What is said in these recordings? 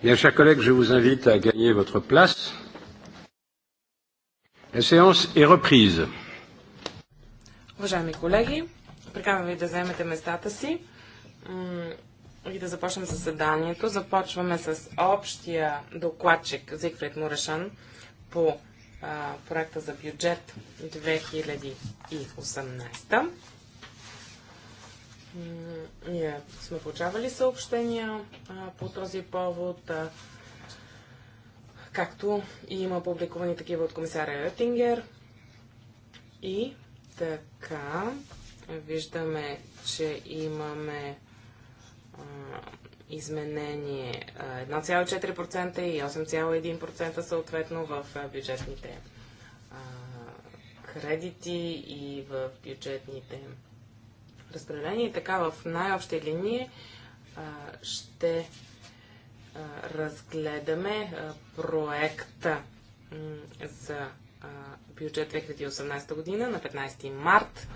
Bien, chers collègues, je vous invite à gagner votre place. La séance est reprise. Уважаеми колеги, приканвам ви да вземете местата си и да започнем заседанието. Започваме с общия докладчик Зигфрид Мурешан по проекта за бюджет 2018 ние сме получавали съобщения а, по този повод, а, както и има публикувани такива от комисаря Ретингер. И така, виждаме, че имаме а, изменение 1,4% и 8,1% съответно в бюджетните кредити и в бюджетните разпределение. така в най-общи линии ще разгледаме проекта за бюджет 2018 година на 15 март.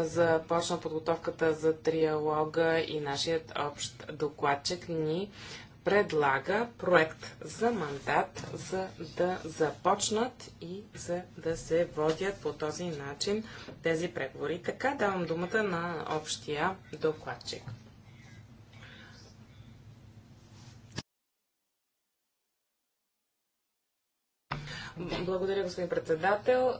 Започна подготовката за триалога и нашият общ докладчик ни предлага проект за мандат, за да започнат и за да се водят по този начин тези преговори. Така давам думата на общия докладчик. Благодаря, господин председател.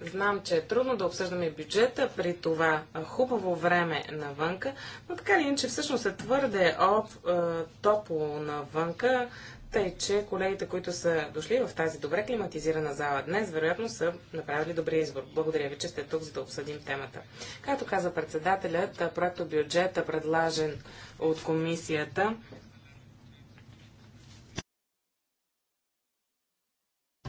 Знам, че е трудно да обсъждаме бюджета при това хубаво време навънка, но така ли че всъщност е твърде об, топло навънка, тъй че колегите, които са дошли в тази добре климатизирана зала днес, вероятно са направили добрия избор. Благодаря ви, че сте тук, за да обсъдим темата. Както каза председателят, проекто бюджета, предложен от комисията,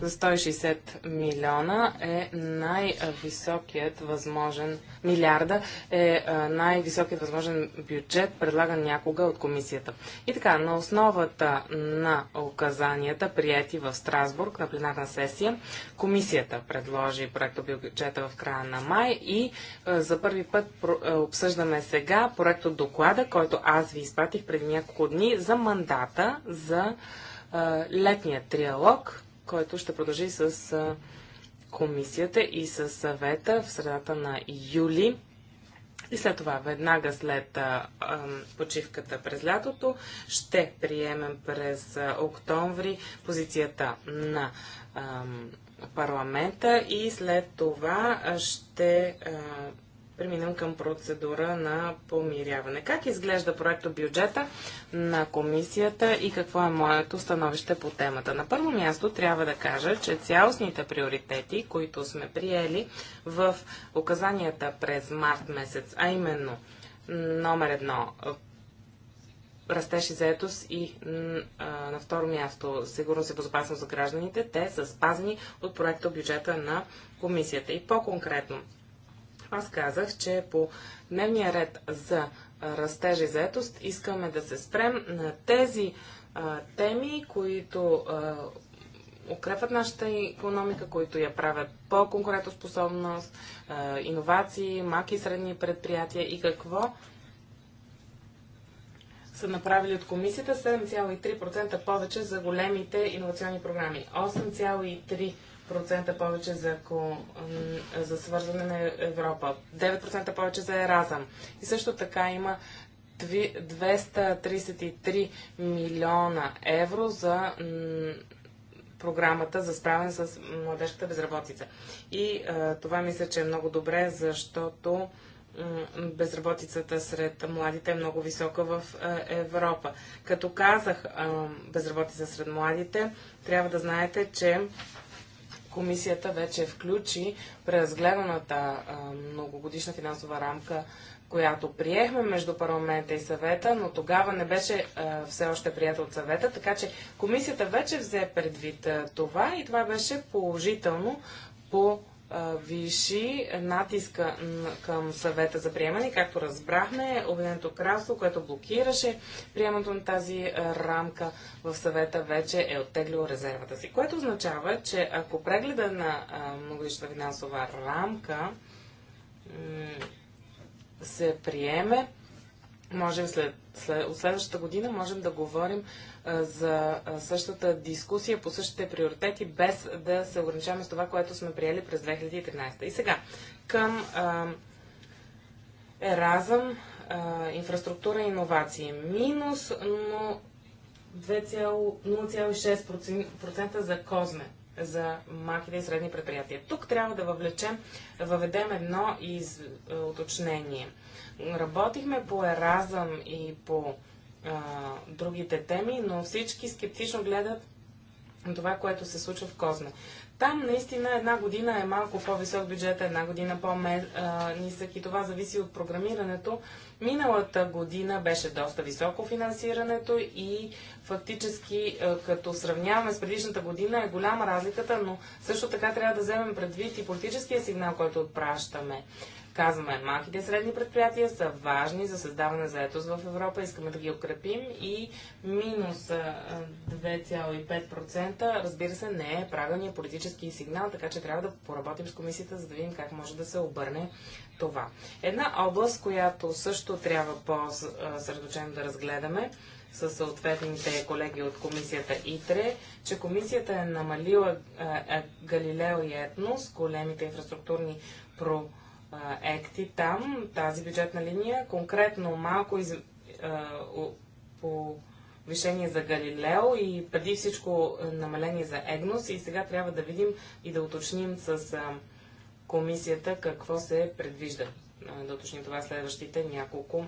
за 160 милиона е най-високият възможен, милиарда е най-високият възможен бюджет, предлаган някога от комисията. И така, на основата на указанията, прияти в Страсбург на пленарна сесия, комисията предложи проекто бюджета в края на май и за първи път обсъждаме сега проекто доклада, който аз ви изпратих преди няколко дни за мандата за летния триалог, който ще продължи с комисията и с съвета в средата на юли. И след това, веднага след а, а, почивката през лятото, ще приемем през а, октомври позицията на а, парламента и след това ще а, преминем към процедура на помиряване. Как изглежда проекто бюджета на комисията и какво е моето становище по темата? На първо място трябва да кажа, че цялостните приоритети, които сме приели в указанията през март месец, а именно номер едно растеж и заетост и а, на второ място сигурност и безопасност за гражданите, те са спазни от проекта бюджета на комисията. И по-конкретно, аз казах, че по дневния ред за растежа и заетост искаме да се спрем на тези а, теми, които а, укрепват нашата економика, които я правят по-конкурентоспособност, иновации, малки и средни предприятия и какво са направили от комисията 7,3% повече за големите иновационни програми. 8,3% 9% повече за, за свързване на Европа, 9% повече за Еразъм. И също така има 233 милиона евро за програмата за справяне с младежката безработица. И а, това мисля, че е много добре, защото безработицата сред младите е много висока в Европа. Като казах безработица сред младите, трябва да знаете, че комисията вече включи преразгледаната многогодишна финансова рамка, която приехме между парламента и съвета, но тогава не беше все още прията от съвета, така че комисията вече взе предвид това и това беше положително по виши натиска към съвета за приемане. Както разбрахме, Обединеното кралство, което блокираше приемането на тази рамка в съвета, вече е оттеглило резервата си. Което означава, че ако прегледа на многогодишната финансова рамка се приеме, можем след, след, от следващата година можем да говорим за същата дискусия по същите приоритети, без да се ограничаваме с това, което сме приели през 2013. И сега, към Еразъм, инфраструктура и иновации. Минус 0,6% за Козме за малките и средни предприятия. Тук трябва да въвлечем, въведем едно из, е, уточнение. Работихме по Еразъм и по а, другите теми, но всички скептично гледат това, което се случва в Козме. Там наистина една година е малко по-висок бюджет, една година по-нисък и това зависи от програмирането. Миналата година беше доста високо финансирането и фактически като сравняваме с предишната година е голяма разликата, но също така трябва да вземем предвид и политическия сигнал, който отпращаме. Казваме, малките и средни предприятия са важни за създаване заетост в Европа, искаме да ги укрепим и минус 2,5% разбира се не е правилният политически сигнал, така че трябва да поработим с комисията, за да видим как може да се обърне това. Една област, която също трябва по-средочено да разгледаме, със съответните колеги от комисията ИТРЕ, че комисията е намалила Галилео и Етнос, големите инфраструктурни проекти, екти там, тази бюджетна линия, конкретно малко из, а, по повишение за Галилео и преди всичко намаление за Егнос и сега трябва да видим и да уточним с комисията какво се предвижда. да уточним това следващите няколко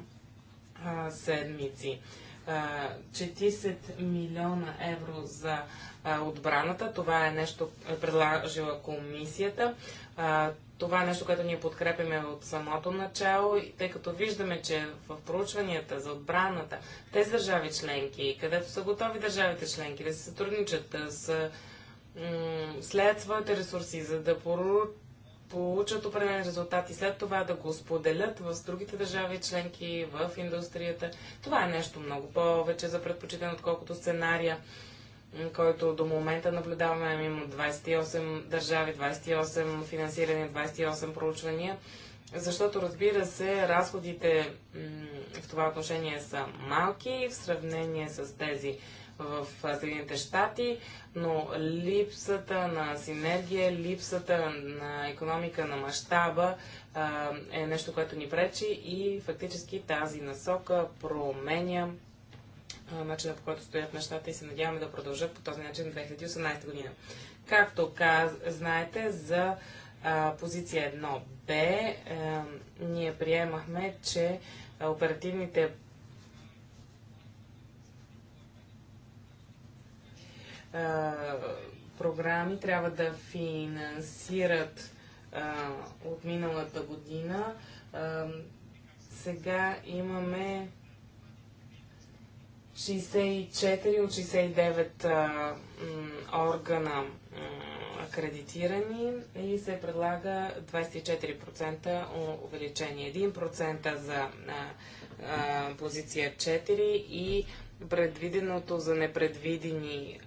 седмици. 40 милиона евро за отбраната. Това е нещо е предложила комисията. Това е нещо, което ние подкрепяме от самото начало, тъй като виждаме, че в проучванията за отбраната, тези държави членки, където са готови държавите членки да се сътрудничат, да са, следят своите ресурси, за да получат определен резултат и след това да го споделят в другите държави членки, в индустрията. Това е нещо много повече за предпочитане, отколкото сценария който до момента наблюдаваме. Има 28 държави, 28 финансирания, 28 проучвания. Защото, разбира се, разходите в това отношение са малки в сравнение с тези в Съединените щати, но липсата на синергия, липсата на економика на мащаба е нещо, което ни пречи и фактически тази насока променя начина по който стоят нещата и се надяваме да продължат по този начин в 2018 година. Както каз, знаете, за а, позиция 1Б а, е, ние приемахме, че оперативните а, програми трябва да финансират от миналата година. сега имаме 64 от 69 а, м, органа акредитирани и се предлага 24% увеличение. 1% за а, а, позиция 4 и предвиденото за непредвидени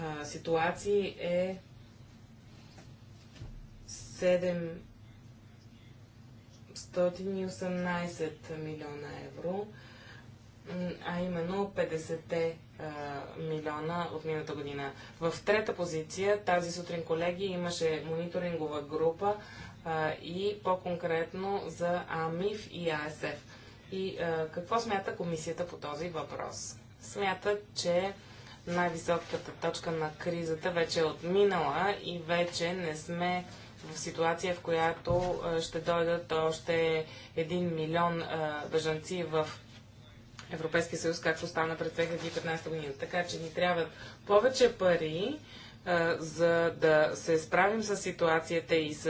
а, ситуации е 7 518 милиона евро, а именно 50 милиона от миналата година. В трета позиция тази сутрин, колеги, имаше мониторингова група а, и по-конкретно за АМИФ и АСФ. И а, какво смята комисията по този въпрос? Смята, че най-високата точка на кризата вече е отминала и вече не сме в ситуация, в която ще дойдат още един милион бежанци в Европейския съюз, както стана през 2015 година. Така че ни трябват повече пари, за да се справим с ситуацията и с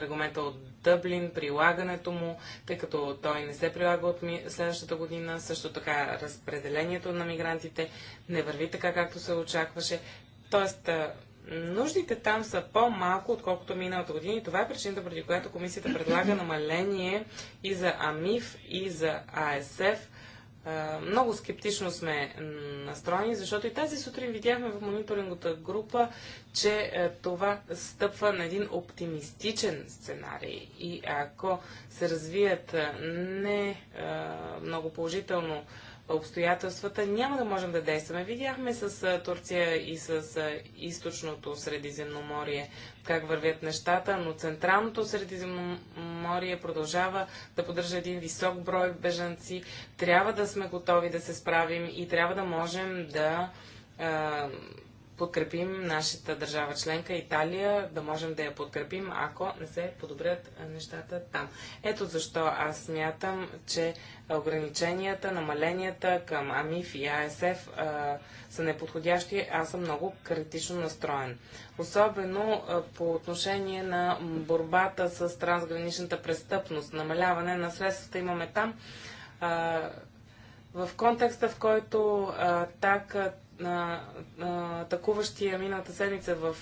регламента от Дъблин, прилагането му, тъй като той не се прилага от следващата година, също така разпределението на мигрантите не върви така, както се очакваше. Тоест, нуждите там са по-малко, отколкото миналата година и това е причината, преди която комисията предлага намаление и за АМИФ, и за АСФ. Много скептично сме настроени, защото и тази сутрин видяхме в мониторинговата група, че това стъпва на един оптимистичен сценарий. И ако се развият не много положително обстоятелствата, няма да можем да действаме. Видяхме с Турция и с източното Средиземноморие как вървят нещата, но Централното Средиземноморие продължава да поддържа един висок брой бежанци. Трябва да сме готови да се справим и трябва да можем да подкрепим нашата държава членка Италия, да можем да я подкрепим, ако не се подобрят нещата там. Ето защо аз смятам, че ограниченията, намаленията към АМИФ и АСФ а, са неподходящи. Аз съм много критично настроен. Особено а, по отношение на борбата с трансграничната престъпност, намаляване на средствата имаме там. А, в контекста, в който така. На атакуващия миналата седмица в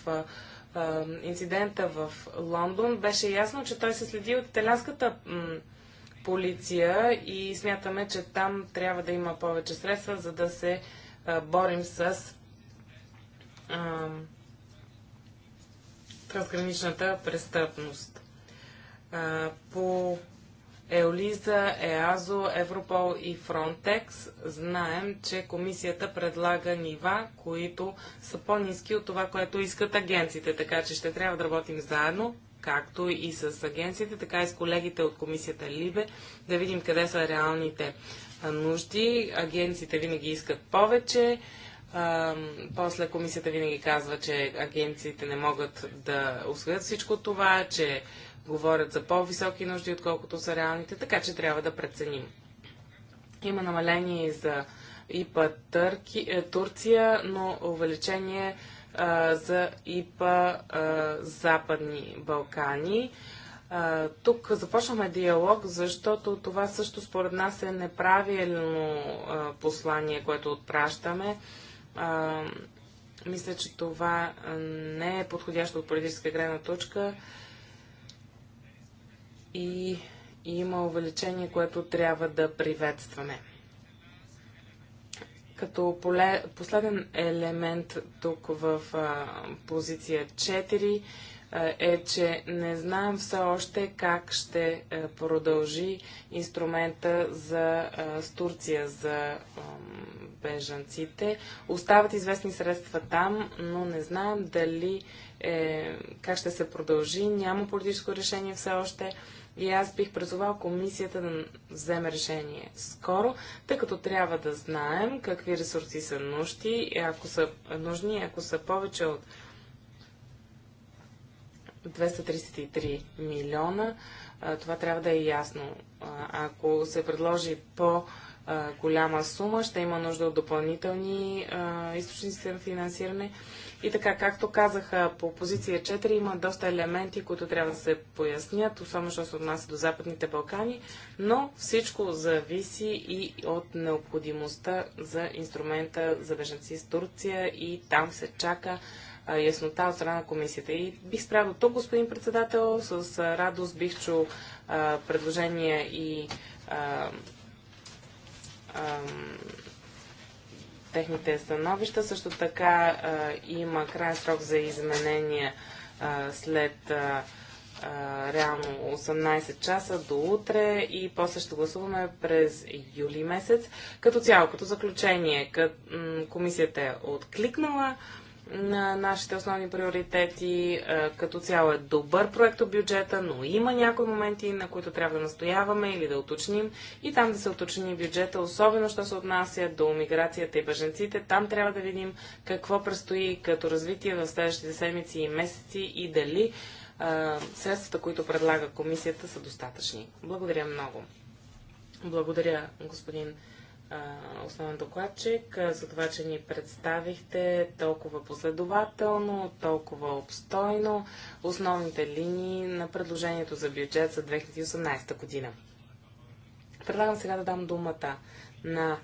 а, инцидента в Лондон, беше ясно, че той се следи от италянската полиция и смятаме, че там трябва да има повече средства, за да се а, борим с а, трансграничната престъпност. А, по Еолиза, ЕАЗО, Европол и Фронтекс, знаем, че комисията предлага нива, които са по-низки от това, което искат агенциите, така че ще трябва да работим заедно, както и с агенциите, така и с колегите от комисията Либе, да видим къде са реалните нужди. Агенциите винаги искат повече, после комисията винаги казва, че агенциите не могат да усвоят всичко това, че говорят за по-високи нужди, отколкото са реалните, така че трябва да преценим. Има намаление и за ИПА Търки, е, Турция, но увеличение а, е, за ИПА а, е, Западни Балкани. А, е, тук започваме диалог, защото това също според нас е неправилно а, послание, което отпращаме. А, мисля, че това не е подходящо от политическа гледна точка и има увеличение, което трябва да приветстваме. Като поле, последен елемент тук в а, позиция 4 а, е, че не знаем все още как ще а, продължи инструмента за, а, с Турция за а, бежанците. Остават известни средства там, но не знаем дали е, как ще се продължи. Няма политическо решение все още и аз бих призовал комисията да вземе решение скоро, тъй като трябва да знаем какви ресурси са нужди, ако са нужни, ако са повече от 233 милиона. Това трябва да е ясно. Ако се предложи по голяма сума, ще има нужда от допълнителни източници на финансиране и така, както казаха по позиция 4, има доста елементи, които трябва да се пояснят, особено що се отнася до Западните Балкани, но всичко зависи и от необходимостта за инструмента за беженци с Турция и там се чака яснота от страна на комисията. И бих спрял тук, господин председател, с радост бих чул предложения и а, техните становища. Също така а, има крайен срок за изменения а, след а, реално 18 часа до утре и после ще гласуваме през юли месец. Като цяло, като заключение, кът, комисията е откликнала на нашите основни приоритети. Е, като цяло е добър проект от бюджета, но има някои моменти, на които трябва да настояваме или да уточним. И там да се уточни бюджета, особено що се отнася до миграцията и бъженците. Там трябва да видим какво предстои като развитие в следващите седмици и месеци и дали а, е, средствата, които предлага комисията, са достатъчни. Благодаря много. Благодаря, господин основен докладчик за това, че ни представихте толкова последователно, толкова обстойно основните линии на предложението за бюджет за 2018 година. Предлагам сега да дам думата на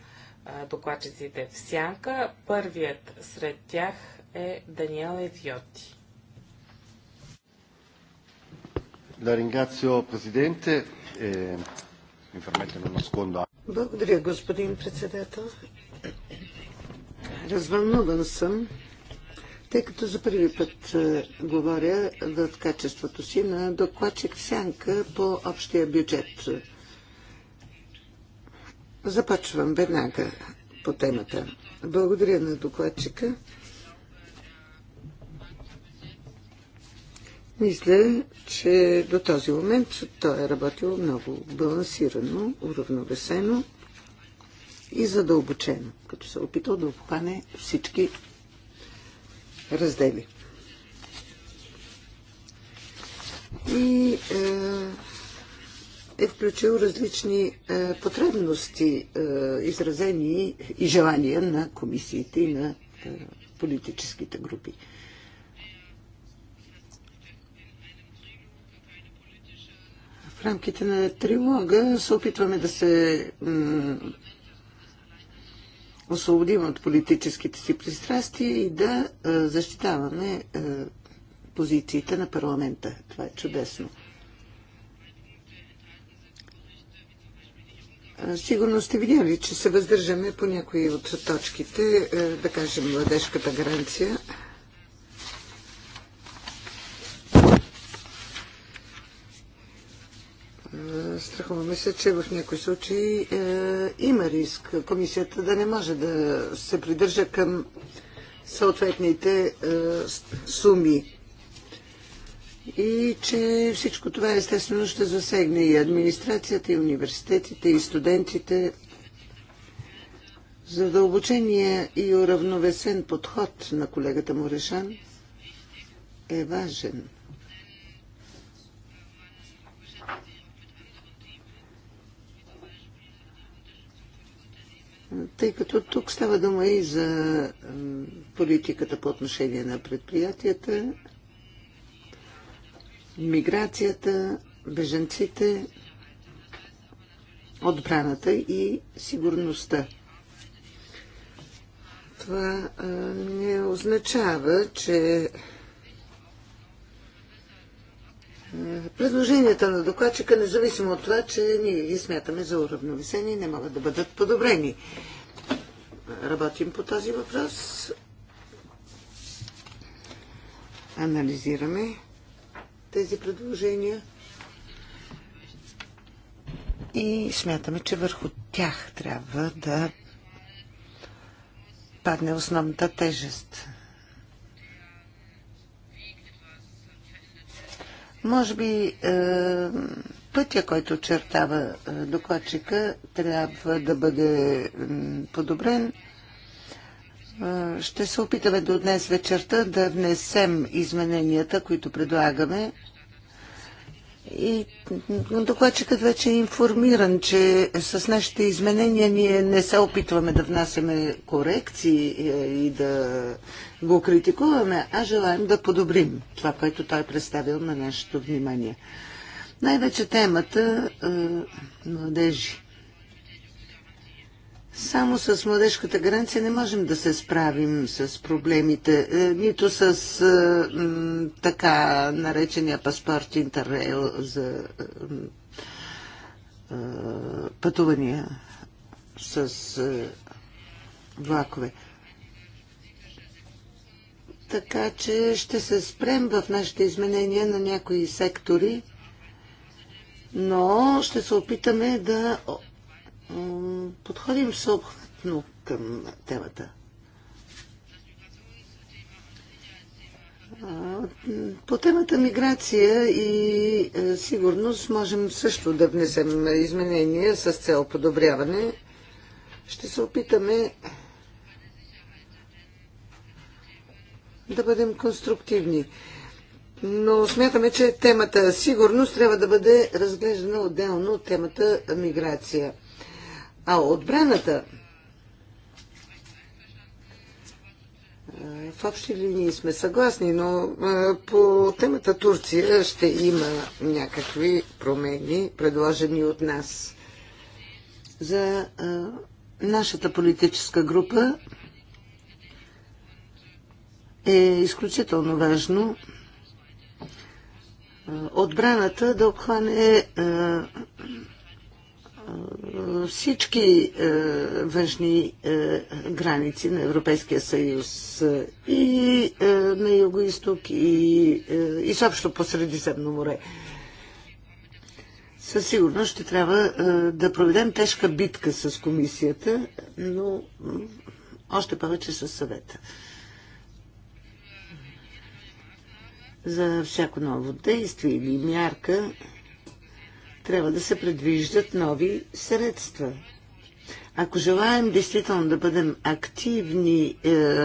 докладчиците в сянка. Първият сред тях е Даниел Евиоти. La президенте. Presidente, eh, mi благодаря, господин председател. Развълнуван съм, тъй като за първи път е, говоря в качеството си на докладчик сянка по общия бюджет. Започвам веднага по темата. Благодаря на докладчика. Мисля, че до този момент той е работил много балансирано, уравновесено и задълбочено, като се е опитал да обхване всички раздели. И е, е включил различни е, потребности, е, изразени и желания на комисиите и на е, политическите групи. В рамките на трилога се опитваме да се освободим от политическите си пристрастия и да защитаваме позициите на парламента. Това е чудесно. Сигурно сте видяли, че се въздържаме по някои от точките, да кажем младежката гаранция. Страхуваме се, че в някои случаи е, има риск комисията да не може да се придържа към съответните е, суми. И че всичко това естествено ще засегне и администрацията, и университетите, и студентите. За дълбочение и уравновесен подход на колегата Морешан е важен. тъй като тук става дума и за политиката по отношение на предприятията, миграцията, беженците, отбраната и сигурността. Това не означава, че Предложенията на докладчика, независимо от това, че ние ги смятаме за уравновесени, не могат да бъдат подобрени. Работим по този въпрос. Анализираме тези предложения и смятаме, че върху тях трябва да падне основната тежест. Може би е, пътя, който чертава е, докладчика, трябва да бъде подобрен. Е, ще се опитаме до днес вечерта да внесем измененията, които предлагаме и докладчикът вече е информиран, че с нашите изменения ние не се опитваме да внасяме корекции е, и да го критикуваме, а желаем да подобрим това, което той е представил на нашето внимание. Най-вече темата е, младежи. Само с младежката гаранция не можем да се справим с проблемите, е, нито с е, така наречения паспорт Интеррейл за е, пътувания с влакове. Така че ще се спрем в нашите изменения на някои сектори, но ще се опитаме да подходим съобхватно към темата. По темата миграция и е, сигурност можем също да внесем изменения с цел подобряване. Ще се опитаме да бъдем конструктивни. Но смятаме, че темата сигурност трябва да бъде разглеждана отделно от темата миграция. А отбраната в общи линии сме съгласни, но по темата Турция ще има някакви промени, предложени от нас. За нашата политическа група е изключително важно отбраната да обхване всички е, външни е, граници на Европейския съюз е, и е, на юго-исток и е, съобщо по Средиземно море. Със сигурност ще трябва е, да проведем тежка битка с комисията, но още повече с съвета. За всяко ново действие или мярка трябва да се предвиждат нови средства. Ако желаем действително да бъдем активни е,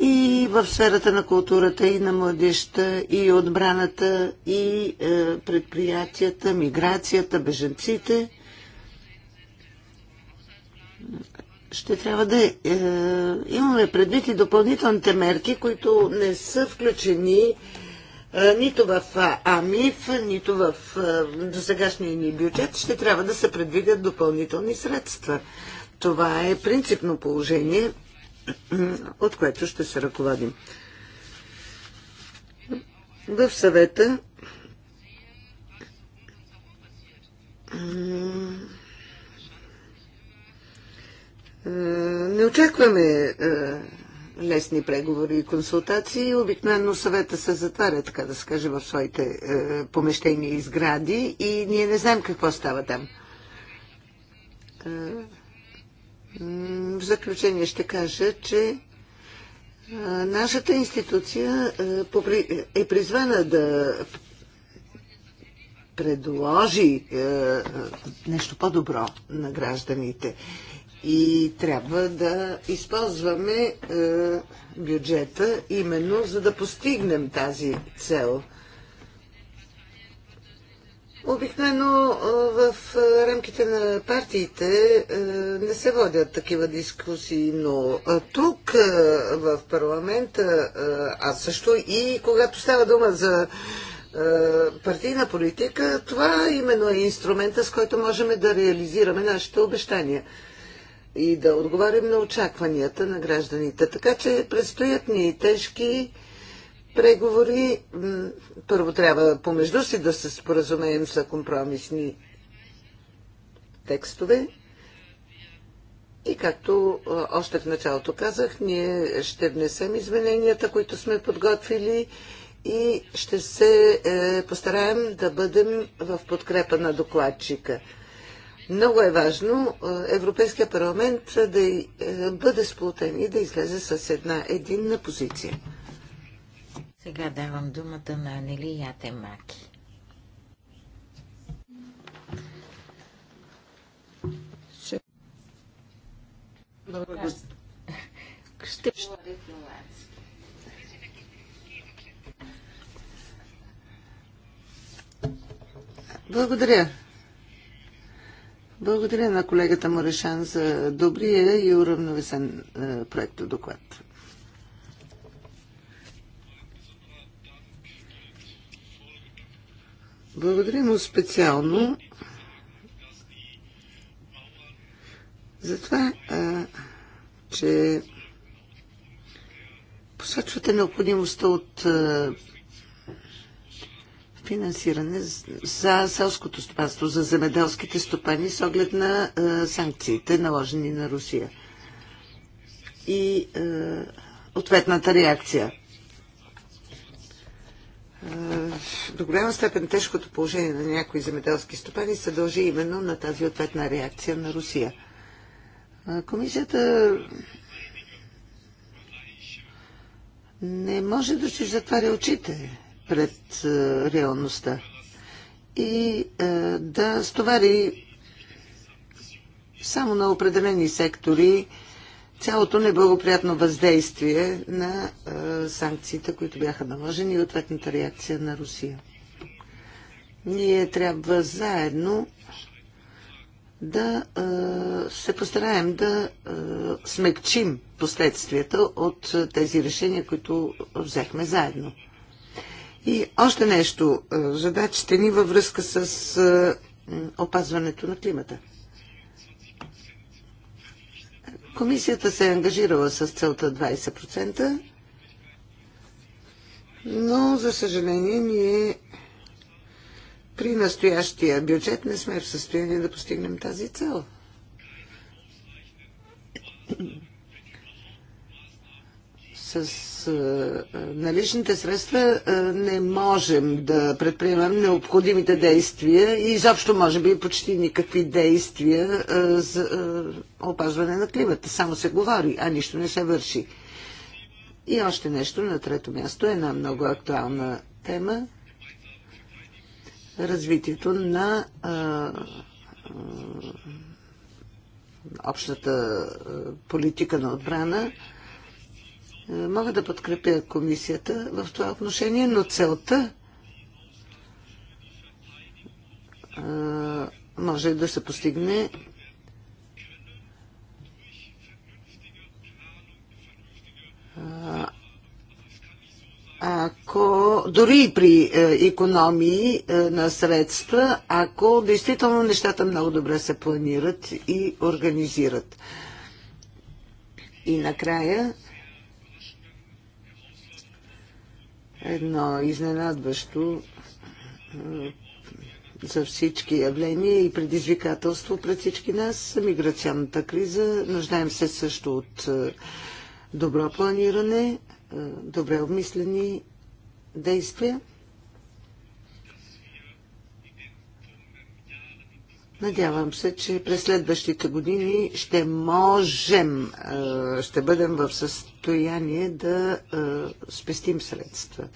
и в сферата на културата, и на младеща, и отбраната, и е, предприятията, миграцията, беженците, ще трябва да е, имаме предвид и допълнителните мерки, които не са включени нито в АМИФ, нито в досегашния ни бюджет ще трябва да се предвидят допълнителни средства. Това е принципно положение, от което ще се ръководим. В съвета не очакваме лесни преговори и консултации. Обикновено съвета се затваря, така да се каже, в своите е, помещения и сгради и ние не знаем какво става там. Е, в заключение ще кажа, че е, нашата институция е, е призвана да предложи е, е нещо по-добро на гражданите. И трябва да използваме е, бюджета именно за да постигнем тази цел. Обикновено е, в е, рамките на партиите не се водят такива дискусии, но тук в парламента, а също и когато става дума за партийна политика, това именно е инструмента, с който можем да реализираме нашите обещания и да отговарям на очакванията на гражданите. Така че предстоят ни тежки преговори. Първо трябва помежду си да се споразумеем за компромисни текстове. И както още в началото казах, ние ще внесем измененията, които сме подготвили и ще се е, постараем да бъдем в подкрепа на докладчика. Много е важно Европейския парламент да е, бъде сплутен и да излезе с една единна позиция. Сега давам думата на Анели Ятемаки. Благодаря. Ще Благодаря, благодаря на колегата Морешан за добрия и уравновесен е, проекто доклад. Благодаря му специално за това, е, че посочвате необходимостта от е, финансиране за селското стопанство, за земеделските стопани с оглед на е, санкциите, наложени на Русия и е, ответната реакция. Е, до голяма степен тежкото положение на някои земеделски стопани се дължи именно на тази ответна реакция на Русия. Е, комисията не може да си затваря очите пред е, реалността и е, да стовари само на определени сектори цялото неблагоприятно въздействие на е, санкциите, които бяха наложени и ответната реакция на Русия. Ние трябва заедно да се постараем да смекчим последствията от тези решения, които взехме заедно. И още нещо, задачите ни във връзка с опазването на климата. Комисията се е ангажирала с целта 20%, но за съжаление ние при настоящия бюджет не сме в състояние да постигнем тази цел. С е, наличните средства е, не можем да предприемем необходимите действия и изобщо може би почти никакви действия е, за опазване на климата. Само се говори, а нищо не се върши. И още нещо на трето място, една много актуална тема развитието на общата политика на отбрана Мога да подкрепя комисията в това отношение, но целта може да се постигне ако дори при економии е, на средства, ако действително нещата много добре се планират и организират. И накрая едно изненадващо за всички явления и предизвикателство пред всички нас. Миграционната криза. Нуждаем се също от добро планиране, добре обмислени действия. Надявам се, че през следващите години ще можем, е, ще бъдем в състояние да е, спестим средства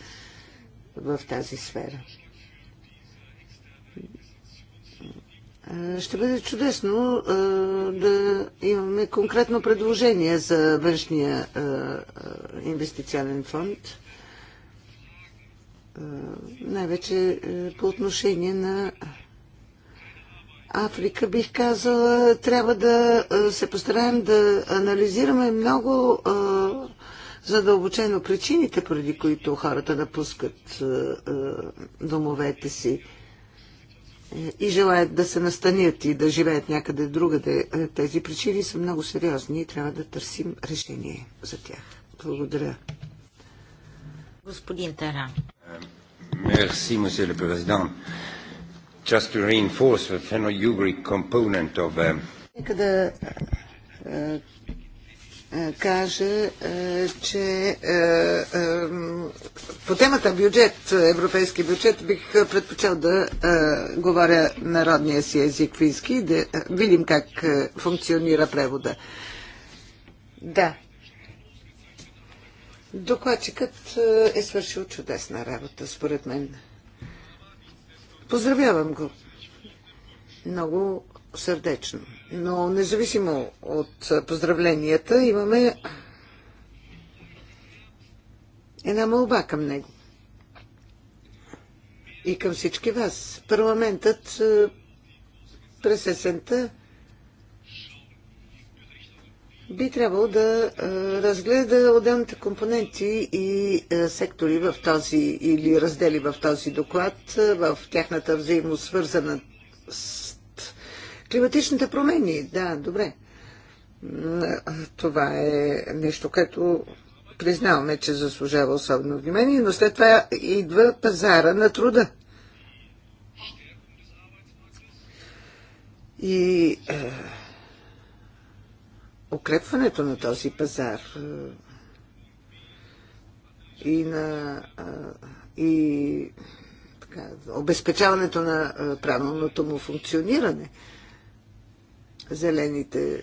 в тази сфера. Е, ще бъде чудесно да имаме конкретно предложение за външния инвестиционен фонд най-вече по отношение на Африка, бих казала, трябва да се постараем да анализираме много задълбочено причините, преди които хората напускат домовете си е, и желаят да се настанят и да живеят някъде другаде. Е, тези причини са много сериозни и трябва да търсим решение за тях. Благодаря. Господин Таран. Е, мерси, месье президент. Just to reinforce the phenolugric component of... Um... Нека да е, е, кажа, е, че по темата бюджет, европейски бюджет, бих предпочел да говоря народния си език фински, да видим как функционира превода. Да. Докладчикът е свършил чудесна работа, според мен. Поздравявам го много сърдечно. Но независимо от поздравленията, имаме една молба към него. И към всички вас. Парламентът е, през есента би трябвало да разгледа отделните компоненти и сектори в този или раздели в този доклад, в тяхната взаимосвързана с климатичните промени. Да, добре. Това е нещо, което признаваме, че заслужава особено внимание, но след това идва пазара на труда. И укрепването на този пазар и на и, така, обезпечаването на правилното му функциониране. Зелените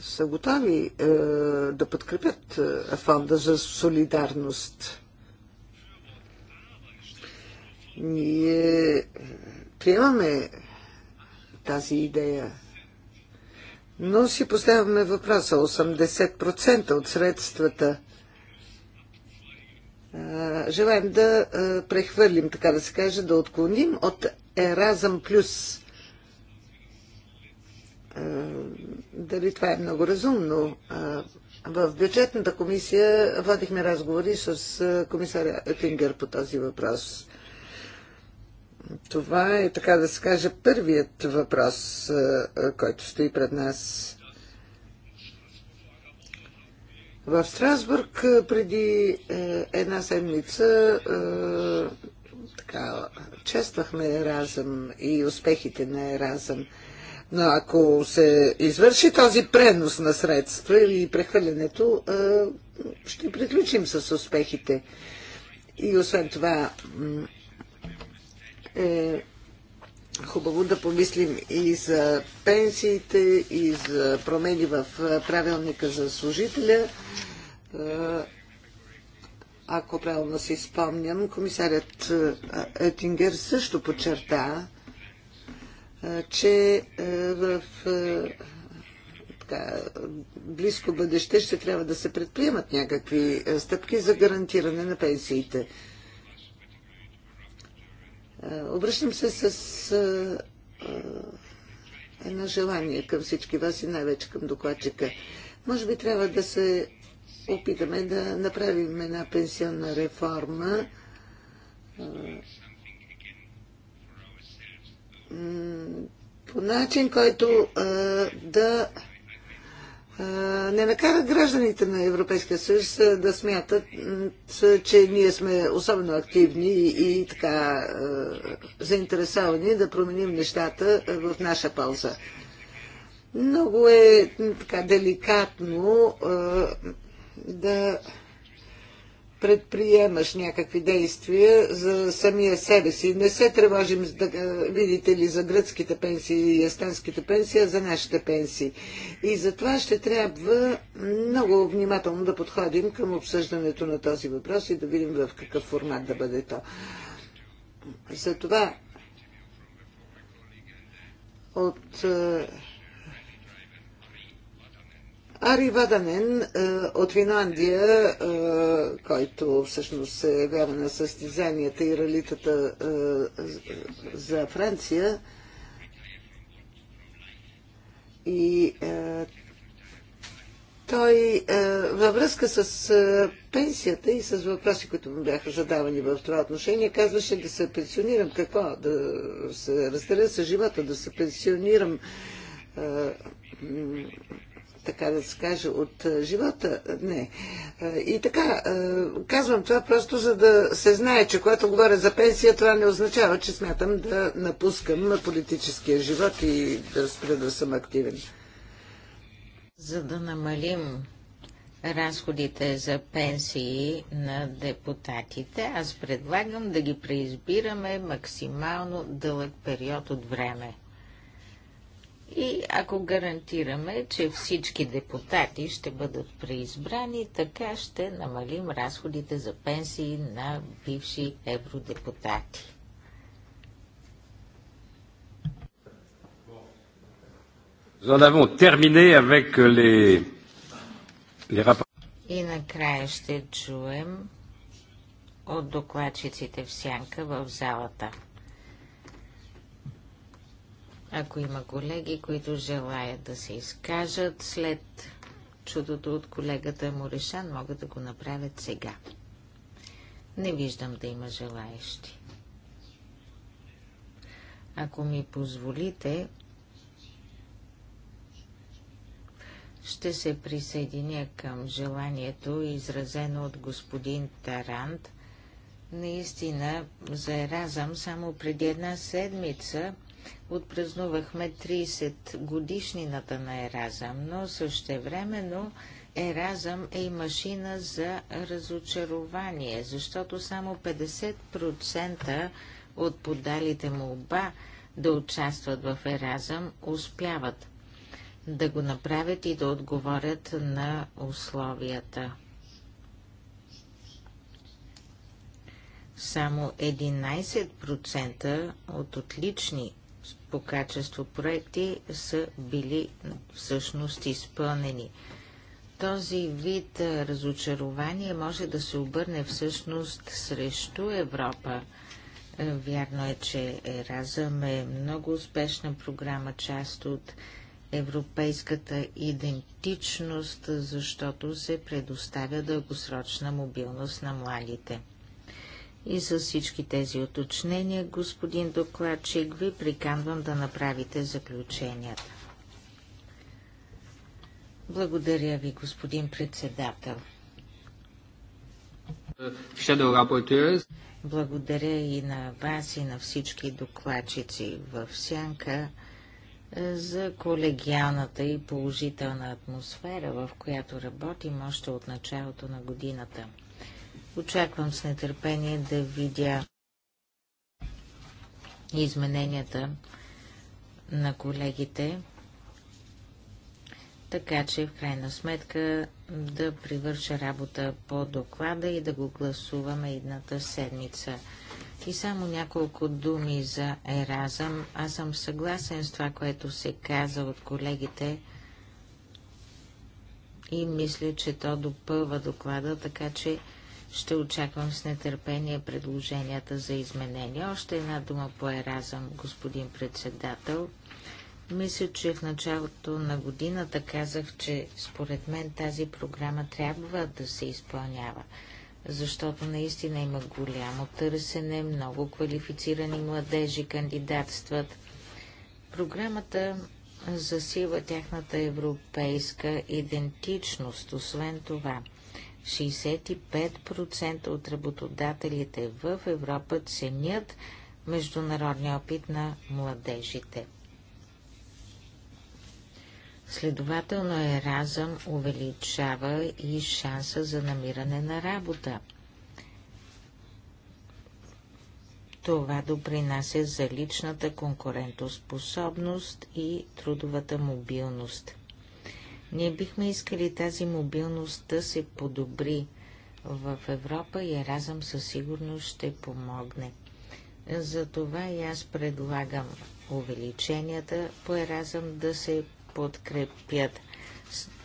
са готови е, да подкрепят фонда за солидарност. Ние приемаме тази идея. Но си поставяме въпроса 80% от средствата желаем да прехвърлим, така да се каже, да отклоним от Еразъм Плюс. Дали това е много разумно? В бюджетната комисия водихме разговори с комисаря Етингер по този въпрос. Това е, така да се каже, първият въпрос, който стои пред нас. В Страсбург преди една седмица така, чествахме Еразъм и успехите на Еразъм. Но ако се извърши този пренос на средства и прехвърлянето, ще приключим с успехите. И освен това, е хубаво да помислим и за пенсиите, и за промени в е, правилника за служителя. Е, ако правилно си спомням, комисарят е, Етингер също подчерта, че в така, близко бъдеще ще трябва да се предприемат някакви стъпки за гарантиране на пенсиите. Е, обръщам се с е, е, едно желание към всички вас и най-вече към докладчика. Може би трябва да се опитаме да направим една пенсионна реформа. По начин, който да не накара гражданите на Европейския съюз да смятат, че ние сме особено активни и, така заинтересовани да променим нещата в наша полза. Много е така деликатно да предприемаш някакви действия за самия себе си. Не се тревожим, да, видите ли, за гръцките пенсии и естенските пенсии, а за нашите пенсии. И затова ще трябва много внимателно да подходим към обсъждането на този въпрос и да видим в какъв формат да бъде то. Затова от е, Ари Ваданен е, от Финландия, е, който всъщност се явява на състезанията и ралитата е, за Франция. И той във връзка с пенсията и с въпроси, които му бяха задавани в това отношение, казваше да се пенсионирам. Какво? Да се разделя с живота, да се пенсионирам така да се каже, от живота. Не. И така, казвам това просто за да се знае, че когато говоря за пенсия, това не означава, че смятам да напускам на политическия живот и да спра да съм активен. За да намалим разходите за пенсии на депутатите, аз предлагам да ги преизбираме максимално дълъг период от време. И ако гарантираме, че всички депутати ще бъдат преизбрани, така ще намалим разходите за пенсии на бивши евродепутати. И накрая ще чуем от докладчиците в сянка в залата. Ако има колеги, които желаят да се изкажат след чудото от колегата Морешан, могат да го направят сега. Не виждам да има желаещи. Ако ми позволите, ще се присъединя към желанието, изразено от господин Тарант. Наистина, за Еразъм само преди една седмица отпразнувахме 30 годишнината на Еразъм, но същевременно Еразъм е и машина за разочарование, защото само 50% от подалите му оба да участват в Еразъм успяват да го направят и да отговорят на условията. Само 11% от отлични по качество проекти са били всъщност изпълнени. Този вид разочарование може да се обърне всъщност срещу Европа. Вярно е, че Еразъм е много успешна програма, част от европейската идентичност, защото се предоставя дългосрочна мобилност на младите. И с всички тези уточнения, господин докладчик, ви приканвам да направите заключенията. Благодаря ви, господин председател. Благодаря и на вас и на всички докладчици в Сянка е, за колегиалната и положителна атмосфера, в която работим още от началото на годината. Очаквам с нетърпение да видя измененията на колегите, така че в крайна сметка да привърша работа по доклада и да го гласуваме едната седмица. И само няколко думи за Еразъм. Аз съм съгласен с това, което се каза от колегите и мисля, че то допълва доклада, така че ще очаквам с нетърпение предложенията за изменения. Още една дума по Еразъм, господин председател. Мисля, че в началото на годината казах, че според мен тази програма трябва да се изпълнява, защото наистина има голямо търсене, много квалифицирани младежи кандидатстват. Програмата засилва тяхната европейска идентичност, освен това – 65% от работодателите в Европа ценят международния опит на младежите. Следователно е разъм, увеличава и шанса за намиране на работа. Това допринася за личната конкурентоспособност и трудовата мобилност – ние бихме искали тази мобилност да се подобри в Европа и Еразъм със сигурност ще помогне. Затова и аз предлагам увеличенията по Еразъм да се подкрепят.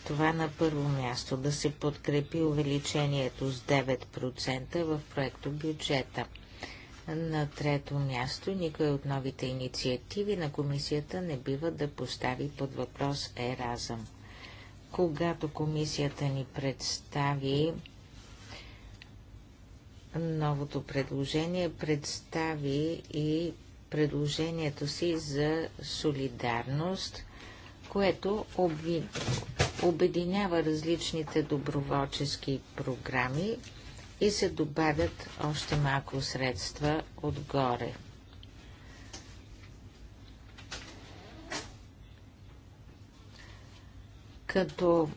Това на първо място да се подкрепи увеличението с 9% в проекто бюджета. На трето място никой от новите инициативи на комисията не бива да постави под въпрос Еразъм. Когато комисията ни представи новото предложение, представи и предложението си за солидарност, което обединява различните доброволчески програми и се добавят още малко средства отгоре. като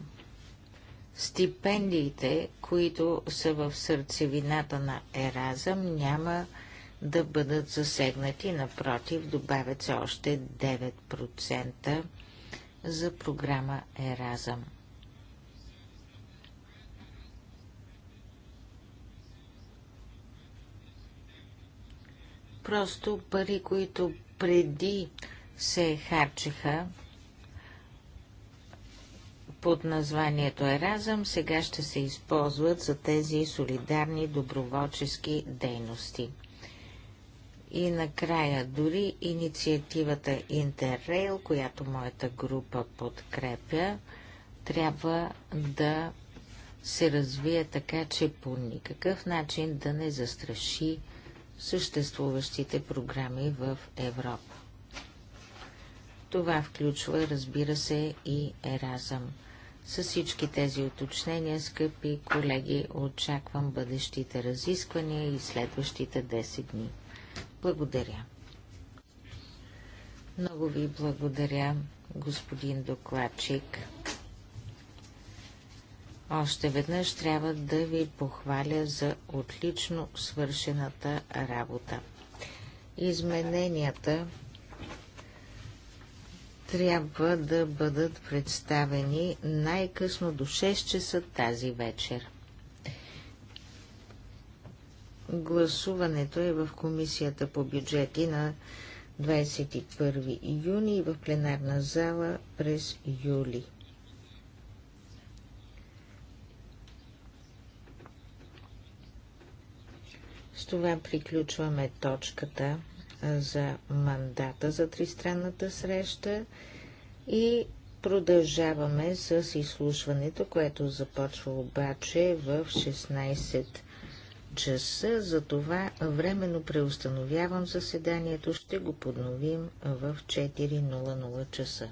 стипендиите, които са в сърцевината на Еразъм, няма да бъдат засегнати. Напротив, добавят се още 9% за програма Еразъм. Просто пари, които преди се харчеха под названието Еразъм сега ще се използват за тези солидарни доброволчески дейности. И накрая дори инициативата Интеррейл, която моята група подкрепя, трябва да се развие така, че по никакъв начин да не застраши съществуващите програми в Европа. Това включва, разбира се, и Еразъм. С всички тези уточнения, скъпи колеги, очаквам бъдещите разисквания и следващите 10 дни. Благодаря. Много ви благодаря, господин докладчик. Още веднъж трябва да ви похваля за отлично свършената работа. Измененията трябва да бъдат представени най-късно до 6 часа тази вечер. Гласуването е в Комисията по бюджети на 21 юни и в пленарна зала през юли. С това приключваме точката за мандата за тристранната среща и продължаваме с изслушването, което започва обаче в 16 часа. Затова временно преустановявам заседанието. Ще го подновим в 4.00 часа.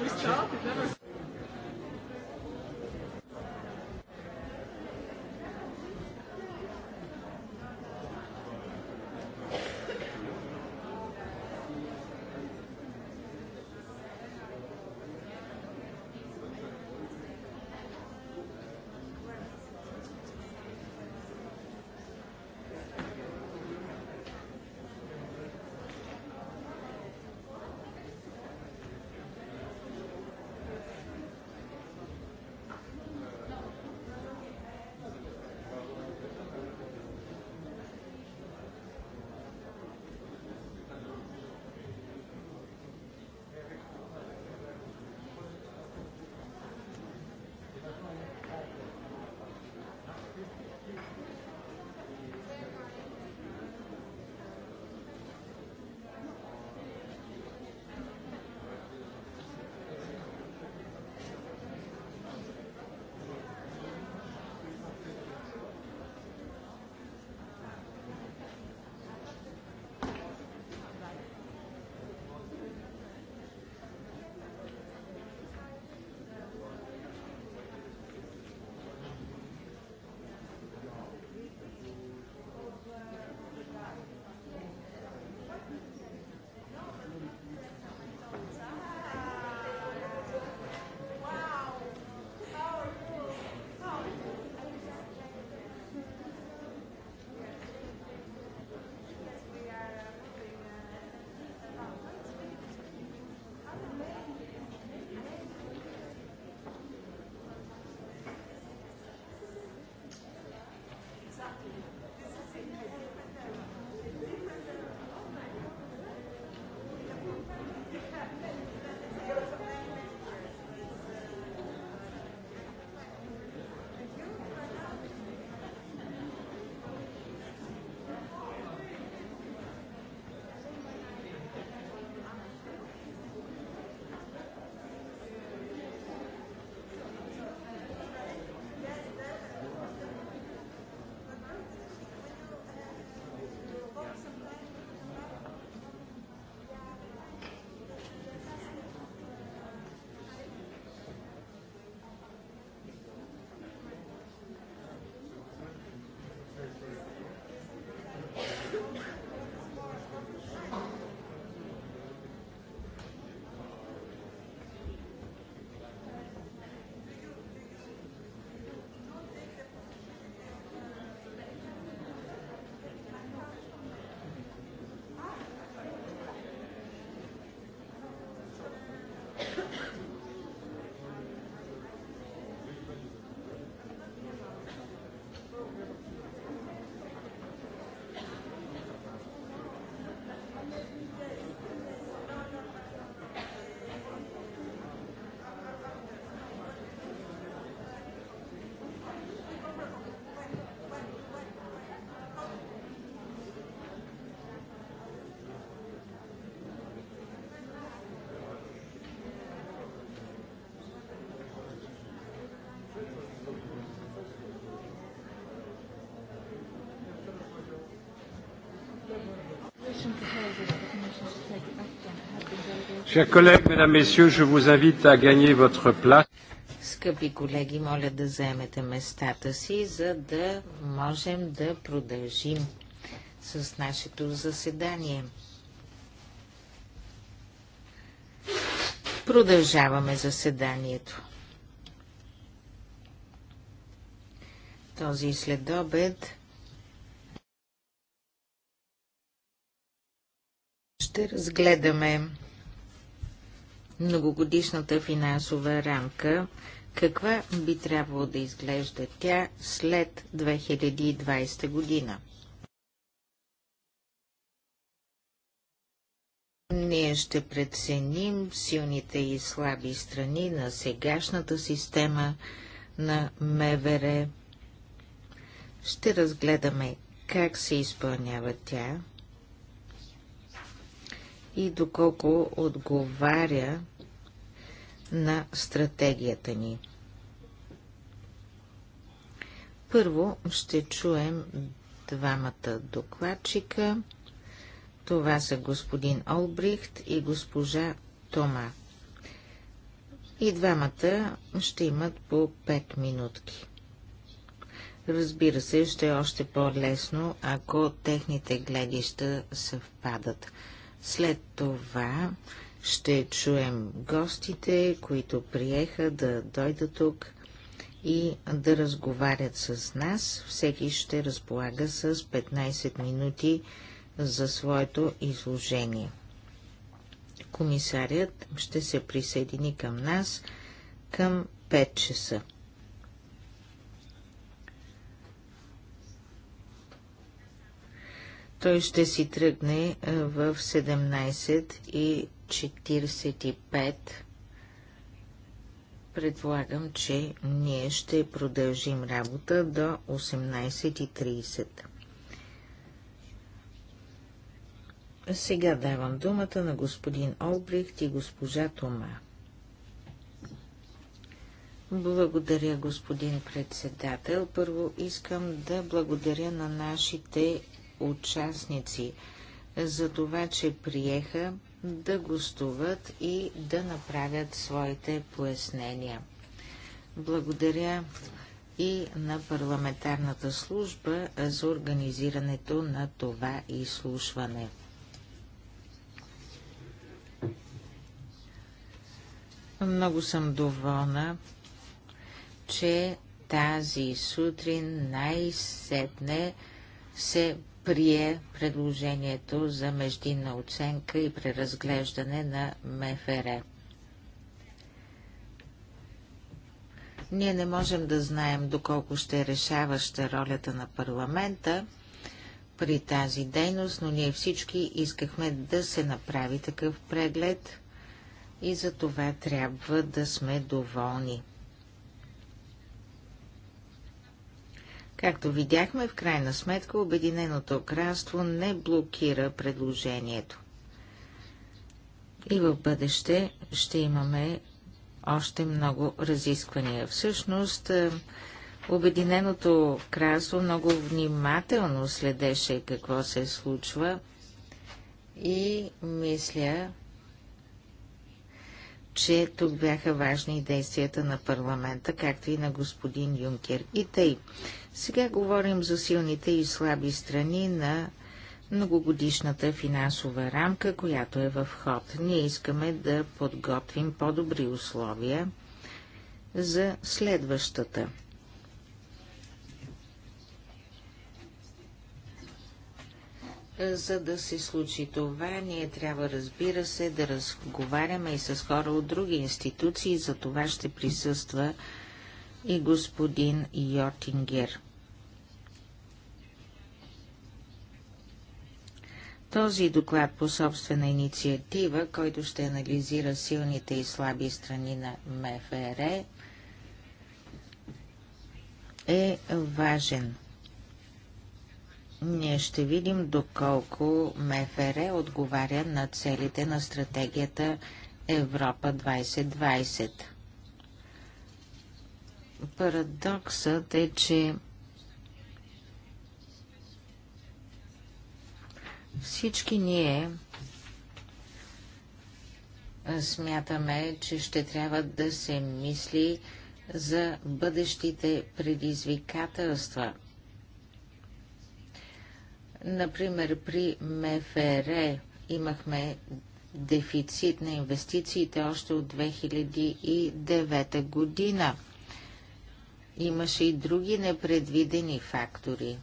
we job? Скъпи колеги, моля да заемете местата си, за да можем да продължим с нашето заседание. Продължаваме заседанието. Този следобед ще разгледаме многогодишната финансова рамка, каква би трябвало да изглежда тя след 2020 година? Ние ще преценим силните и слаби страни на сегашната система на МВР. Ще разгледаме как се изпълнява тя и доколко отговаря на стратегията ни. Първо ще чуем двамата докладчика. Това са господин Олбрихт и госпожа Тома. И двамата ще имат по 5 минутки. Разбира се, ще е още по-лесно, ако техните гледища съвпадат. След това ще чуем гостите, които приеха да дойдат тук и да разговарят с нас. Всеки ще разполага с 15 минути за своето изложение. Комисарят ще се присъедини към нас към 5 часа. Той ще си тръгне в 17 и 45 предлагам, че ние ще продължим работа до 18.30. Сега давам думата на господин Олбрихт и госпожа Тома. Благодаря, господин председател. Първо искам да благодаря на нашите участници за това, че приеха да гостуват и да направят своите пояснения. Благодаря и на парламентарната служба за организирането на това изслушване. Много съм доволна, че тази сутрин най-сетне се прие предложението за междинна оценка и преразглеждане на МФР. Ние не можем да знаем доколко ще е решаваща ролята на парламента при тази дейност, но ние всички искахме да се направи такъв преглед и за това трябва да сме доволни. Както видяхме, в крайна сметка Обединеното кралство не блокира предложението. И в бъдеще ще имаме още много разисквания. Всъщност, е, Обединеното кралство много внимателно следеше какво се случва и мисля, че тук бяха важни действията на парламента, както и на господин Юнкер. И тъй. Сега говорим за силните и слаби страни на многогодишната финансова рамка, която е в ход. Ние искаме да подготвим по-добри условия за следващата За да се случи това, ние трябва, разбира се, да разговаряме и с хора от други институции. За това ще присъства и господин Йотингер. Този доклад по собствена инициатива, който ще анализира силните и слаби страни на МФР, е важен – ние ще видим доколко МФР отговаря на целите на стратегията Европа 2020. Парадоксът е, че всички ние смятаме, че ще трябва да се мисли за бъдещите предизвикателства – Например, при МФР имахме дефицит на инвестициите още от 2009 година. Имаше и други непредвидени фактори.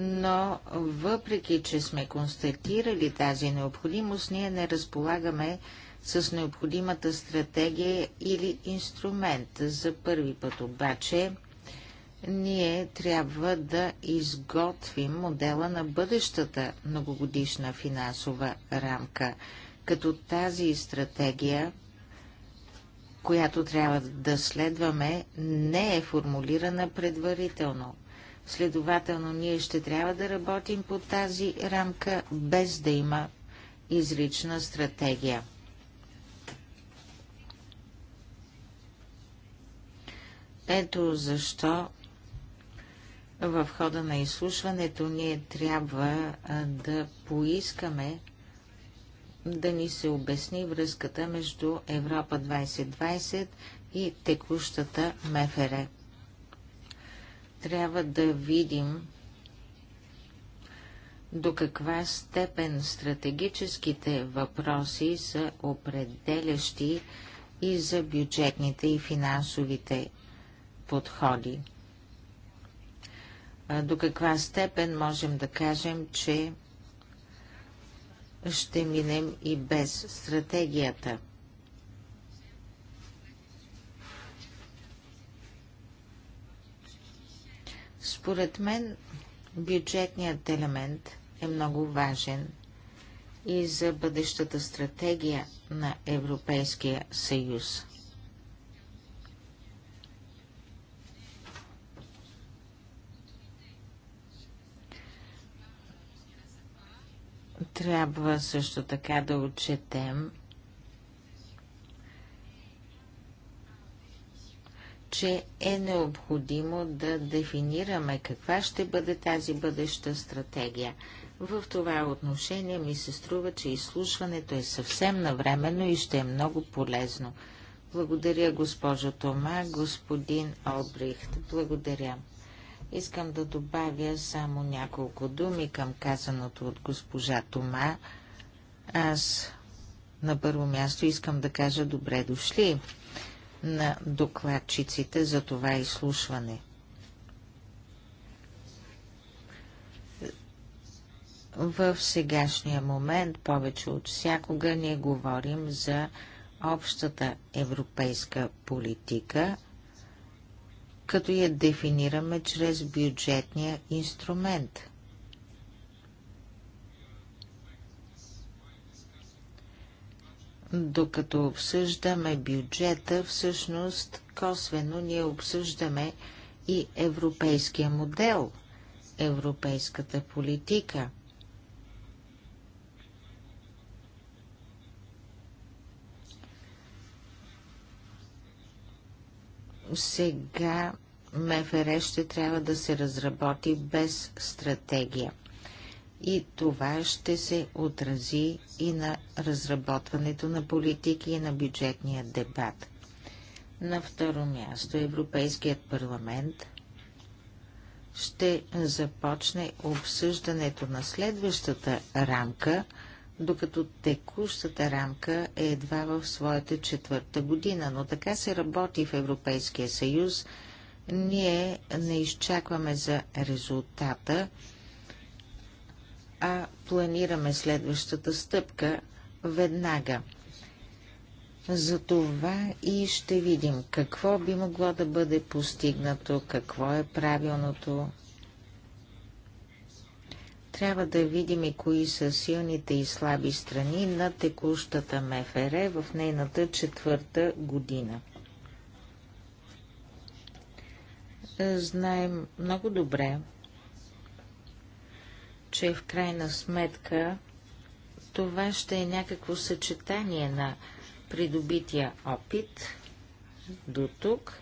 но въпреки, че сме констатирали тази необходимост, ние не разполагаме с необходимата стратегия или инструмент. За първи път обаче ние трябва да изготвим модела на бъдещата многогодишна финансова рамка, като тази стратегия, която трябва да следваме, не е формулирана предварително. Следователно, ние ще трябва да работим по тази рамка, без да има изрична стратегия. Ето защо в хода на изслушването ние трябва да поискаме да ни се обясни връзката между Европа 2020 и текущата МФР. Трябва да видим до каква степен стратегическите въпроси са определящи и за бюджетните и финансовите подходи до каква степен можем да кажем, че ще минем и без стратегията. Според мен бюджетният елемент е много важен и за бъдещата стратегия на Европейския съюз. Трябва също така да отчетем, че е необходимо да дефинираме каква ще бъде тази бъдеща стратегия. В това отношение ми се струва, че изслушването е съвсем навременно и ще е много полезно. Благодаря, госпожо Тома, господин Олбрихт. Благодаря. Искам да добавя само няколко думи към казаното от госпожа Тома. Аз на първо място искам да кажа добре дошли на докладчиците за това изслушване. В сегашния момент повече от всякога ние говорим за общата европейска политика – като я дефинираме чрез бюджетния инструмент. Докато обсъждаме бюджета, всъщност косвено ние обсъждаме и европейския модел, европейската политика. Сега МФР ще трябва да се разработи без стратегия. И това ще се отрази и на разработването на политики и на бюджетния дебат. На второ място Европейският парламент ще започне обсъждането на следващата рамка – докато текущата рамка е едва в своята четвърта година. Но така се работи в Европейския съюз. Ние не изчакваме за резултата, а планираме следващата стъпка веднага. За това и ще видим какво би могло да бъде постигнато, какво е правилното трябва да видим и кои са силните и слаби страни на текущата МФР в нейната четвърта година. Знаем много добре, че в крайна сметка това ще е някакво съчетание на придобития опит до тук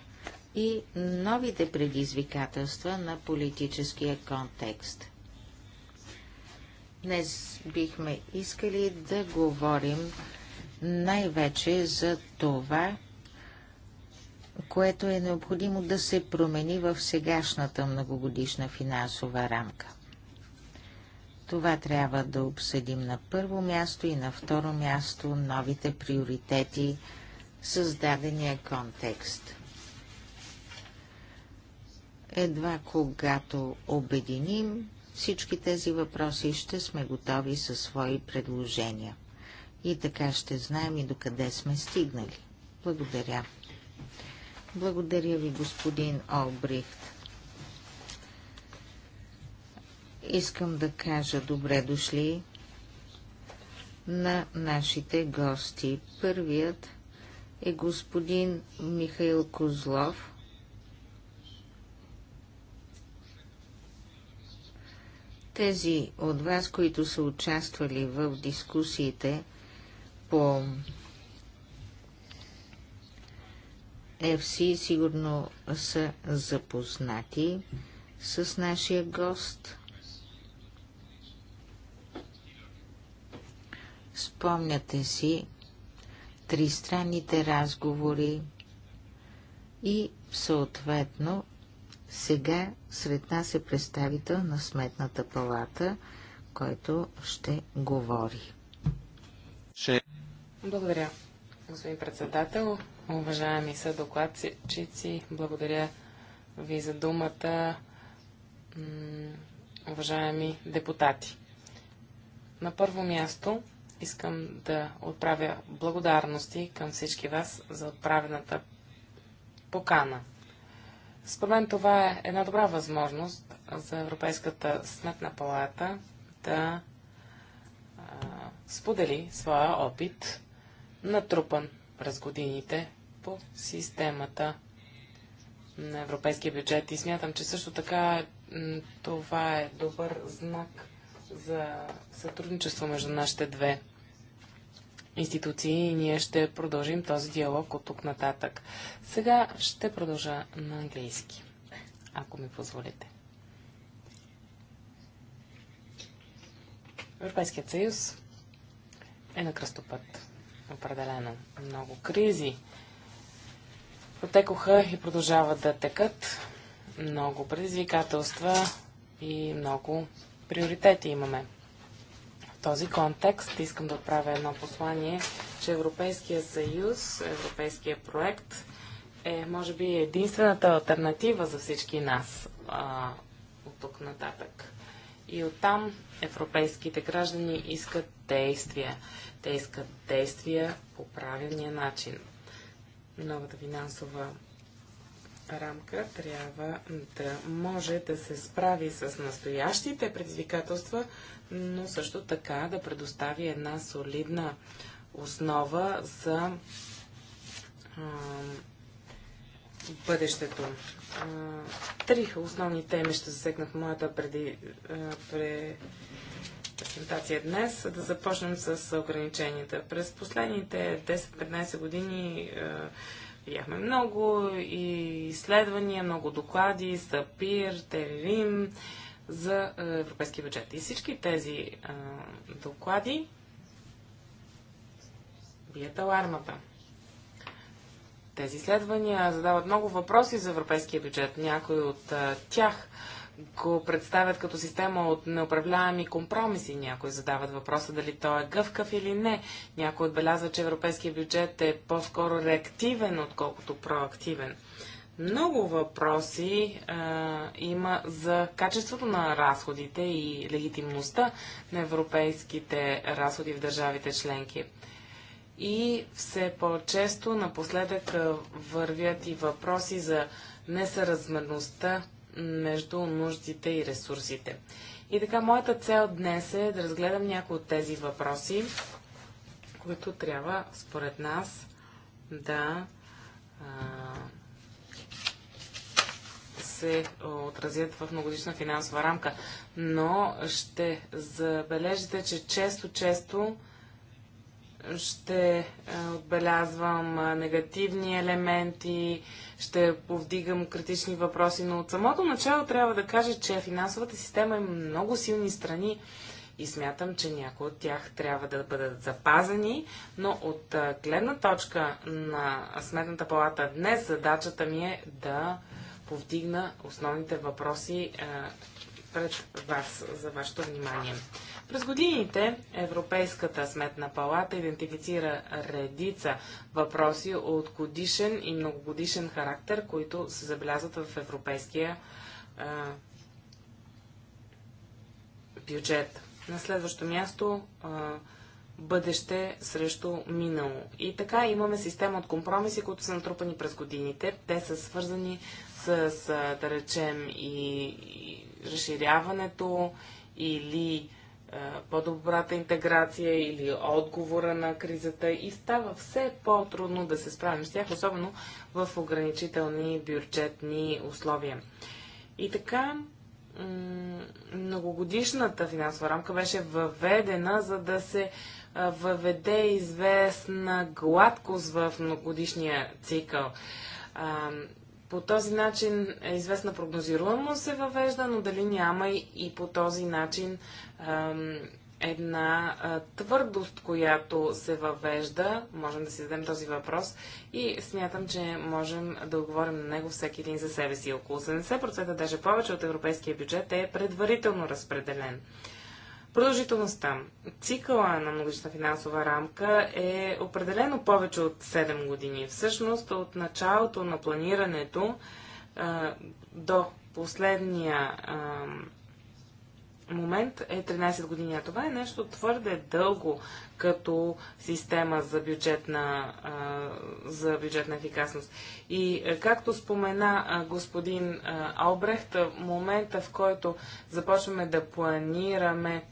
и новите предизвикателства на политическия контекст. Днес бихме искали да говорим най-вече за това, което е необходимо да се промени в сегашната многогодишна финансова рамка. Това трябва да обсъдим на първо място и на второ място новите приоритети, създадения контекст. Едва когато обединим всички тези въпроси ще сме готови със свои предложения. И така ще знаем и докъде сме стигнали. Благодаря. Благодаря ви, господин Олбрихт. Искам да кажа добре дошли на нашите гости. Първият е господин Михаил Козлов, Тези от вас, които са участвали в дискусиите по FC, сигурно са запознати с нашия гост. Спомняте си тристранните разговори и съответно сега сред нас е представител на Сметната палата, който ще говори. Ше. Благодаря, господин председател. Уважаеми са докладчици, благодаря ви за думата, уважаеми депутати. На първо място искам да отправя благодарности към всички вас за отправената покана – според мен това е една добра възможност за Европейската сметна палата да а, сподели своя опит, натрупан през годините по системата на европейския бюджет. И смятам, че също така това е добър знак за сътрудничество между нашите две институции и ние ще продължим този диалог от тук нататък. Сега ще продължа на английски, ако ми позволите. Европейският съюз е на кръстопът. Определено много кризи протекоха и продължават да текат. Много предизвикателства и много приоритети имаме този контекст искам да отправя едно послание, че Европейския съюз, Европейския проект е, може би, единствената альтернатива за всички нас а, от тук нататък. И оттам европейските граждани искат действия. Те искат действия по правилния начин. Новата финансова рамка трябва да може да се справи с настоящите предизвикателства, но също така да предостави една солидна основа за а, бъдещето. А, три основни теми ще засегнат моята преди, а, пре, презентация днес. Да започнем с ограниченията. През последните 10-15 години а, видяхме много и изследвания, много доклади, САПИР, Терим, за е, европейски бюджет. И всички тези а, е, доклади бият алармата. Тези изследвания задават много въпроси за европейския бюджет. Някои от а, е, тях го представят като система от неуправляеми компромиси. Някои задават въпроса дали то е гъвкав или не. Някои отбелязват, че европейския бюджет е по-скоро реактивен, отколкото проактивен. Много въпроси а, има за качеството на разходите и легитимността на европейските разходи в държавите членки. И все по-често напоследък вървят и въпроси за несъразмерността между нуждите и ресурсите. И така, моята цел днес е да разгледам някои от тези въпроси, които трябва, според нас, да а, се отразят в многодишна финансова рамка. Но ще забележите, че често-често ще е, отбелязвам е, негативни елементи, ще повдигам критични въпроси, но от самото начало трябва да кажа, че финансовата система е много силни страни и смятам, че някои от тях трябва да бъдат запазени, но от е, гледна точка на Сметната палата днес задачата ми е да повдигна основните въпроси е, пред вас за вашето внимание. През годините Европейската сметна палата идентифицира редица въпроси от годишен и многогодишен характер, които се забелязват в европейския а, е, бюджет. На следващо място а, е, бъдеще срещу минало. И така имаме система от компромиси, които са натрупани през годините. Те са свързани с, да речем, и, и разширяването или по-добрата интеграция или отговора на кризата и става все по-трудно да се справим с тях, особено в ограничителни бюджетни условия. И така, многогодишната финансова рамка беше въведена, за да се въведе известна гладкост в многогодишния цикъл. По този начин е известна прогнозируемост се въвежда, но дали няма и, и по този начин една твърдост, която се въвежда, можем да си зададем този въпрос и смятам, че можем да отговорим на него всеки един за себе си. Около 70%, даже повече от европейския бюджет е предварително разпределен. Продължителността. Цикъла на многогодишна финансова рамка е определено повече от 7 години. Всъщност от началото на планирането а, до последния а, момент е 13 години. А това е нещо твърде дълго като система за бюджетна, а, за бюджетна ефикасност. И е, както спомена а, господин а, Албрехт, момента в който започваме да планираме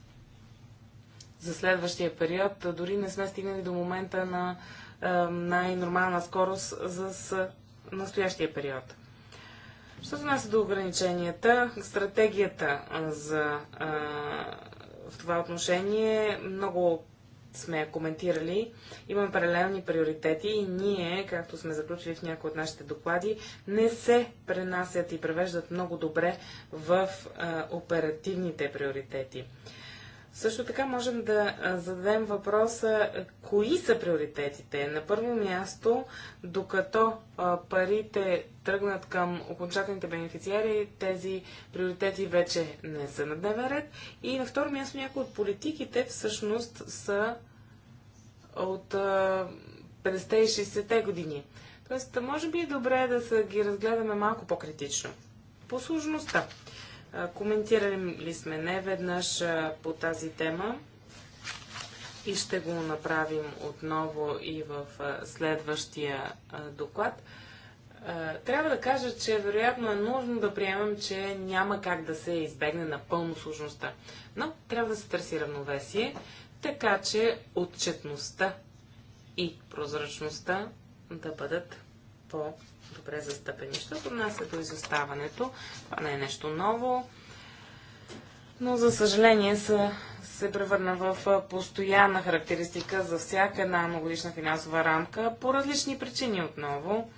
за следващия период. Дори не сме стигнали до момента на е, най-нормална скорост за настоящия период. Що се нася до ограниченията, стратегията е, за, а, е, в това отношение много сме коментирали. Имаме паралелни приоритети и ние, както сме заключили в някои от нашите доклади, не се пренасят и превеждат много добре в а, оперативните приоритети. Също така можем да зададем въпроса кои са приоритетите. На първо място, докато парите тръгнат към окончателните бенефициари, тези приоритети вече не са на дневен ред. И на второ място, някои от политиките всъщност са от 50-те и 60-те години. Тоест, може би е добре да са ги разгледаме малко по-критично. По сложността. Коментирали ли сме не веднъж по тази тема и ще го направим отново и в следващия доклад. Трябва да кажа, че вероятно е нужно да приемам, че няма как да се избегне напълно сложността. Но трябва да се търси равновесие, така че отчетността и прозрачността да бъдат по-добре добре застъпени. Що се отнася до изоставането, това не е нещо ново, но за съжаление са, се превърна в постоянна характеристика за всяка една многодишна финансова рамка по различни причини отново.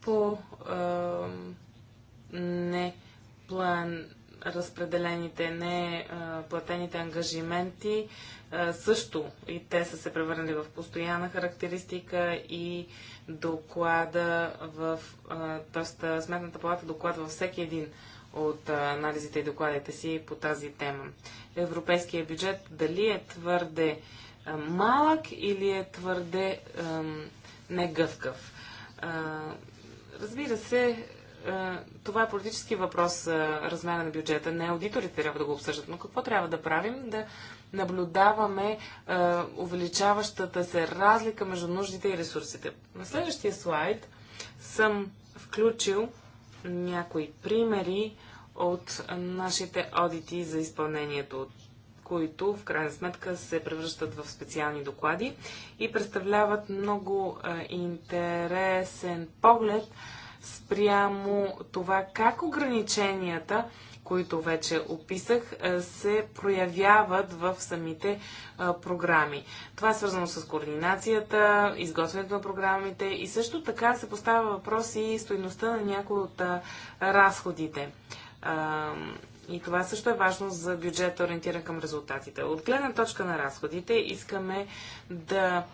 По е, не план, разпределените, не е, платените ангажименти, също и те са се превърнали в постоянна характеристика и доклада в, т.е. Сметната палата доклад във всеки един от анализите и докладите си по тази тема. Европейския бюджет дали е твърде малък или е твърде негъвкав? Разбира се, това е политически въпрос, размера на бюджета. Не аудиторите трябва да го обсъждат, но какво трябва да правим? Да наблюдаваме а, е, увеличаващата се разлика между нуждите и ресурсите. На следващия слайд съм включил някои примери от нашите одити за изпълнението, които в крайна сметка се превръщат в специални доклади и представляват много а, е, интересен поглед спрямо това как ограниченията които вече описах, е, се проявяват в самите е, програми. Това е свързано с координацията, изготвянето на програмите и също така се поставя въпрос и стоеността на някои от е, разходите. И това също е важно за бюджета, ориентиран към резултатите. От гледна точка на разходите искаме да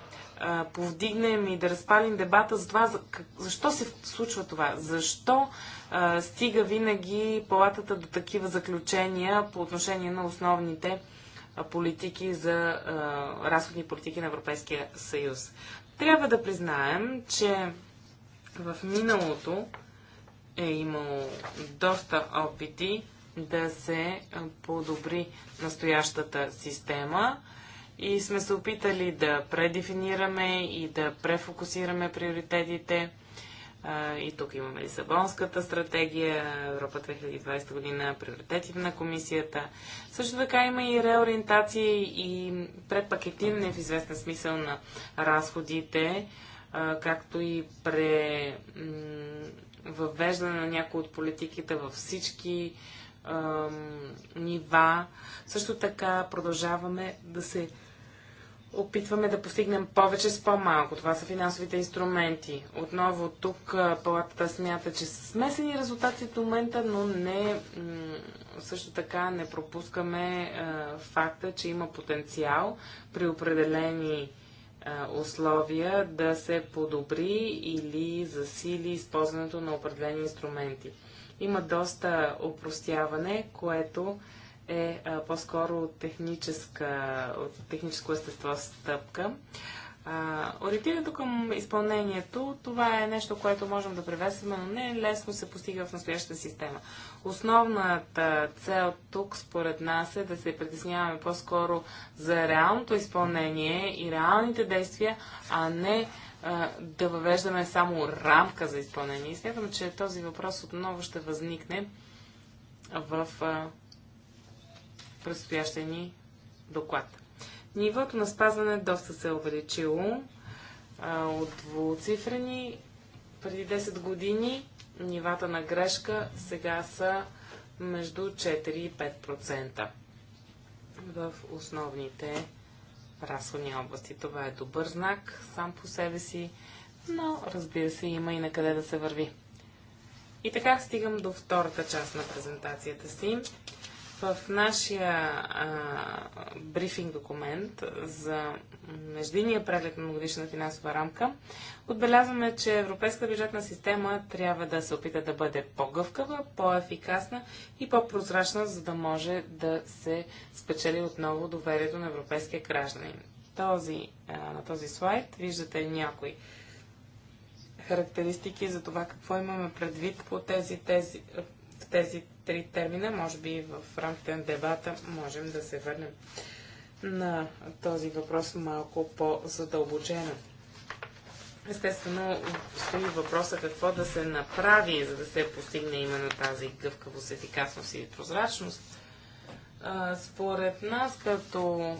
повдигнем и да разпалим дебата за това, защо се случва това, защо стига винаги палатата до такива заключения по отношение на основните политики за разходни политики на Европейския съюз. Трябва да признаем, че в миналото е имало доста опити да се подобри настоящата система и сме се опитали да предефинираме и да префокусираме приоритетите и тук имаме Лисабонската стратегия, Европа 2020 година, приоритетите на комисията. Също така има и реориентации и предпакетиране в известен смисъл на разходите, както и пре въвеждане на някои от политиките във всички нива. Също така продължаваме да се опитваме да постигнем повече с по-малко. Това са финансовите инструменти. Отново тук палатата смята, че са смесени резултати в момента, но не, също така не пропускаме факта, че има потенциал при определени условия да се подобри или засили използването на определени инструменти. Има доста опростяване, което е по-скоро от, от техническо естество стъпка. ориентирането към изпълнението, това е нещо, което можем да приветстваме, но не е лесно се постига в настоящата система. Основната цел тук, според нас, е да се притесняваме по-скоро за реалното изпълнение и реалните действия, а не а, да въвеждаме само рамка за изпълнение. И смятам, че този въпрос отново ще възникне в а, предстоящия ни доклад. Нивото на спазване доста се е увеличило а, от двуцифрени преди 10 години нивата на грешка сега са между 4 и 5% в основните разходни области. Това е добър знак сам по себе си, но разбира се има и на къде да се върви. И така стигам до втората част на презентацията си. В нашия а, брифинг документ за междинния преглед на годишна финансова рамка отбелязваме, че европейска бюджетна система трябва да се опита да бъде по-гъвкава, по-ефикасна и по-прозрачна, за да може да се спечели отново доверието на европейския гражданин. Този, а, на този слайд виждате някои характеристики за това какво имаме предвид по тези, тези, тези три термина. Може би в рамките на дебата можем да се върнем на този въпрос малко по-задълбочено. Естествено, стои въпроса какво да се направи, за да се постигне именно тази гъвкавост, ефикасност и прозрачност. Според нас, като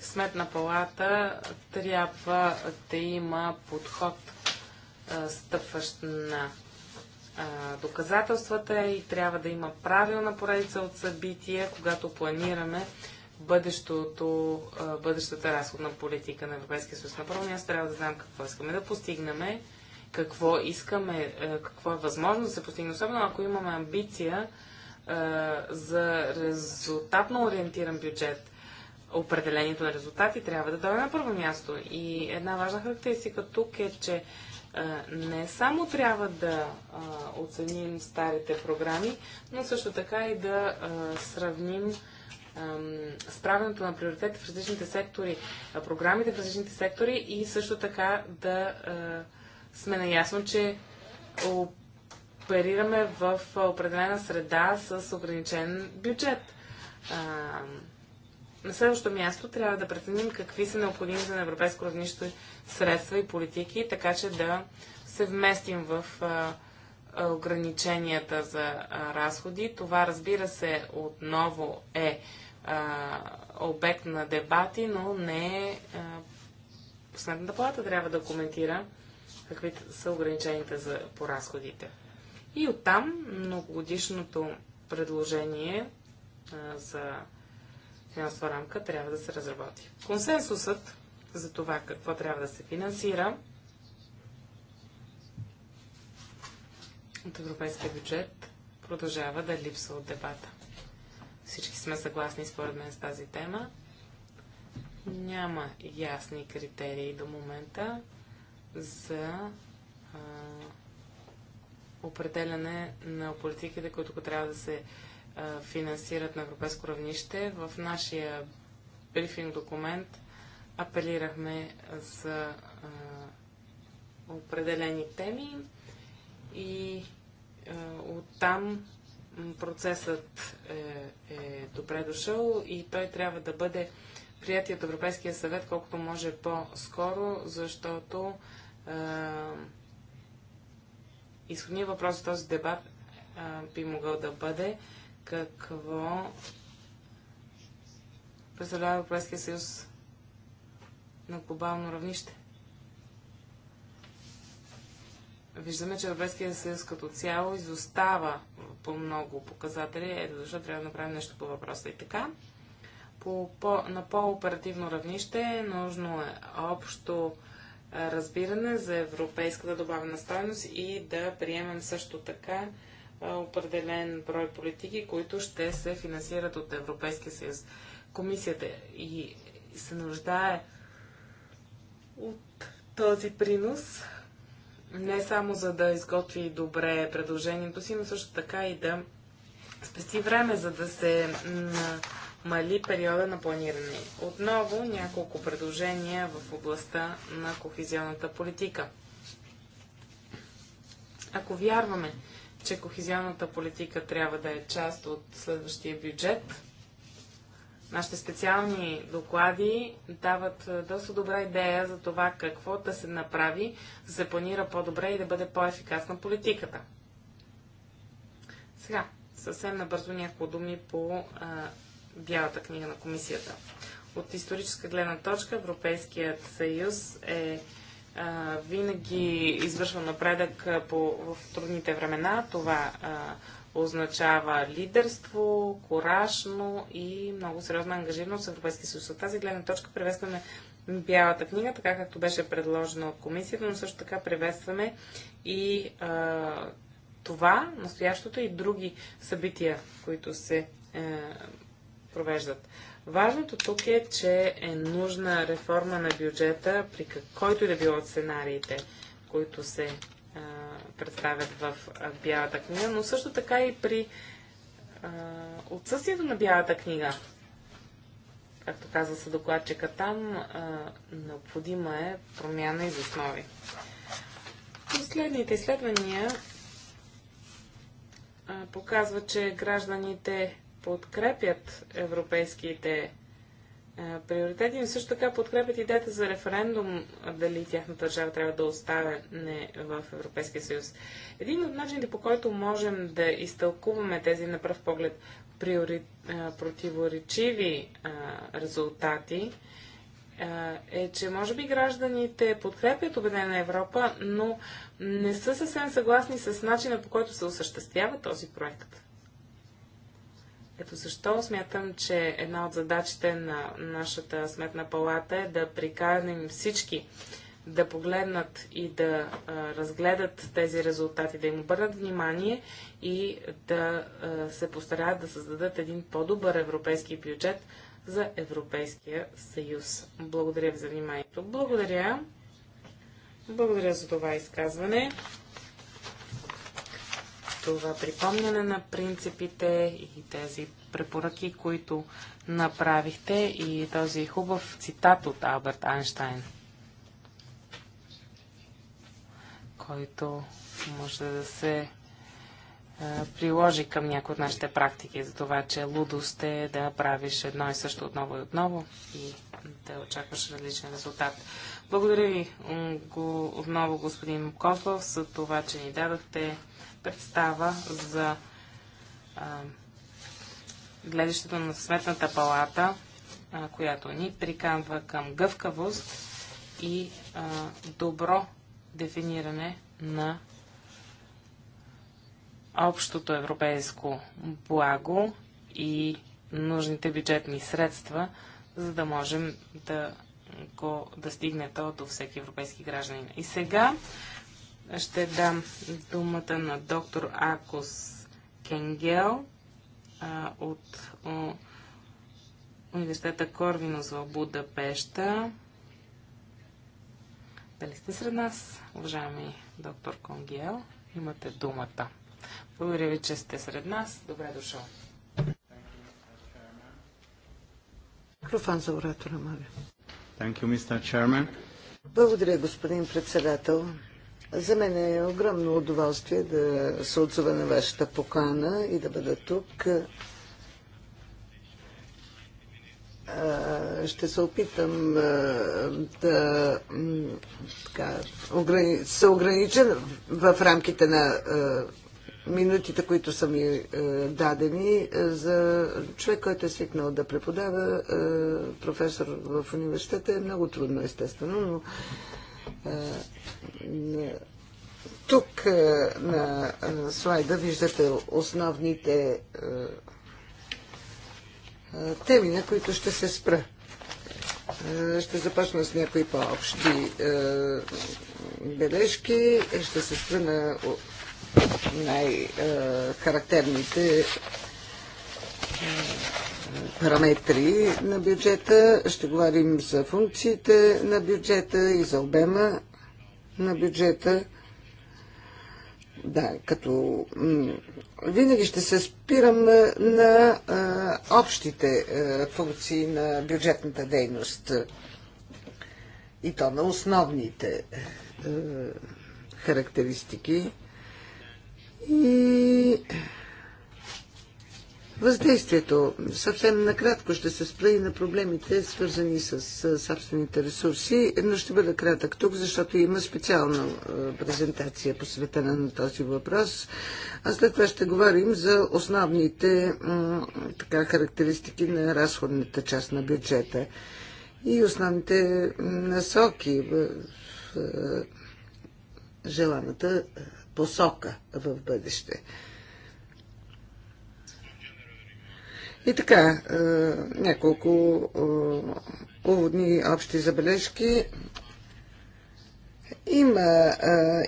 сметна палата, трябва да има подход стъпващ на доказателствата и трябва да има правилна поредица от събития, когато планираме бъдещото, бъдещата разходна политика на Европейския съюз. На първо място трябва да знаем какво искаме да постигнем, какво искаме, какво е възможно да се постигне, особено ако имаме амбиция за резултатно ориентиран бюджет. Определението на резултати трябва да дойде на първо място. И една важна характеристика тук е, че е, не само трябва да е, оценим старите програми, но също така и да е, сравним справянето на приоритет в различните сектори, програмите в различните сектори и също така да сме наясно, че оперираме в определена среда с ограничен бюджет. На следващо място трябва да преценим какви са необходими за на европейско равнище средства и политики, така че да се вместим в а, ограниченията за а, разходи. Това, разбира се, отново е а, обект на дебати, но не е. Последната плата трябва да коментира какви са ограниченията за, по разходите. И оттам многогодишното предложение а, за финансова рамка трябва да се разработи. Консенсусът за това какво трябва да се финансира от европейския бюджет продължава да липсва от дебата. Всички сме съгласни според мен с тази тема. Няма ясни критерии до момента за а, определяне на политиките, които трябва да се финансират на европейско равнище. В нашия брифинг документ апелирахме за определени теми и оттам процесът е, е добре дошъл и той трябва да бъде приятият от Европейския съвет колкото може по-скоро, защото е, изходният въпрос за този дебат е, би могъл да бъде какво представлява Европейския съюз на глобално равнище. Виждаме, че Европейския съюз като цяло изостава по много показатели. Ето защо трябва да направим нещо по въпроса и така. По, по, на по-оперативно равнище нужно е общо разбиране за европейската добавена стойност и да приемем също така определен брой политики, които ще се финансират от Европейския съюз. Комисията и се нуждае от този принос, не само за да изготви добре предложението си, но също така и да спести време, за да се мали периода на планиране. Отново няколко предложения в областта на кохезионната политика. Ако вярваме, че кохизионната политика трябва да е част от следващия бюджет. Нашите специални доклади дават е, доста добра идея за това какво да се направи, да се планира по-добре и да бъде по-ефикасна политиката. Сега, съвсем набързо няколко думи по а, е, Бялата книга на комисията. От историческа гледна точка Европейският съюз е винаги извършва напредък по, в трудните времена. Това а, означава лидерство, коражно и много сериозна ангажираност в Европейския съюз. От тази гледна точка приветстваме Бялата книга, така както беше предложена от комисията, но също така приветстваме и а, това, настоящото и други събития, които се а, е, провеждат. Важното тук е, че е нужна реформа на бюджета при който и да било от сценариите, които се а, представят в а, Бялата книга, но също така и при а, отсъствието на Бялата книга. Както казва се докладчика там, а, необходима е промяна из основи. Последните изследвания показват, че гражданите подкрепят европейските е, приоритети, но също така подкрепят идеята за референдум, дали тяхната държава трябва да остане в Европейския съюз. Един от начините, по който можем да изтълкуваме тези на пръв поглед приори... Е, противоречиви е, резултати, е, че може би гражданите подкрепят Обединена Европа, но не са съвсем съгласни с начина по който се осъществява този проект. Ето защо смятам, че една от задачите на нашата сметна палата е да приканим всички да погледнат и да а, разгледат тези резултати, да им обърнат внимание и да а, се постараят да създадат един по-добър европейски бюджет за Европейския съюз. Благодаря ви за вниманието. Благодаря. Благодаря за това изказване това припомняне на принципите и тези препоръки, които направихте и този хубав цитат от Алберт Айнштайн, който може да се е, приложи към някои от нашите практики за това, че лудост е да правиш едно и също отново и отново и да очакваш различен резултат. Благодаря ви отново, господин Козлов, за това, че ни дадахте представа за гледащето на Сметната палата, която ни приканва към гъвкавост и добро дефиниране на общото европейско благо и нужните бюджетни средства, за да можем да го да стигне то до всеки европейски гражданин. И сега ще дам думата на доктор Акос Кенгел а, от о, университета Корвинус в Будапешта. Дали сте сред нас, уважаеми доктор Конгел? Имате думата. Благодаря ви, че сте сред нас. Добре дошъл. Микрофон за оратора, Благодаря, господин председател. За мен е огромно удоволствие да се отзова на вашата покана и да бъда тук. Ще се опитам да така, се огранича в рамките на минутите, които са ми дадени за човек, който е свикнал да преподава, професор в университета е много трудно, естествено, но тук на слайда виждате основните теми, на които ще се спра. Ще започна с някои по-общи бележки. Ще се спра на най-характерните параметри на бюджета. Ще говорим за функциите на бюджета и за обема на бюджета. Да, като винаги ще се спирам на, на а, общите а, функции на бюджетната дейност и то на основните а, характеристики. И Въздействието. Съвсем накратко ще се спра и на проблемите, свързани с собствените ресурси, но ще бъда кратък тук, защото има специална презентация посветена на този въпрос. А след това ще говорим за основните така, характеристики на разходната част на бюджета и основните насоки в желаната посока в бъдеще. И така, е, няколко е, уводни общи забележки. Има е,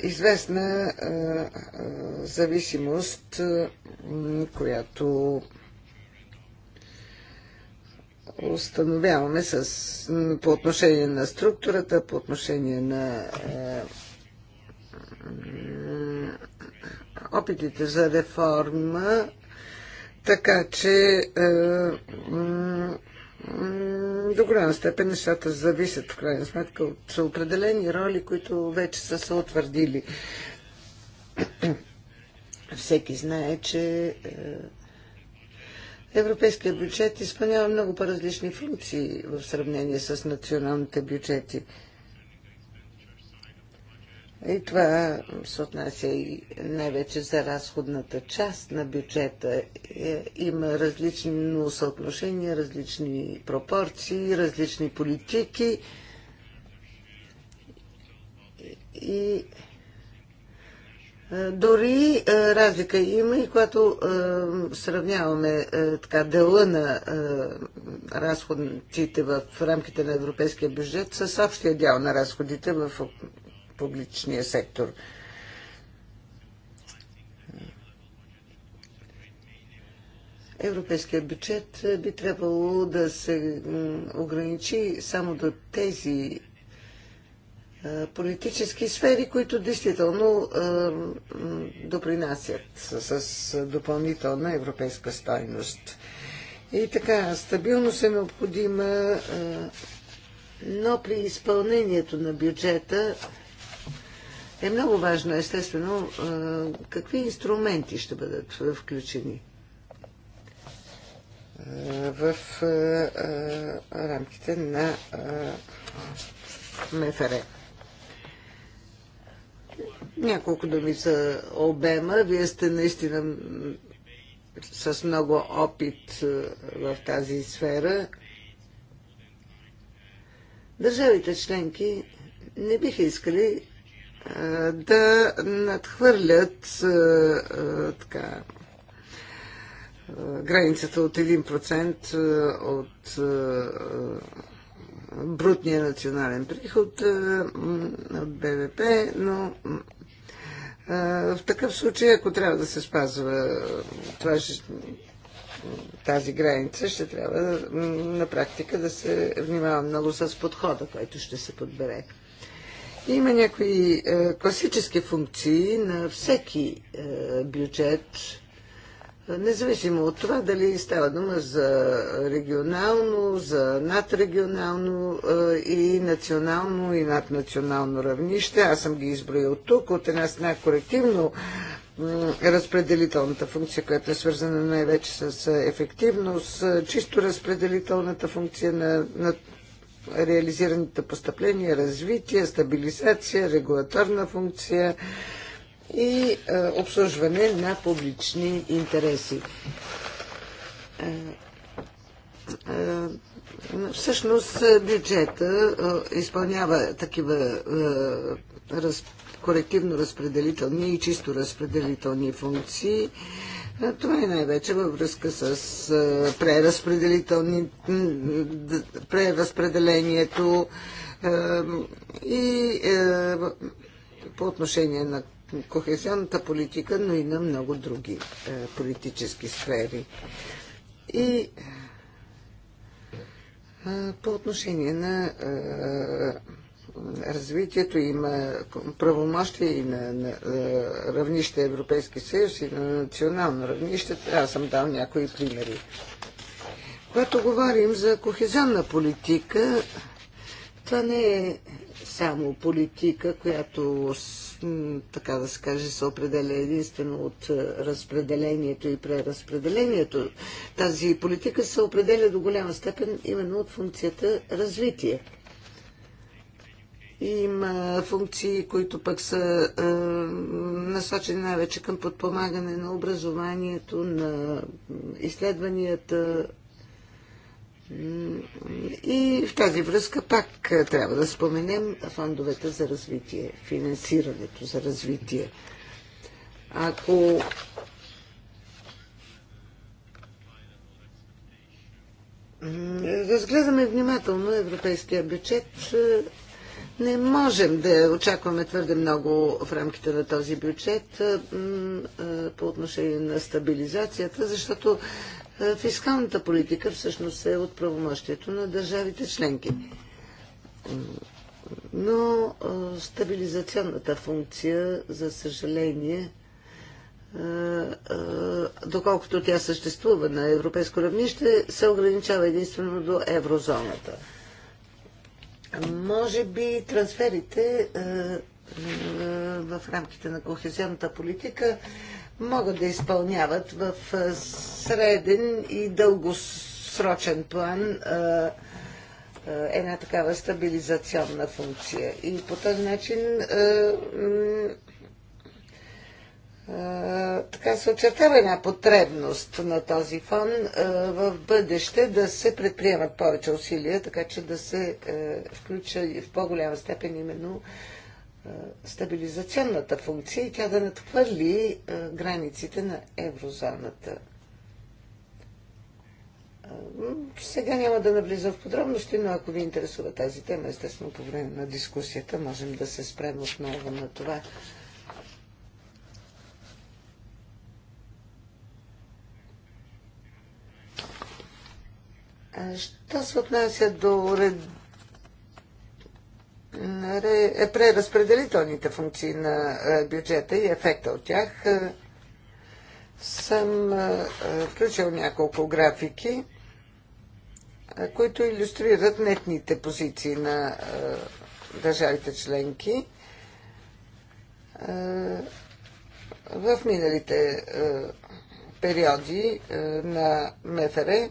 известна зависимост, която установяваме с, по отношение на структурата, по отношение на опитите за реформа така че е, до голяма степен нещата зависят в крайна сметка от определени роли, които вече са се утвърдили. Всеки знае, че е, европейския бюджет изпълнява много по-различни функции в сравнение с националните бюджети. И това се отнася и най-вече за разходната част на бюджета. Е, има различни съотношения, различни пропорции, различни политики. И е, дори е, разлика има и когато сравняваме така дела на разходите в рамките на европейския бюджет с общия дял на разходите в публичния сектор. Европейския бюджет би трябвало да се ограничи само до тези политически сфери, които действително допринасят с допълнителна европейска стойност. И така, стабилност е необходима, но при изпълнението на бюджета е много важно, естествено, е, какви инструменти ще бъдат включени е, в е, рамките на МФР. Няколко думи за обема. Вие сте наистина с много опит в тази сфера. Държавите членки не биха искали да надхвърлят така, границата от 1% от брутния национален приход от БВП, но в такъв случай, ако трябва да се спазва това, тази граница, ще трябва на практика да се внимава много с подхода, който ще се подбере. Има някои е, класически функции на всеки е, бюджет, независимо от това дали става дума за регионално, за надрегионално е, и национално и наднационално равнище. Аз съм ги изброил тук. От една страна колективно разпределителната функция, която е свързана най-вече с е, ефективност, е, чисто разпределителната функция на, на реализираните постъпления, развитие, стабилизация, регулаторна функция и е, обслужване на публични интереси. Е, е, всъщност бюджета изпълнява такива корективно разпределителни и чисто разпределителни функции е, това е най-вече във връзка с е, преразпределението е, и по отношение на кохезионната политика, но и на много други политически сфери. И по отношение на развитието има правомощия и на, на е, равнище Европейски съюз и на национално равнище. Аз съм дал някои примери. Когато говорим за кохезионна политика, това не е само политика, която така да се каже, се определя единствено от е, разпределението и преразпределението. Тази политика се определя до голяма степен именно от функцията развитие. Има функции, които пък са е, насочени най-вече към подпомагане на образованието, на изследванията. И в тази връзка пак трябва да споменем фондовете за развитие, финансирането за развитие. Ако разгледаме внимателно европейския бюджет, не можем да очакваме твърде много в рамките на този бюджет по отношение на стабилизацията, защото фискалната политика всъщност е от правомощието на държавите членки. Но стабилизационната функция, за съжаление, доколкото тя съществува на европейско равнище, се ограничава единствено до еврозоната. Може би трансферите е, е, в рамките на кохезионната политика могат да изпълняват в е, среден и дългосрочен план една такава стабилизационна функция. И по този начин така се очертава една потребност на този фон в бъдеще да се предприемат повече усилия, така че да се включа в по-голяма степен именно стабилизационната функция и тя да надхвърли границите на еврозоната. Сега няма да навлизам в подробности, но ако ви интересува тази тема, естествено по време на дискусията можем да се спрем отново на това. Що се отнася до ред... ре... Е, преразпределителните функции на е, бюджета и ефекта от тях, е, съм включил няколко графики, които иллюстрират нетните позиции на държавите членки. В миналите периоди на МФР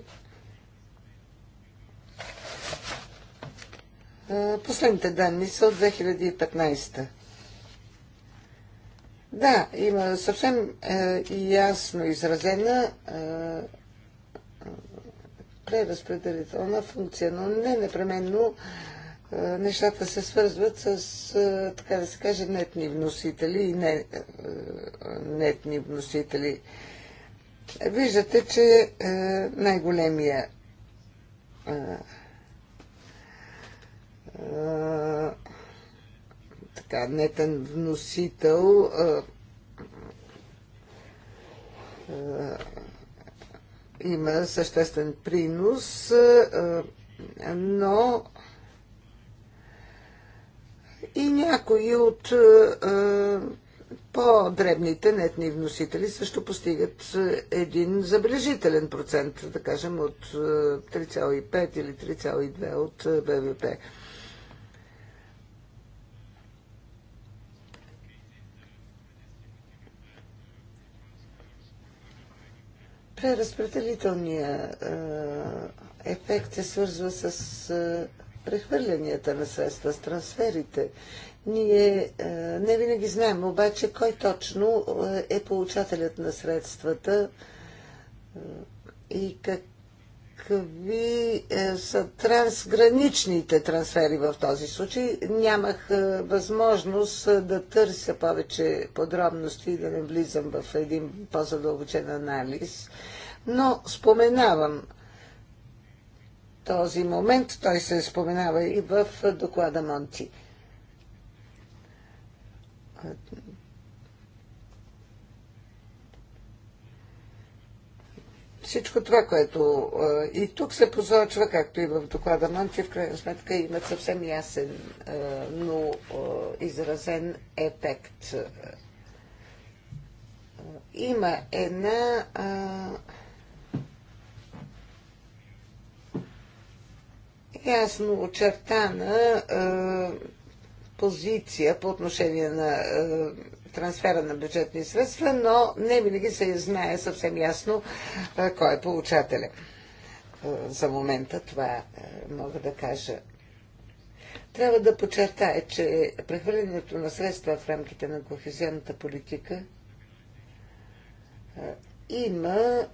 Е, последните данни са от 2015. Да, има съвсем е, ясно изразена е, преразпределителна функция, но не непременно е, нещата се свързват с, е, така да се каже, нетни вносители и не, е, нетни вносители. Виждате, че е, най-големия е, така, нетен вносител има съществен принос, но и някои от по-дребните нетни вносители също постигат един забележителен процент, да кажем от 3,5 или 3,2 от БВП. Преразпределителният е, ефект се свързва с е, прехвърлянията на средства, с трансферите. Ние е, не винаги знаем обаче кой точно е получателят на средствата и как, какви е, са трансграничните трансфери в този случай. Нямах е, възможност е, да търся повече подробности и да не влизам в един по-задълбочен анализ, но споменавам този момент. Той се споменава и в доклада Монти. всичко това, което и тук се посочва, както и в доклада Манти, в крайна сметка имат съвсем ясен, но изразен ефект. Има една ясно очертана позиция по отношение на трансфера на бюджетни средства, но не винаги се знае съвсем ясно кой е получателя. За момента това мога да кажа. Трябва да подчертая, че прехвърлянето на средства в рамките на кохезионната политика има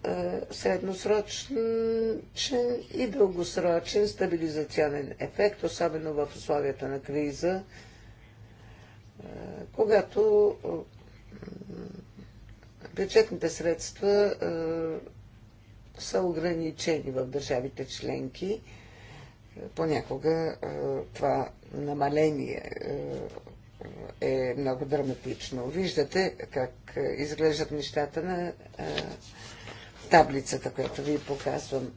средносрочен и дългосрочен стабилизационен ефект, особено в условията на криза когато бюджетните средства е, са ограничени в държавите членки. Е, понякога е, това намаление е много драматично. Виждате как изглеждат нещата на таблицата, която ви показвам.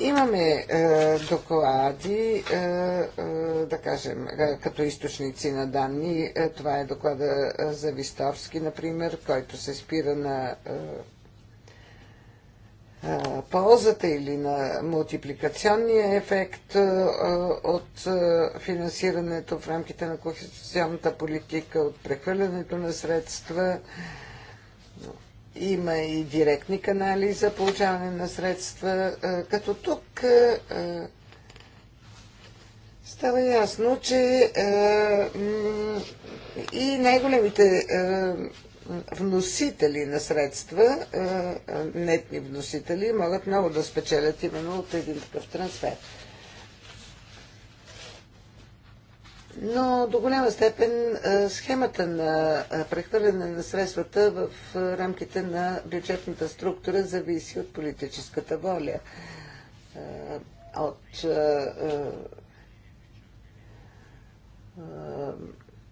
Имаме е, доклади, е, е, да кажем, като източници на данни. Това е доклада за Вистовски, например, който се спира на ползата или на мултипликационния ефект от финансирането в рамките на кохезионната политика, от прехвърлянето на средства има и директни канали за получаване на средства, като тук става ясно, че и най-големите вносители на средства, нетни вносители, могат много да спечелят именно от един такъв трансфер. Но до голяма степен схемата на прехвърляне на средствата в рамките на бюджетната структура зависи от политическата воля, от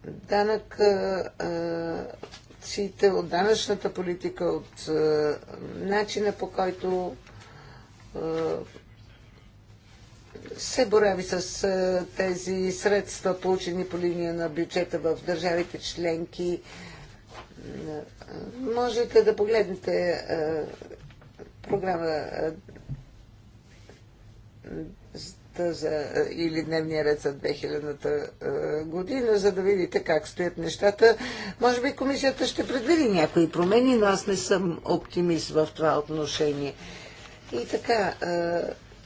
данък ците, от данъчната политика, от начина по който се борави с е, тези средства, получени по линия на бюджета в държавите членки. Е, можете да погледнете е, програма за, или дневния ред за 2000-та година, за да видите как стоят нещата. Може би комисията ще предвиди някои промени, но аз не съм оптимист в това отношение. И така,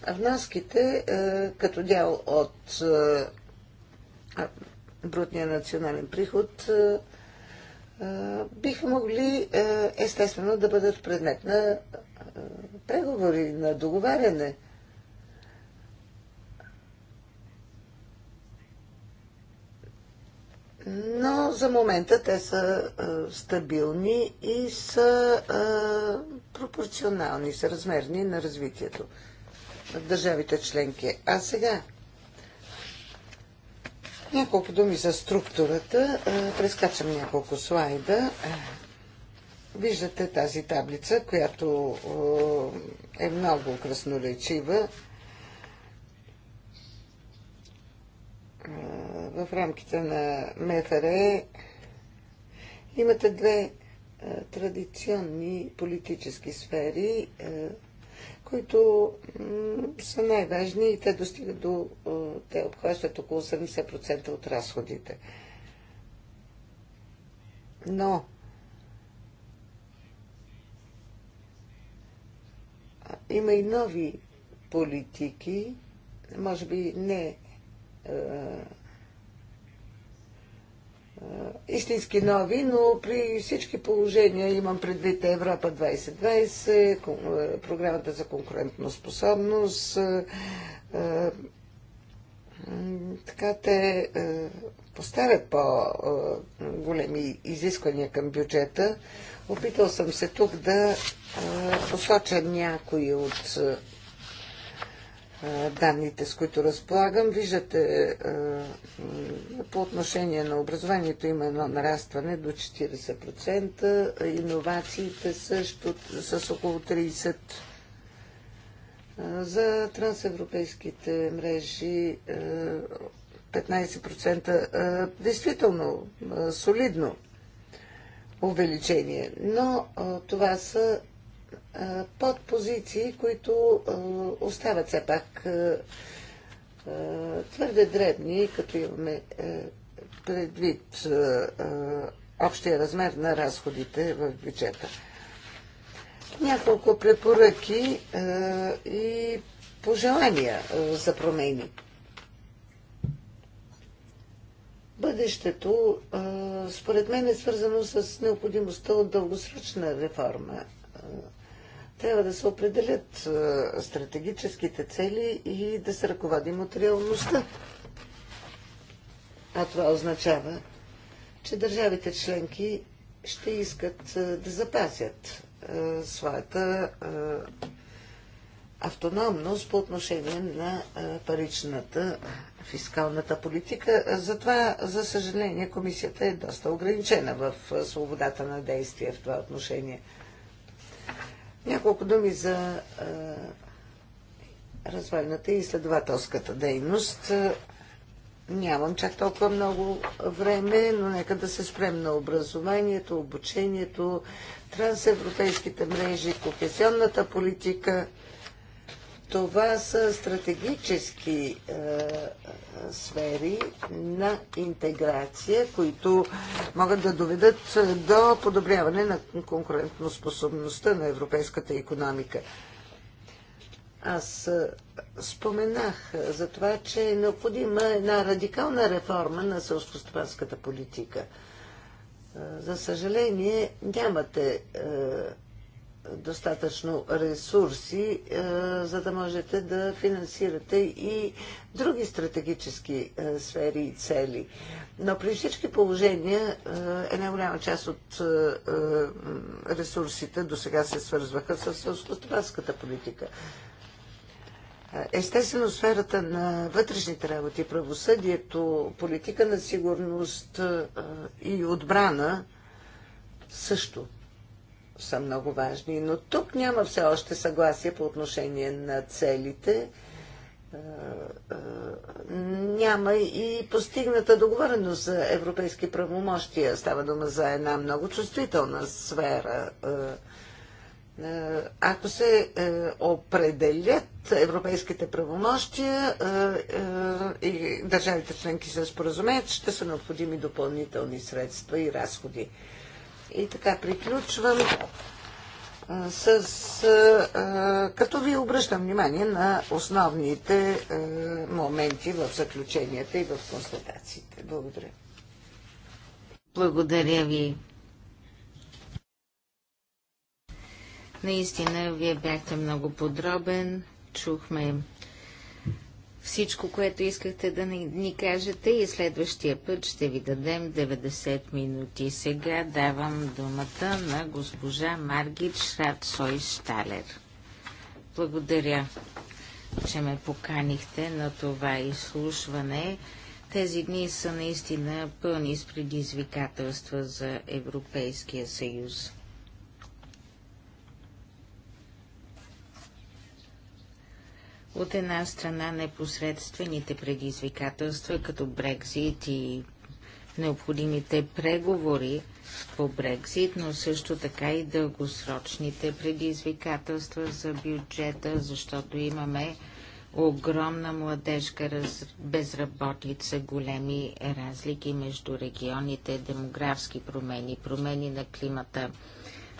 Внаските е, като дял от е, брутния национален приход е, биха могли естествено да бъдат предмет на преговори, на договаряне. но за момента те са е, стабилни и са е, пропорционални, са размерни на развитието държавите членки. А сега няколко думи за структурата. Прескачам няколко слайда. Виждате тази таблица, която е много красноречива. В рамките на МФР имате две традиционни политически сфери – които са най-важни и те достигат до, те обхващат около 70% от разходите. Но има и нови политики, може би не е, истински нови, но при всички положения имам предвид Европа 2020, е, програмата за конкурентна способност. Е, така те поставят по-големи изисквания към бюджета. Опитал съм се тук да посоча някои от данните, с които разполагам. Виждате, по отношение на образованието има едно нарастване до 40%, иновациите също с около 30%. За трансевропейските мрежи 15%. Действително солидно увеличение, но това са под позиции, които остават все пак твърде дребни, като имаме е, предвид общия размер на разходите в бюджета. Няколко препоръки и пожелания за промени. Бъдещето, според мен, е свързано с необходимостта от дългосрочна реформа трябва да се определят е, стратегическите цели и да се ръководим от реалността. А това означава, че държавите членки ще искат е, да запазят е, своята автономност по отношение на паричната фискалната политика. Затова, за съжаление, комисията е доста ограничена в свободата на действие в това отношение. Няколко думи за развойната и изследователската дейност. Нямам чак толкова много време, но нека да се спрем на образованието, обучението, трансевропейските мрежи, кохезионната политика – това са стратегически е, сфери на интеграция, които могат да доведат до подобряване на конкурентоспособността на европейската економика. Аз е, споменах за това, че е необходима една радикална реформа на селскостопанската политика. Е, за съжаление, нямате е, достатъчно ресурси, е, за да можете да финансирате и други стратегически е, сфери и цели. Но при всички положения е, една голяма част от ресурсите до сега се свързваха с селскостопанската политика. Естествено, сферата на вътрешните работи, правосъдието, политика на сигурност и отбрана също са много важни, но тук няма все още съгласие по отношение на целите. Е, е, няма и постигната договореност за европейски правомощия. Става дума за една много чувствителна сфера. Е, ако се определят европейските правомощия и държавите членки се споразумеят, ще са необходими допълнителни средства и разходи. И така, приключвам с, като ви обръщам внимание на основните моменти в заключенията и в констатациите. Благодаря. Благодаря ви. Наистина, вие бяхте много подробен. Чухме всичко, което искахте да ни, ни кажете и следващия път ще ви дадем 90 минути. Сега давам думата на госпожа Маргит Шрадсой Шталер. Благодаря, че ме поканихте на това изслушване. Тези дни са наистина пълни с предизвикателства за Европейския съюз. От една страна непосредствените предизвикателства, като Брекзит и необходимите преговори по Брекзит, но също така и дългосрочните предизвикателства за бюджета, защото имаме огромна младежка раз... безработица, големи разлики между регионите, демографски промени, промени на климата,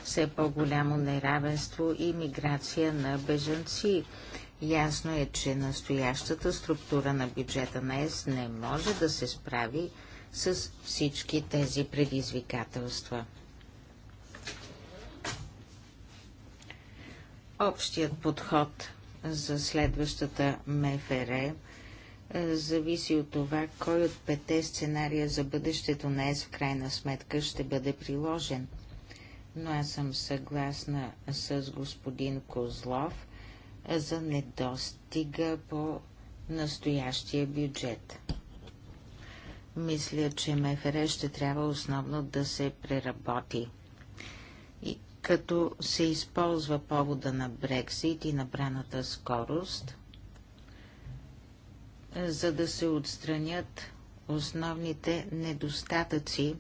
все по-голямо неравенство и миграция на бежанци. Ясно е, че настоящата структура на бюджета на ЕС не може да се справи с всички тези предизвикателства. Общият подход за следващата МФР е, зависи от това, кой от пете сценария за бъдещето на ЕС в крайна сметка ще бъде приложен. Но аз съм съгласна с господин Козлов, е за недостига по настоящия бюджет. Мисля, че МФР ще трябва основно да се преработи. И като се използва повода на Брексит и набраната скорост, за да се отстранят основните недостатъци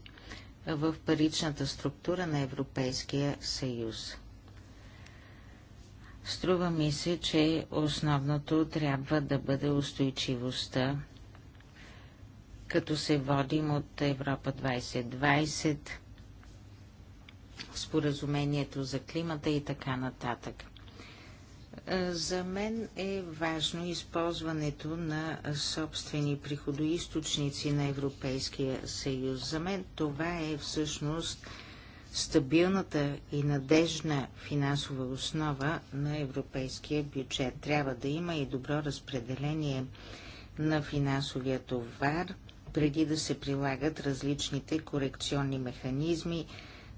в паричната структура на Европейския съюз. Струва ми се, че основното трябва да бъде устойчивостта, като се водим от Европа 2020, споразумението за климата и така нататък. За мен е важно използването на собствени приходоисточници на Европейския съюз. За мен това е всъщност стабилната и надежна финансова основа на европейския бюджет. Трябва да има и добро разпределение на финансовия товар, преди да се прилагат различните корекционни механизми,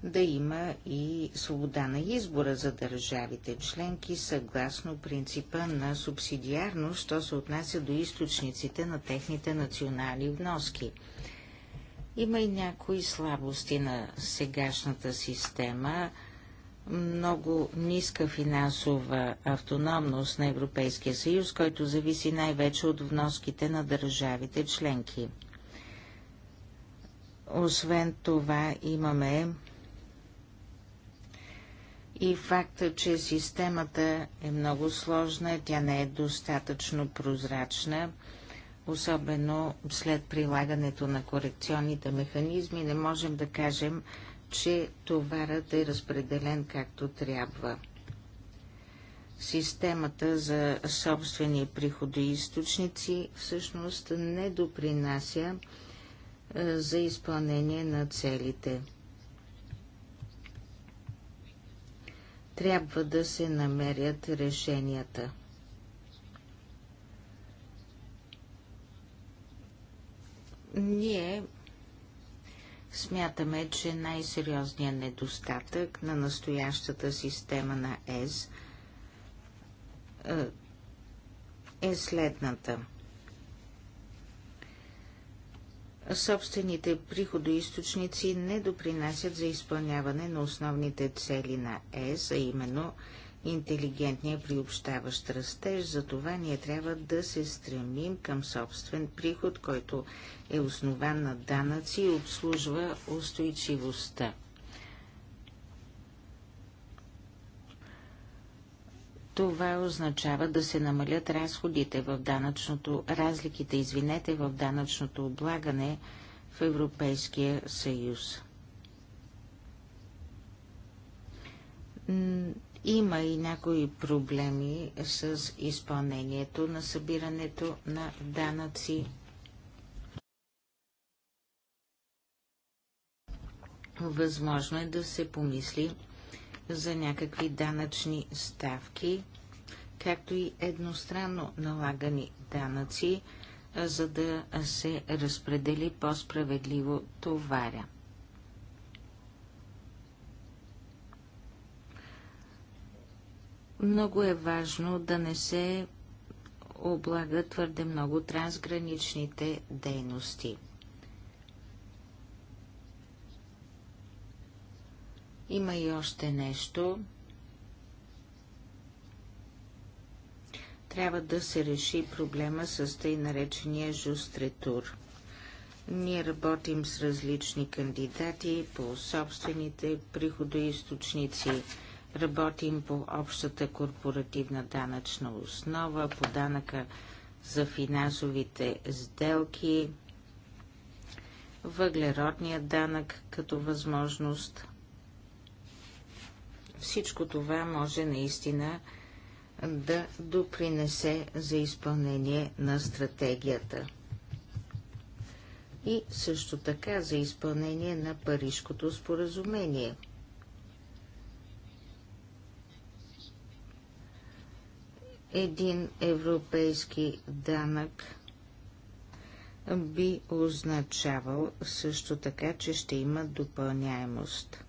да има и свобода на избора за държавите членки, съгласно принципа на субсидиарност, що се отнася до източниците на техните национални вноски – има и някои слабости на сегашната система. Много ниска финансова автономност на Европейския съюз, който зависи най-вече от вноските на държавите членки. Освен това имаме и факта, че системата е много сложна, тя не е достатъчно прозрачна особено след прилагането на корекционните механизми, не можем да кажем, че товарът е разпределен както трябва. Системата за собствени приходоисточници всъщност не допринася е, за изпълнение на целите. Трябва да се намерят решенията. Ние смятаме, че най-сериозният недостатък на настоящата система на ЕС е, е следната. Собствените приходоисточници не допринасят за изпълняване на основните цели на ЕС, а именно – интелигентния приобщаващ растеж. За това ние трябва да се стремим към собствен приход, който е основан на данъци и обслужва устойчивостта. Това означава да се намалят разходите в данъчното, разликите, извинете, в данъчното облагане в Европейския съюз има и някои проблеми с изпълнението на събирането на данъци. Възможно е да се помисли за някакви данъчни ставки, както и едностранно налагани данъци, за да се разпредели по-справедливо товаря. Много е важно да не се облага твърде много трансграничните дейности. Има и още нещо. Трябва да се реши проблема с тъй наречения жустретур. Ние работим с различни кандидати по собствените приходоисточници Работим по общата корпоративна данъчна основа, по данъка за финансовите сделки, въглеродния данък като възможност. Всичко това може наистина да допринесе за изпълнение на стратегията и също така за изпълнение на Парижското споразумение – един европейски данък би означавал също така, че ще има допълняемост.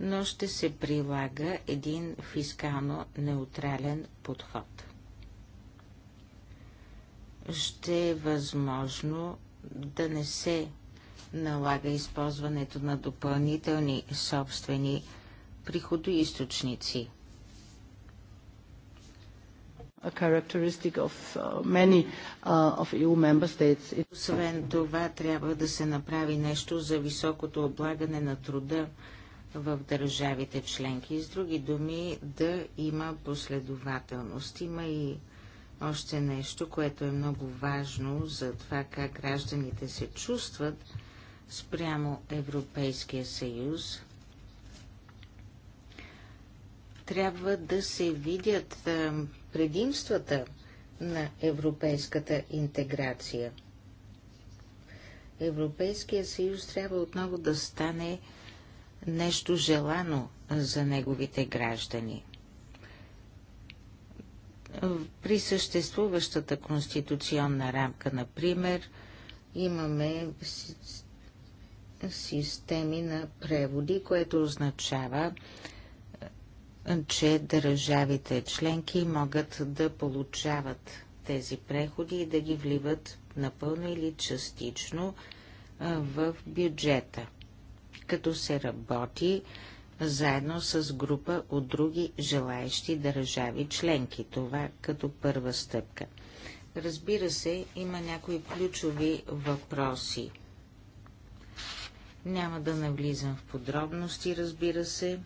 Но ще се прилага един фискално неутрален подход. Ще е възможно да не се налага използването на допълнителни собствени приходоисточници. Uh, uh, Освен това, трябва да се направи нещо за високото облагане на труда в държавите членки. С други думи, да има последователност. Има и още нещо, което е много важно за това как гражданите се чувстват спрямо Европейския съюз трябва да се видят предимствата на европейската интеграция. Европейския съюз трябва отново да стане нещо желано за неговите граждани. При съществуващата конституционна рамка, например, имаме системи на преводи, което означава, че държавите членки могат да получават тези преходи и да ги вливат напълно или частично в бюджета, като се работи заедно с група от други желаещи държави членки. Това като първа стъпка. Разбира се, има някои ключови въпроси. Няма да навлизам в подробности, разбира се,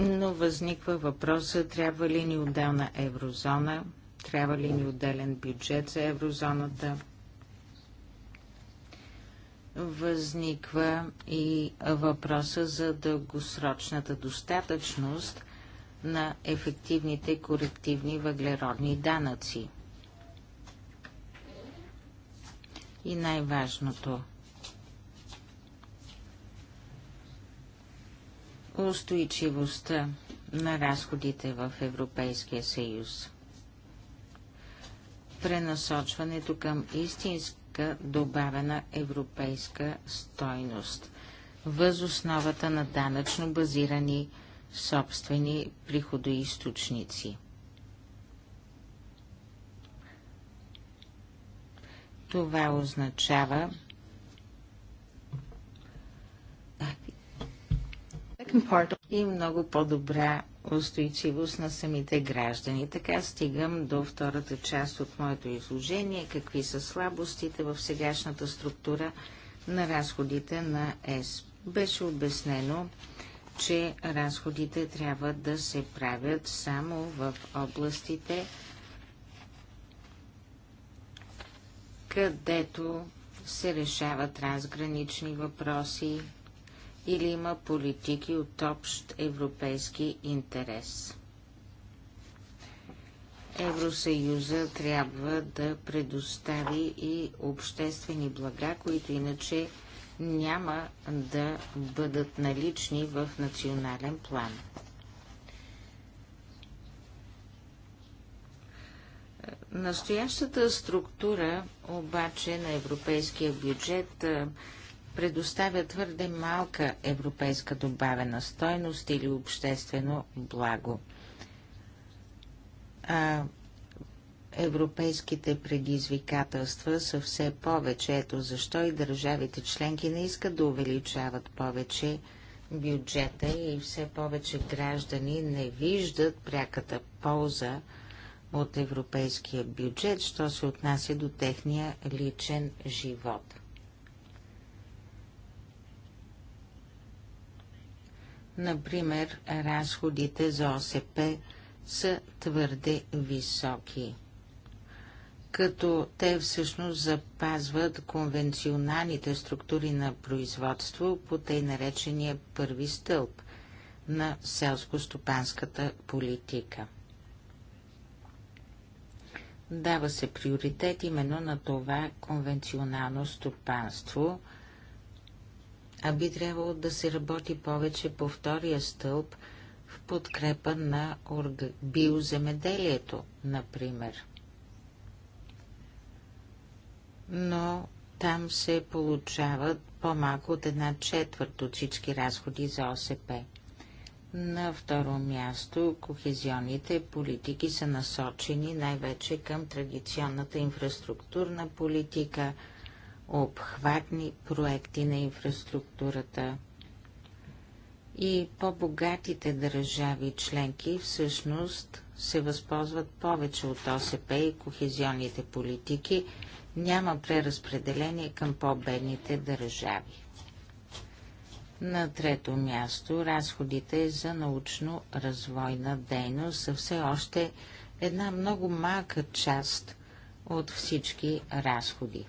но възниква въпроса, трябва ли ни отделна еврозона, трябва ли ни отделен бюджет за еврозоната. Възниква и въпроса за дългосрочната достатъчност на ефективните корективни въглеродни данъци. И най-важното устойчивостта на разходите в Европейския съюз. Пренасочването към истинска добавена европейска стойност въз основата на данъчно базирани собствени приходоисточници. Това означава и много по-добра устойчивост на самите граждани. Така стигам до втората част от моето изложение, какви са слабостите в сегашната структура на разходите на ЕС. Беше обяснено, че разходите трябва да се правят само в областите, където се решават разгранични въпроси, или има политики от общ европейски интерес. Евросъюза трябва да предостави и обществени блага, които иначе няма да бъдат налични в национален план. Настоящата структура обаче на европейския бюджет предоставя твърде малка европейска добавена стойност или обществено благо. А европейските предизвикателства са все повече. Ето защо и държавите членки не искат да увеличават повече бюджета и все повече граждани не виждат пряката полза от европейския бюджет, що се отнася до техния личен живот. Например, разходите за ОСП са твърде високи, като те всъщност запазват конвенционалните структури на производство по тъй наречения първи стълб на селско-стопанската политика. Дава се приоритет именно на това конвенционално стопанство – а би трябвало да се работи повече по втория стълб в подкрепа на биоземеделието, например. Но там се получават по-малко от една четвърт от всички разходи за ОСП. На второ място, кохезионните политики са насочени най-вече към традиционната инфраструктурна политика – обхватни проекти на инфраструктурата. И по-богатите държави членки всъщност се възползват повече от ОСП и кохезионните политики, няма преразпределение към по-бедните държави. На трето място разходите за научно-развойна дейност са все още една много малка част от всички разходи.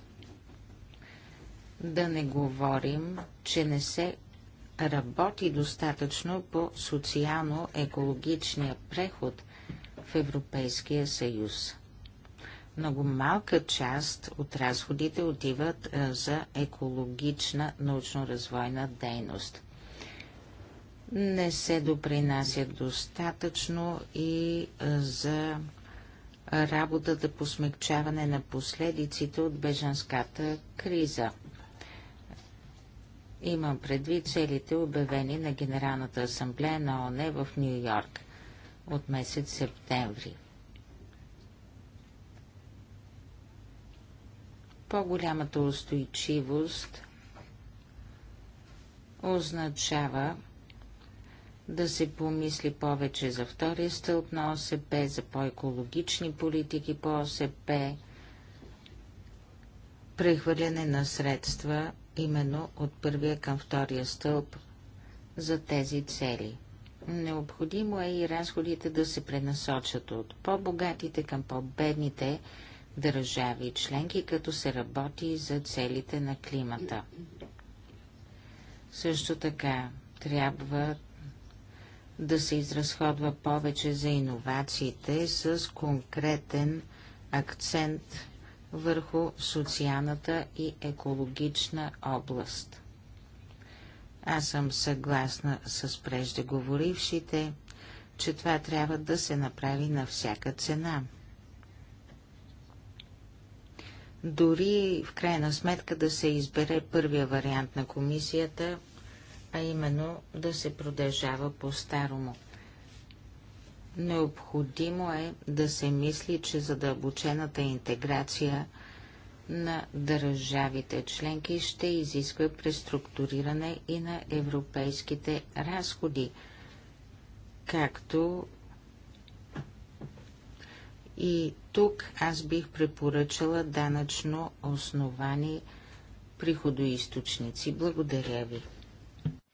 Да не говорим, че не се работи достатъчно по социално-екологичния преход в Европейския съюз. Много малка част от разходите отиват за екологична научно-развойна дейност. Не се допринася достатъчно и за работата по смягчаване на последиците от бежанската криза – Имам предвид целите обявени на Генералната асамблея на ОНЕ в Нью Йорк от месец септември. По-голямата устойчивост означава да се помисли повече за втория стълб на ОСП, за по-екологични политики по ОСП, прехвърляне на средства именно от първия към втория стълб за тези цели. Необходимо е и разходите да се пренасочат от по-богатите към по-бедните държави и членки, като се работи за целите на климата. Също така трябва да се изразходва повече за иновациите с конкретен акцент върху социалната и екологична област. Аз съм съгласна с преждеговорившите, че това трябва да се направи на всяка цена. Дори в крайна сметка да се избере първия вариант на комисията, а именно да се продължава по-старому. Необходимо е да се мисли, че задълбочената интеграция на държавите членки ще изисква преструктуриране и на европейските разходи, както и тук аз бих препоръчала данъчно основани приходоисточници. Благодаря ви.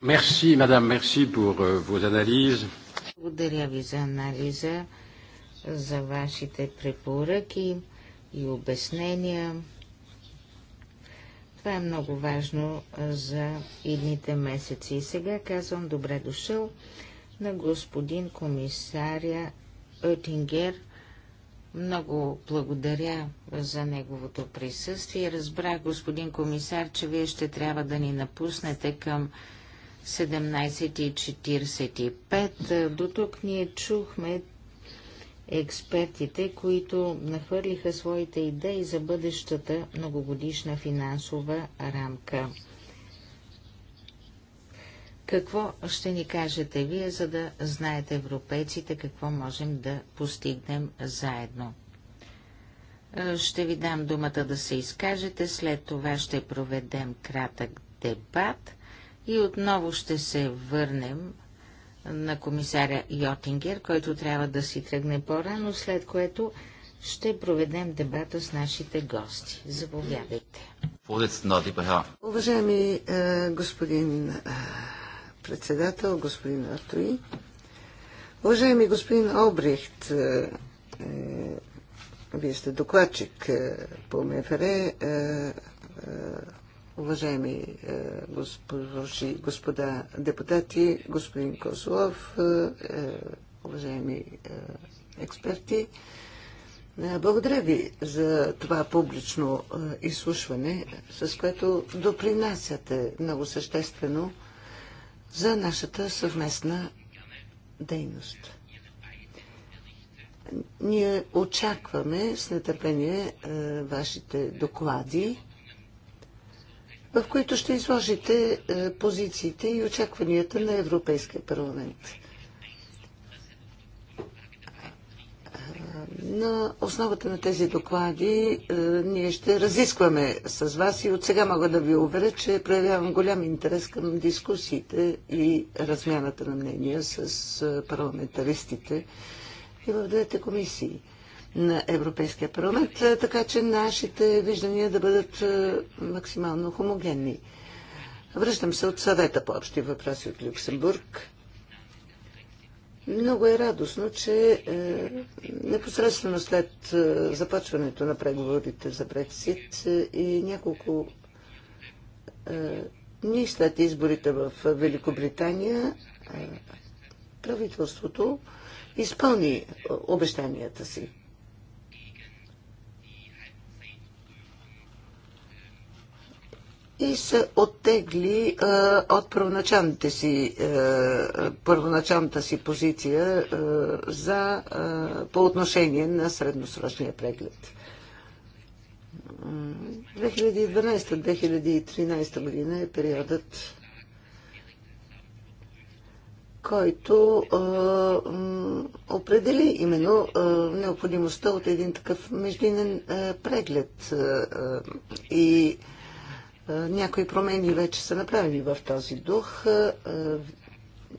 Мерси, мадам, мерси, pour euh, vos анализи. Благодаря ви за анализа, за вашите препоръки и обяснения. Това е много важно за идните месеци. И сега казвам добре дошъл на господин комисаря Оттингер. Много благодаря за неговото присъствие. Разбрах, господин комисар, че вие ще трябва да ни напуснете към 17.45. До тук ние чухме експертите, които нахвърлиха своите идеи за бъдещата многогодишна финансова рамка. Какво ще ни кажете вие, за да знаете европейците какво можем да постигнем заедно? Е, ще ви дам думата да се изкажете, след това ще проведем кратък дебат – и отново ще се върнем на комисаря Йотингер, който трябва да си тръгне по-рано, след което ще проведем дебата с нашите гости. Заповядайте. Уважаеми е, господин е, председател, господин Артуи, уважаеми господин Обрехт, е, е вие сте докладчик е, по МФР, е, Уважаеми е, госпожи, господа депутати, господин Козлов, е, е, уважаеми експерти, благодаря ви за това публично изслушване, с което допринасяте много съществено за нашата съвместна дейност. Ние очакваме с нетърпение вашите доклади в които ще изложите е, позициите и очакванията на Европейския парламент. Е, на основата на тези доклади е, ние ще разискваме с вас и от сега мога да ви уверя, че проявявам голям интерес към дискусиите и размяната на мнения с парламентаристите и в двете комисии на Европейския парламент, така че нашите виждания да бъдат максимално хомогенни. Връщам се от съвета по общи въпроси от Люксембург. Много е радостно, че е, непосредствено след е, започването на преговорите за Брексит е, и няколко е, дни след изборите в Великобритания, е, правителството изпълни обещанията си. и се оттегли а, от първоначалната си, а, първоначалната си позиция а, за, а, по отношение на средносрочния преглед. 2012-2013 година е периодът, който а, определи именно а, необходимостта от един такъв междинен а, преглед а, и е, някои промени вече са направени в този дух. Е, е,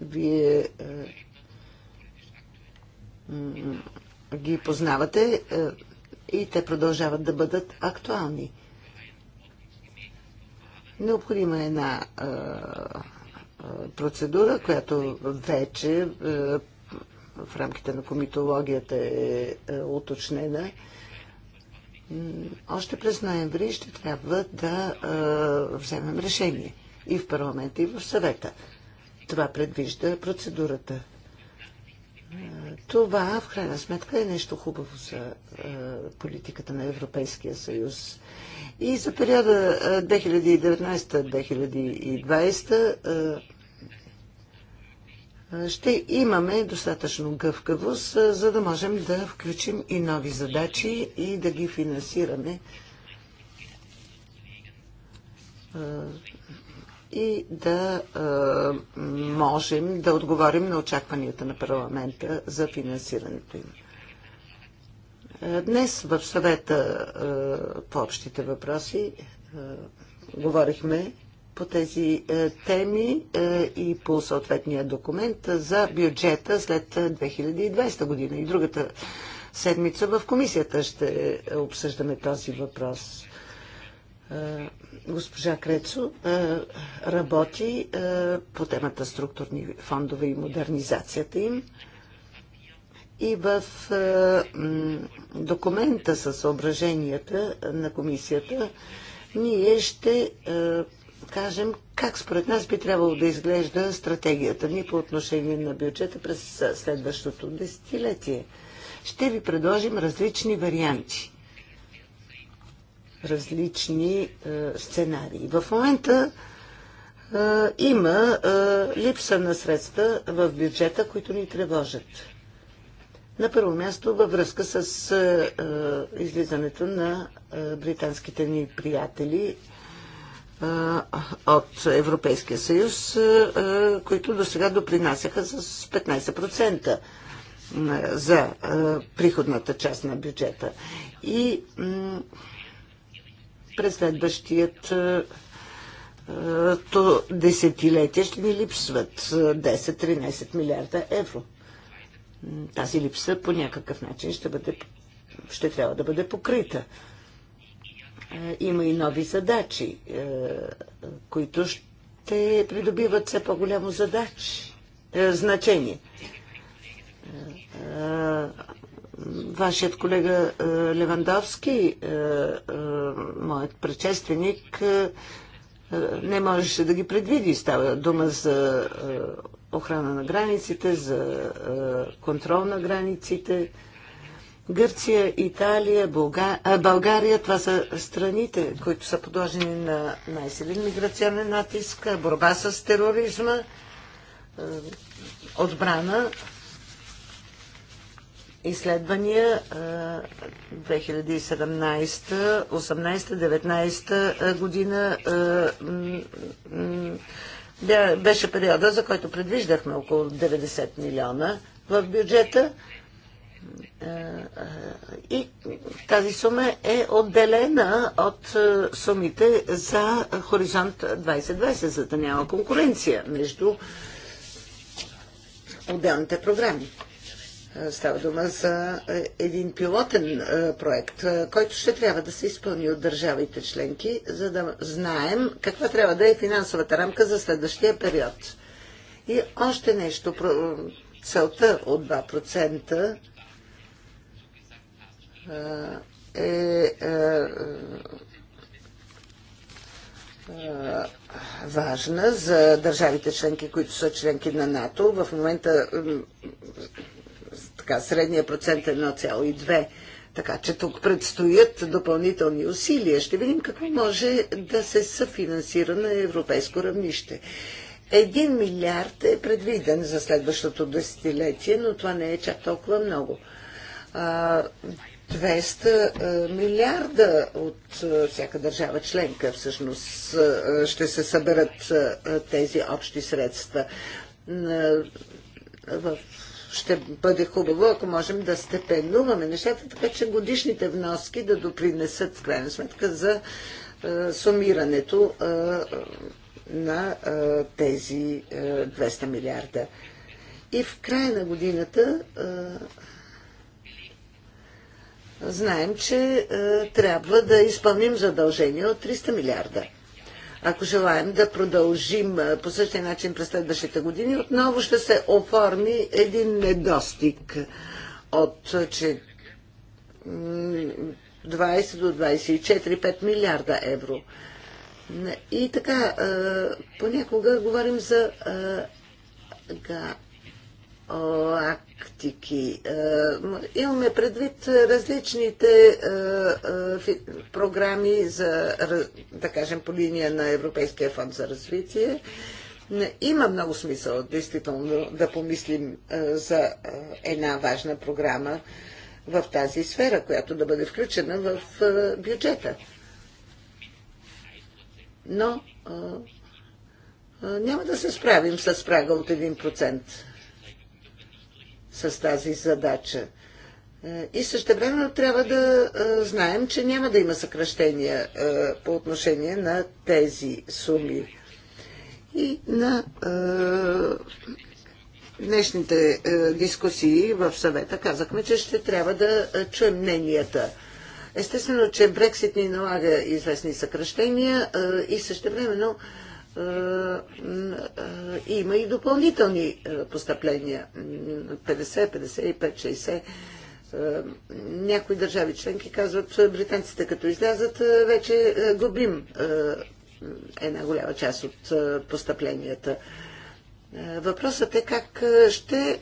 вие ги познавате и те продължават да бъдат актуални. Необходима е една процедура, която вече в рамките на комитологията е уточнена още през ноември ще трябва да вземем решение и в парламента, и в съвета. Това предвижда процедурата. Това, в крайна сметка, е нещо хубаво за политиката на Европейския съюз. И за периода 2019-2020 ще имаме достатъчно гъвкавост, за да можем да включим и нови задачи и да ги финансираме и да можем да отговорим на очакванията на парламента за финансирането им. Днес в съвета по общите въпроси говорихме по тези е, теми е, и по съответния документ за бюджета след 2020 е, година. И другата седмица в комисията ще обсъждаме този въпрос. Госпожа Крецо работи по темата структурни фондове и модернизацията им. И в документа със съображенията на комисията ние ще кажем как според нас би трябвало да изглежда стратегията ни по отношение на бюджета през следващото десетилетие. Ще ви предложим различни варианти, различни е, сценарии. В момента е, има е, липса на средства в бюджета, които ни тревожат. На първо място във връзка с е, е, излизането на е, британските ни приятели – от Европейския съюз, които до сега допринасяха с 15% за приходната част на бюджета. И през следващият то десетилетие ще ни липсват 10-13 милиарда евро. Тази липса по някакъв начин ще, бъде, ще трябва да бъде покрита. Е, има и нови задачи, е, които ще придобиват все по-голямо задачи, е, значение. Вашият колега Левандовски, моят предшественик, не можеше да ги предвиди. Става дума за охрана на границите, за контрол на границите. Гърция, Италия, Българ... България, това са страните, които са подложени на най-силен миграционен натиск, борба с тероризма, е, отбрана, изследвания 2017, е, 18-19 е, година беше периода, за който предвиждахме около 90 милиона в бюджета. Е, е, и тази сума е отделена от е, сумите за Хоризонт 2020, за да няма конкуренция между отделните програми. Става дума за един пилотен проект, който ще трябва да се изпълни от държавите членки, за да знаем каква трябва да е финансовата рамка за следващия период. И още нещо. Целта от 2% е, е, е важна за държавите членки, които са членки на НАТО. В момента така, средния процент е 1,2. Така че тук предстоят допълнителни усилия. Ще видим какво може да се съфинансира на европейско равнище. Един милиард е предвиден за следващото десетилетие, но това не е чак толкова много. 200 е, милиарда от е, всяка държава членка всъщност е, ще се съберат тези общи средства. Ще бъде хубаво, ако можем да степенуваме нещата, така че годишните вноски да допринесат в крайна сметка за сумирането на тези 200 милиарда. И в края на годината знаем, че е, трябва да изпълним задължения от 300 милиарда. Ако желаем да продължим е, по същия начин през следващите години, отново ще се оформи един недостиг от е, че 20 до 24-5 милиарда евро. И така, понякога говорим за лактики. Е, имаме предвид различните е, е, програми за, да кажем, по линия на Европейския фонд за развитие. Има много смисъл, действително, да помислим за една важна програма в тази сфера, която да бъде включена в бюджета. Но няма да се справим с прага от 1% с тази задача. Е, и също време трябва да е, знаем, че няма да има съкръщения е, по отношение на тези суми. И на днешните дискусии в съвета казахме, че ще трябва да чуем мненията. Естествено, че Брексит ни налага известни съкръщения и също времено но е, е, има и допълнителни е, постъпления 50, 55, 60. Някои държави членки казват, британците като излязат, вече губим една голяма част от постъпленията. Въпросът е как ще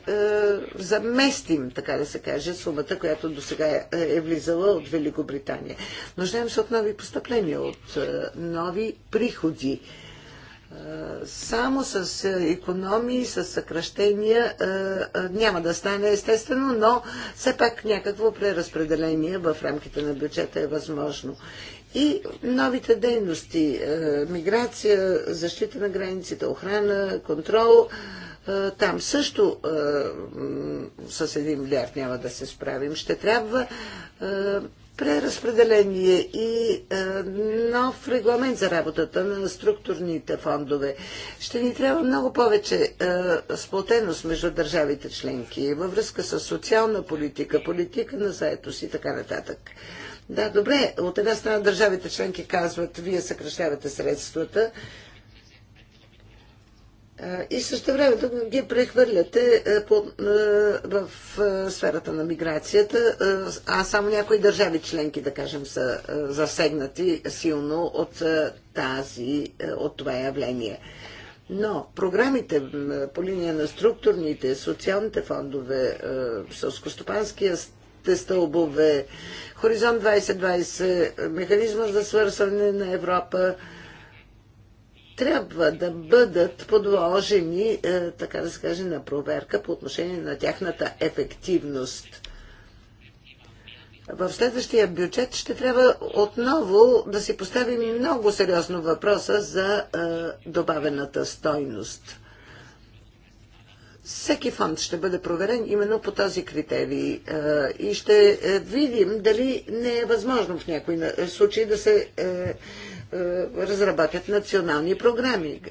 заместим, така да се каже, сумата, която до сега е влизала от Великобритания. Нуждаем се от нови постъпления, от нови приходи само с економии, с съкръщения е, е, няма да стане естествено, но все пак някакво преразпределение в рамките на бюджета е възможно. И новите дейности е, миграция, защита на границите, охрана, контрол. Там също с един милиард няма да се справим. Ще трябва преразпределение и е, нов регламент за работата на структурните фондове. Ще ни трябва много повече е, сплотеност между държавите членки във връзка с социална политика, политика на заетост и така нататък. Да, добре, от една страна държавите членки казват, вие съкръщавате средствата, и също времето ги прехвърляте по, в сферата на миграцията, а само някои държави членки, да кажем, са засегнати силно от, тази, от това явление. Но програмите по линия на структурните, социалните фондове, сълскостопанския стълбове, Хоризонт 2020, механизма за свързване на Европа, трябва да бъдат подложени, е, така да се каже, на проверка по отношение на тяхната ефективност. В следващия бюджет ще трябва отново да си поставим много сериозно въпроса за е, добавената стойност. Всеки фонд ще бъде проверен именно по този критерий е, и ще видим дали не е възможно в някои случаи да се е, разработят национални програми.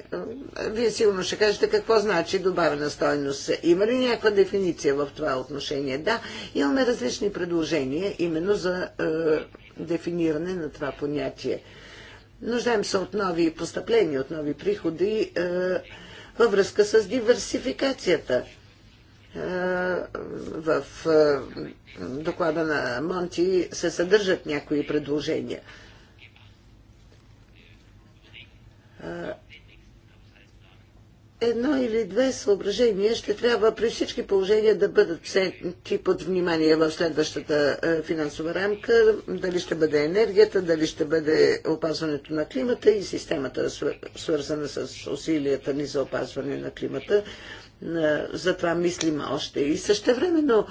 Вие сигурно ще кажете какво значи добавена стойност. Има ли някаква дефиниция в това отношение? Да, имаме различни предложения именно за е, дефиниране на това понятие. Нуждаем се от нови постъпления, от нови приходи е, във връзка с диверсификацията в доклада на Монти се съдържат някои предложения. едно или две съображения ще трябва при всички положения да бъдат взети под внимание в следващата финансова рамка. Дали ще бъде енергията, дали ще бъде опазването на климата и системата, свързана с усилията ни за опазване на климата. За това мислим още. И също времено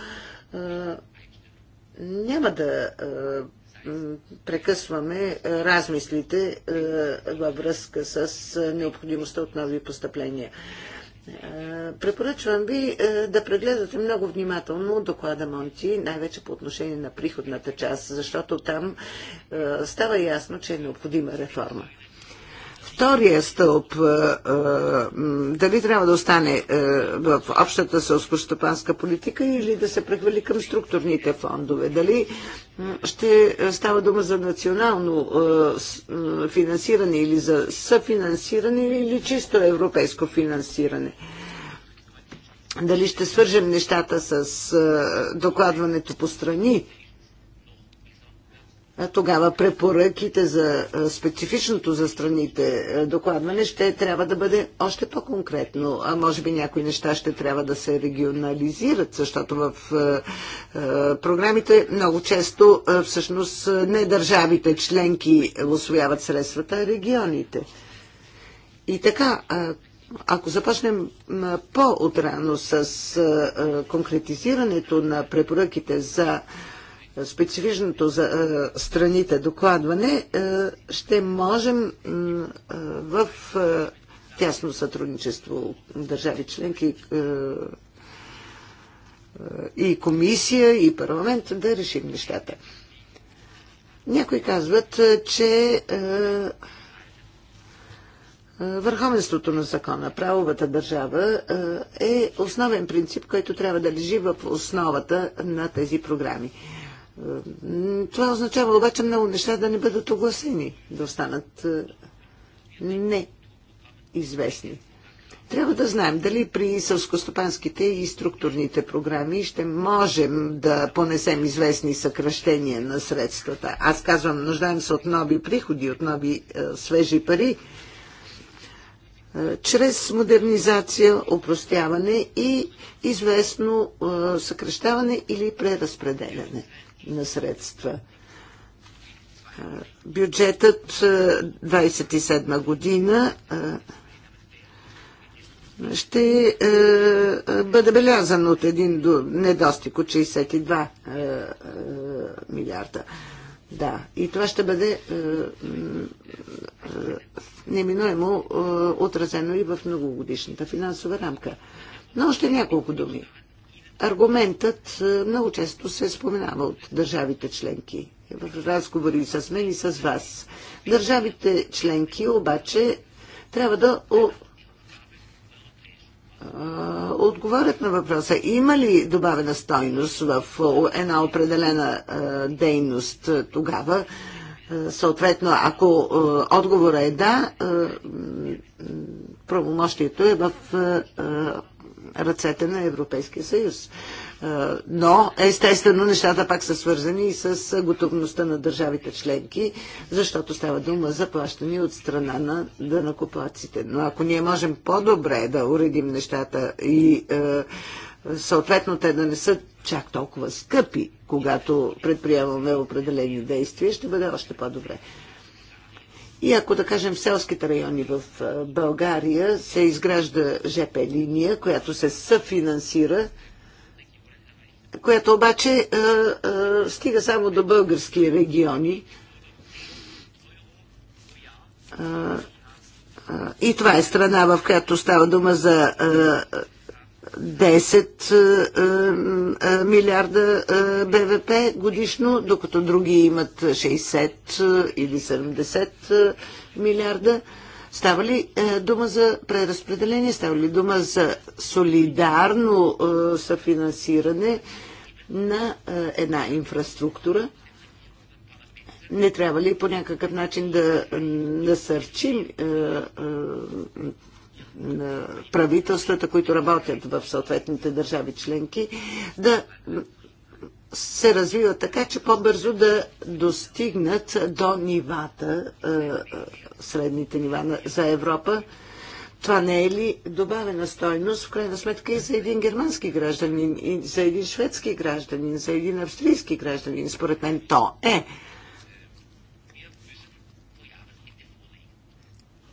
няма да прекъсваме е, размислите е, във връзка с е, необходимостта от нови постъпления. Препоръчвам ви да прегледате много внимателно доклада Монти, най-вече по отношение на приходната част, защото там става ясно, че е необходима реформа втория стълб, дали трябва да остане в общата селско-стопанска политика или да се прехвали към структурните фондове, дали ще става дума за национално финансиране или за съфинансиране или чисто европейско финансиране дали ще свържем нещата с докладването по страни тогава препоръките за специфичното за страните докладване ще трябва да бъде още по-конкретно. А може би някои неща ще трябва да се регионализират, защото в програмите много често всъщност не държавите членки освояват средствата, а регионите. И така, ако започнем по-отрано с конкретизирането на препоръките за специфичното за е, страните докладване, е, ще можем е, в тясно сътрудничество държави членки и комисия, и парламент да решим нещата. Някои казват, че върховенството на закона, правовата държава е основен принцип, който трябва да лежи в основата на тези програми. Това означава обаче много неща да не бъдат огласени, да останат е, неизвестни. Трябва да знаем дали при сълскостопанските и структурните програми ще можем да понесем известни съкръщения на средствата. Аз казвам, нуждаем се от нови приходи, от нови е, свежи пари, е, чрез модернизация, опростяване и известно е, съкръщаване или преразпределяне на средства. Бюджетът 27 година ще бъде белязан от един недостиг от 62 милиарда. Да, и това ще бъде неминуемо отразено и в многогодишната финансова рамка. Но още няколко думи Аргументът е, много често се споменава от държавите членки в разговори с мен и с вас. Държавите членки обаче трябва да е, отговорят на въпроса има ли добавена стойност в една определена е, дейност тогава. Съответно, ако отговора е да, правомощието е в ръцете на Европейския съюз. Но, естествено, нещата пак са свързани и с готовността на държавите членки, защото става дума за плащане от страна на дънакоплаците. Но ако ние можем по-добре да уредим нещата и съответно те да не са чак толкова скъпи, когато предприемаме определени действия, ще бъде още по-добре. И ако, да кажем, в селските райони в България се изгражда ЖП линия, която се съфинансира, която обаче а, а, стига само до български региони. а, и това е страна, в която става дума за 10 е, е, е, милиарда БВП годишно, докато други имат 60 или 70 милиарда. Става ли дума за преразпределение? Става ли дума за солидарно съфинансиране на една инфраструктура? Не трябва ли по някакъв начин да насърчим правителствата, които работят в съответните държави членки, да се развиват така, че по-бързо да достигнат до нивата, е, е, средните нива за Европа. Това не е ли добавена стойност, в крайна сметка, и за един германски гражданин, и за един шведски гражданин, за един австрийски гражданин? Според мен то е.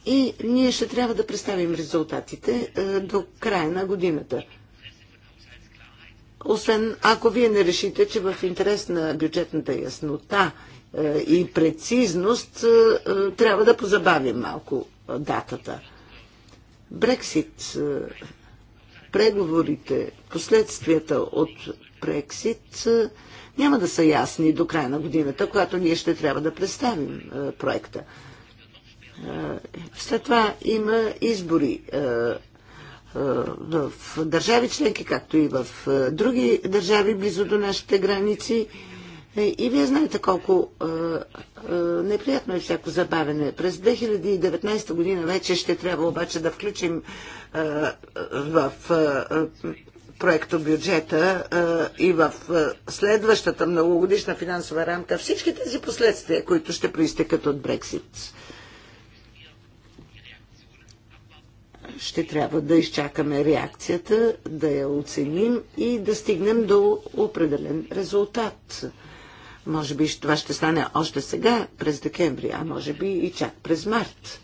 И ние ще трябва да представим резултатите е, до края на годината. Освен ако вие не решите, че в интерес на бюджетната яснота е, и прецизност е, трябва да позабавим малко датата. Брексит, преговорите, последствията от Брексит няма да са ясни до края на годината, когато ние ще трябва да представим проекта. Е, след това има избори е, е, в държави членки, както и в други държави близо до нашите граници. И вие знаете колко неприятно е всяко забавене. През 2019 година вече ще трябва обаче да включим в проекто бюджета и в следващата многогодишна финансова рамка всички тези последствия, които ще проистекат от Брексит. ще трябва да изчакаме реакцията, да я оценим и да стигнем до определен резултат. Може би това ще стане още сега, през декември, а може би и чак през март.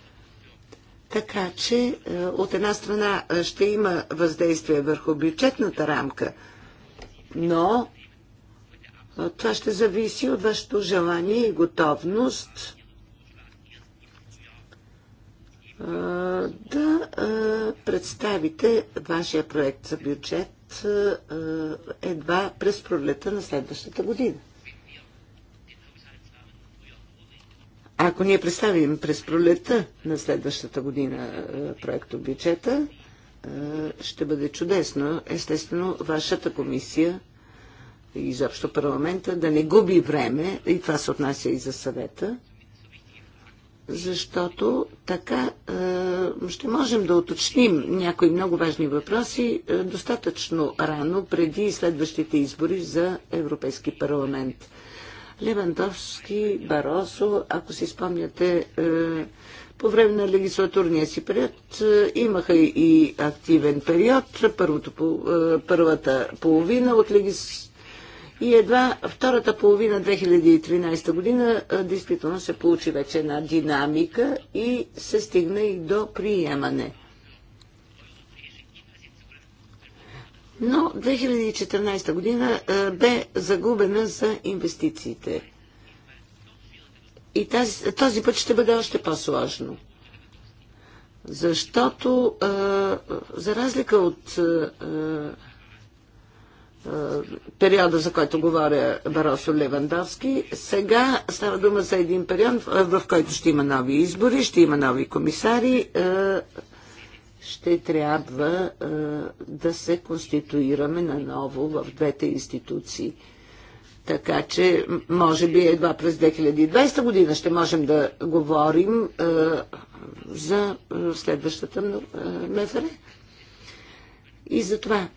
Така че е, от една страна е, ще има въздействие върху бюджетната рамка, но е, това ще зависи от вашето желание и готовност да представите вашия проект за бюджет едва през пролета на следващата година. Ако ние представим през пролета на следващата година проекто бюджета, ще бъде чудесно. Естествено, вашата комисия и изобщо парламента да не губи време, и това се отнася и за съвета, защото така е, ще можем да уточним някои много важни въпроси е, достатъчно рано, преди следващите избори за Европейски парламент. Левандовски, Баросо, ако си спомняте, е, по време на легислатурния си период имаха и активен период. Първото, първата половина от легислатурния и едва втората половина 2013 година действително се получи вече една динамика и се стигна и до приемане. Но 2014 година бе загубена за инвестициите. И тази, този път ще бъде още по-сложно. Защото, за разлика от е, периода, за който говоря Баросо Левандовски. Сега става дума за един период, е, в който ще има нови избори, ще има нови комисари. Е, ще трябва да се конституираме наново в двете институции. Така че, може би едва през 2020 година ще можем да говорим за следващата МФР. И затова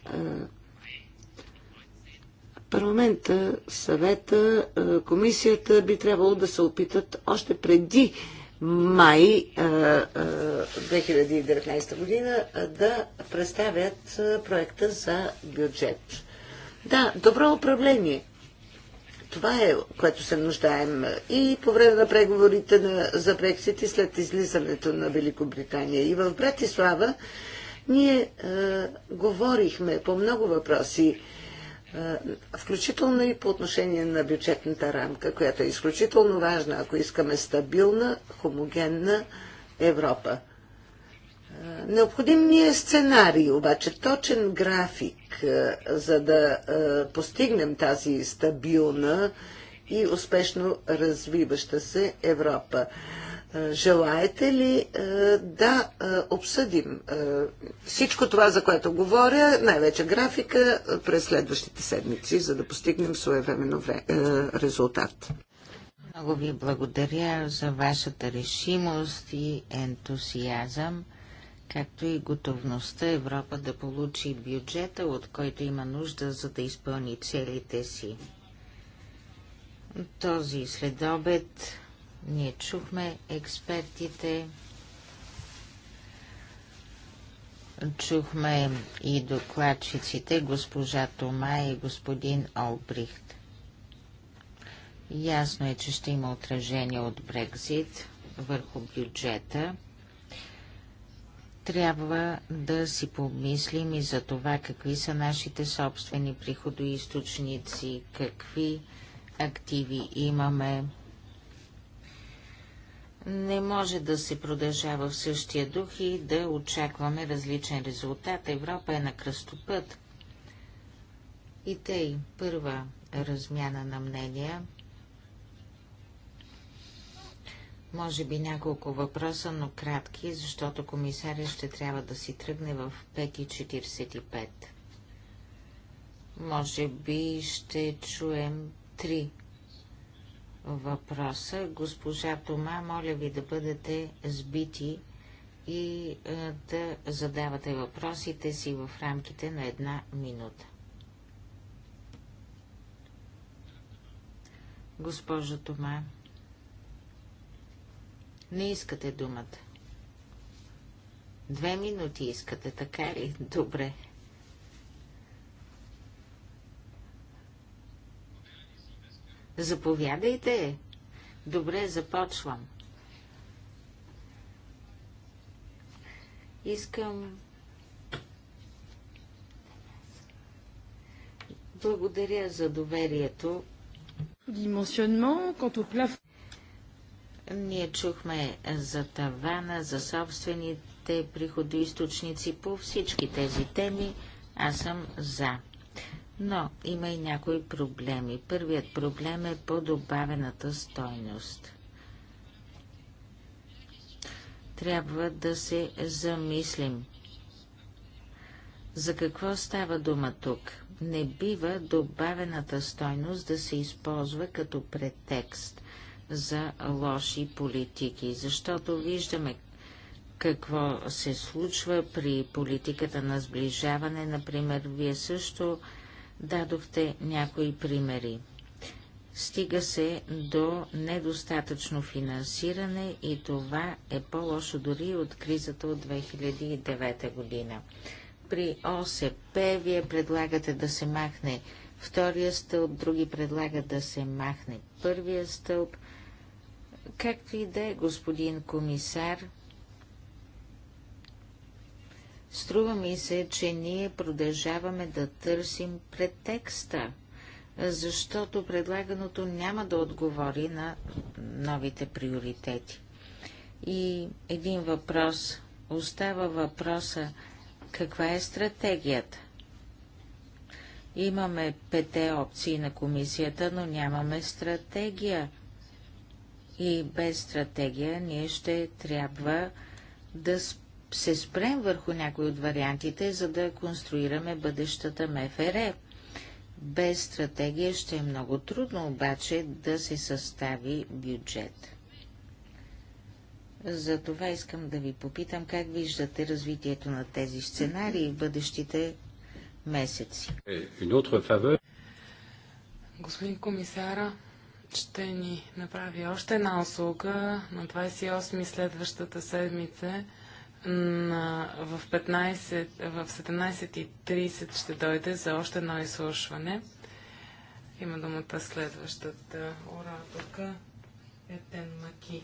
Парламента, съвета, комисията би трябвало да се опитат още преди май 2019 година да представят проекта за бюджет. Да, добро управление. Това е, което се нуждаем и по време на преговорите на, за Брексит и след излизането на Великобритания. И в Братислава ние е, говорихме по много въпроси. Е, включително и по отношение на бюджетната рамка, която е изключително важна, ако искаме стабилна, хомогенна Европа. Необходим ни е сценарий, обаче точен график, за да постигнем тази стабилна и успешно развиваща се Европа. Е, желаете ли е, да е, обсъдим всичко това, за което говоря, най-вече графика през следващите седмици, за да постигнем своевременно резултат? Много ви благодаря за вашата решимост и ентусиазъм, както и готовността Европа да получи бюджета, от който има нужда, за да изпълни целите си. Този следобед ние чухме експертите, чухме и докладчиците, госпожа Тома и господин Олбрихт. Ясно е, че ще има отражение от Брекзит върху бюджета. Трябва да си помислим и за това, какви са нашите собствени приходоисточници, какви активи имаме, не може да се продължава в същия дух и да очакваме различен резултат. Европа е на кръстопът. И тъй първа размяна на мнения. Може би няколко въпроса, но кратки, защото комисаря ще трябва да си тръгне в 5.45. Може би ще чуем три въпроса. Госпожа Тома, моля ви да бъдете сбити и е, да задавате въпросите си в рамките на една минута. Госпожо Тома, не искате думата. Две минути искате, така ли? Добре. Заповядайте. Добре, започвам. Искам Благодаря за доверието. Ние чухме за тавана, за собствените приходоисточници по всички тези теми. Аз съм за. Но има и някои проблеми. Първият проблем е по добавената стойност. Трябва да се замислим. За какво става дума тук? Не бива добавената стойност да се използва като претекст за лоши политики, защото виждаме какво се случва при политиката на сближаване. Например, вие също Дадохте някои примери. Стига се до недостатъчно финансиране и това е по-лошо дори от кризата от 2009 година. При ОСП вие предлагате да се махне втория стълб, други предлагат да се махне първия стълб. Както и да е, господин комисар, Струва ми се, че ние продължаваме да търсим претекста, защото предлаганото няма да отговори на новите приоритети. И един въпрос. Остава въпроса каква е стратегията? Имаме пете опции на комисията, но нямаме стратегия. И без стратегия ние ще трябва да спрем се спрем върху някои от вариантите, за да конструираме бъдещата МФР. Без стратегия ще е много трудно обаче да се състави бюджет. За това искам да ви попитам как виждате развитието на тези сценарии в бъдещите месеци. Е, Господин комисара, ще ни направи още една услуга на 28 следващата седмица на, в, 15, в 17.30 ще дойде за още едно изслушване. Има думата следващата ораторка Етен Маки.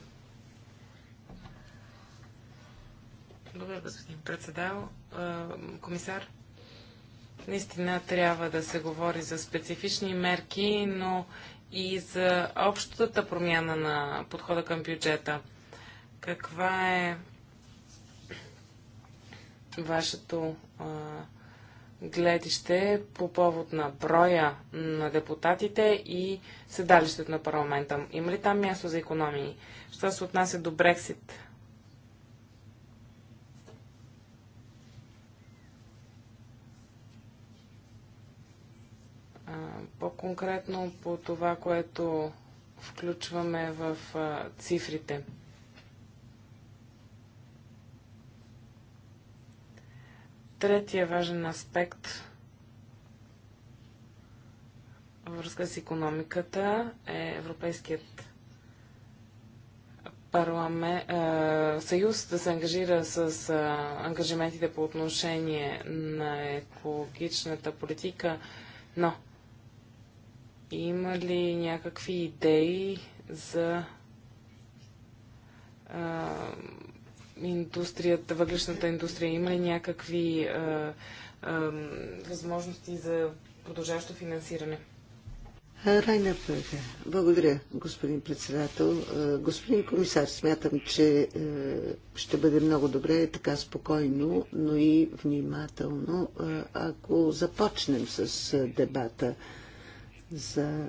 Благодаря, господин председател. Комисар, наистина трябва да се говори за специфични мерки, но и за общата промяна на подхода към бюджета. Каква е вашето а, гледище по повод на броя на депутатите и седалището на парламента. Има ли там място за економии? Що се отнася до Брексит? По-конкретно по това, което включваме в а, цифрите. Третия важен аспект във връзка с економиката е Европейският парламент, е, съюз да се ангажира с е, ангажиментите по отношение на екологичната политика, но има ли някакви идеи за е, индустрията, въглешната индустрия? Има ли някакви а, а, възможности за продължаващо финансиране? Райна Пъга. Благодаря, господин председател. Господин комисар, смятам, че ще бъде много добре така спокойно, но и внимателно, ако започнем с дебата за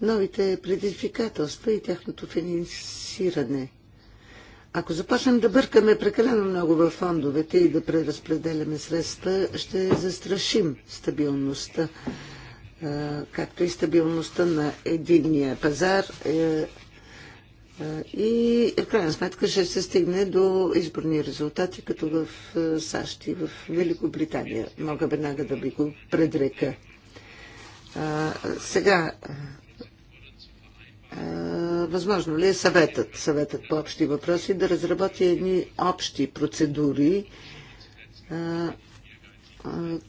новите предизвикателства и тяхното финансиране. Ако започнем да бъркаме прекалено много в фондовете и да преразпределяме средства, ще застрашим стабилността, както и стабилността на единния пазар е, е, и в крайна сметка ще се стигне до изборни резултати, като в е, САЩ и в Великобритания. Мога веднага да ви го предрека. Сега, възможно ли е съветът, съветът по общи въпроси, да разработи едни общи процедури,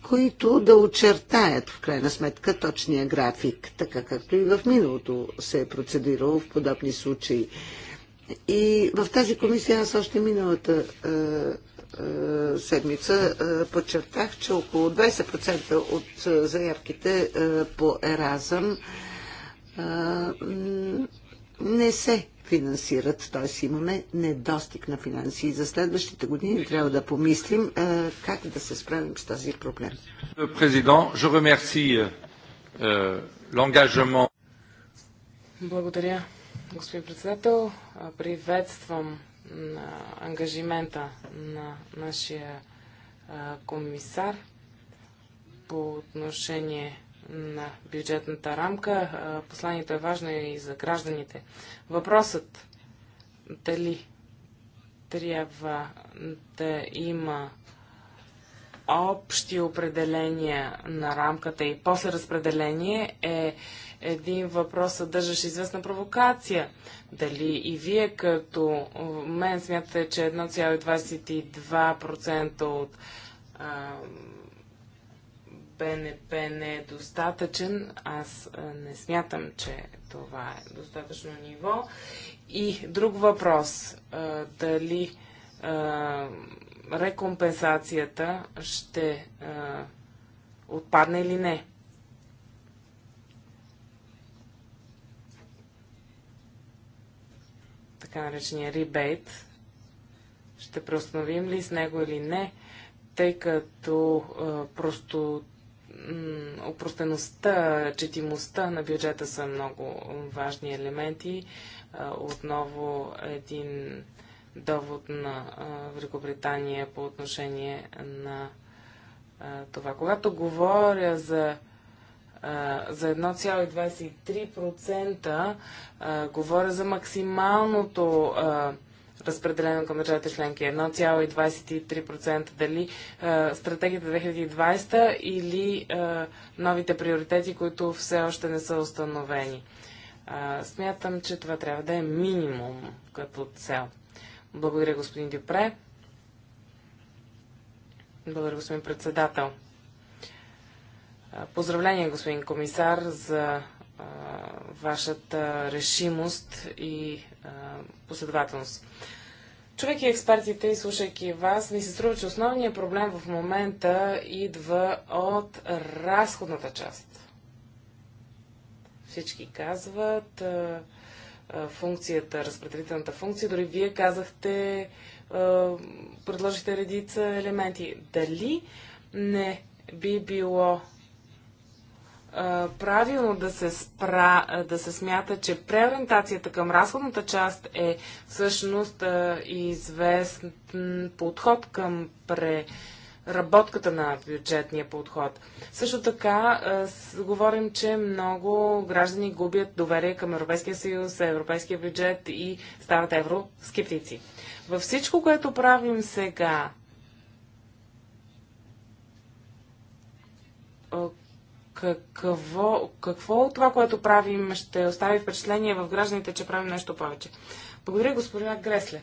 които да очертаят в крайна сметка точния график, така както и в миналото се е процедирало в подобни случаи. И в тази комисия аз още миналата седмица подчертах, че около 20% от заявките по Еразъм не се финансират, т.е. имаме недостиг на финанси. И за следващите години трябва да помислим как да се справим с този проблем. Президент, je remercie l'engagement. Благодаря, господин председател. Приветствам на ангажимента на нашия комисар по отношение на бюджетната рамка. Посланието е важно и за гражданите. Въпросът дали трябва да има общи определения на рамката и после разпределение е един въпрос, съдържащ известна провокация. Дали и вие като мен смятате, че 1,22% от а, БНП не е достатъчен. Аз не смятам, че това е достатъчно ниво. И друг въпрос. Дали рекомпенсацията ще отпадне или не? Така наречения ребейт. Ще преустановим ли с него или не? тъй като просто опростеността, четимостта на бюджета са много важни елементи. Отново един довод на Великобритания по отношение на това. Когато говоря за за 1,23% говоря за максималното разпределено към държавите членки. 1,23% дали а, стратегията 2020 или а, новите приоритети, които все още не са установени. А, смятам, че това трябва да е минимум като цел. Благодаря, господин Дюпре. Благодаря, господин председател. Поздравление, господин комисар, за вашата решимост и а, последователност. Човеки експертите и слушайки вас, ми се струва, че основният проблем в момента идва от разходната част. Всички казват а, функцията, разпределителната функция, дори вие казахте, а, предложихте редица елементи. Дали не би било правилно да се, спра, да се смята, че преориентацията към разходната част е всъщност известен подход към преработката на бюджетния подход. Също така говорим, че много граждани губят доверие към Европейския съюз, Европейския бюджет и стават евроскептици. Във всичко, което правим сега, какво, какво от това, което правим, ще остави впечатление в гражданите, че правим нещо повече. Благодаря, господина Гресле.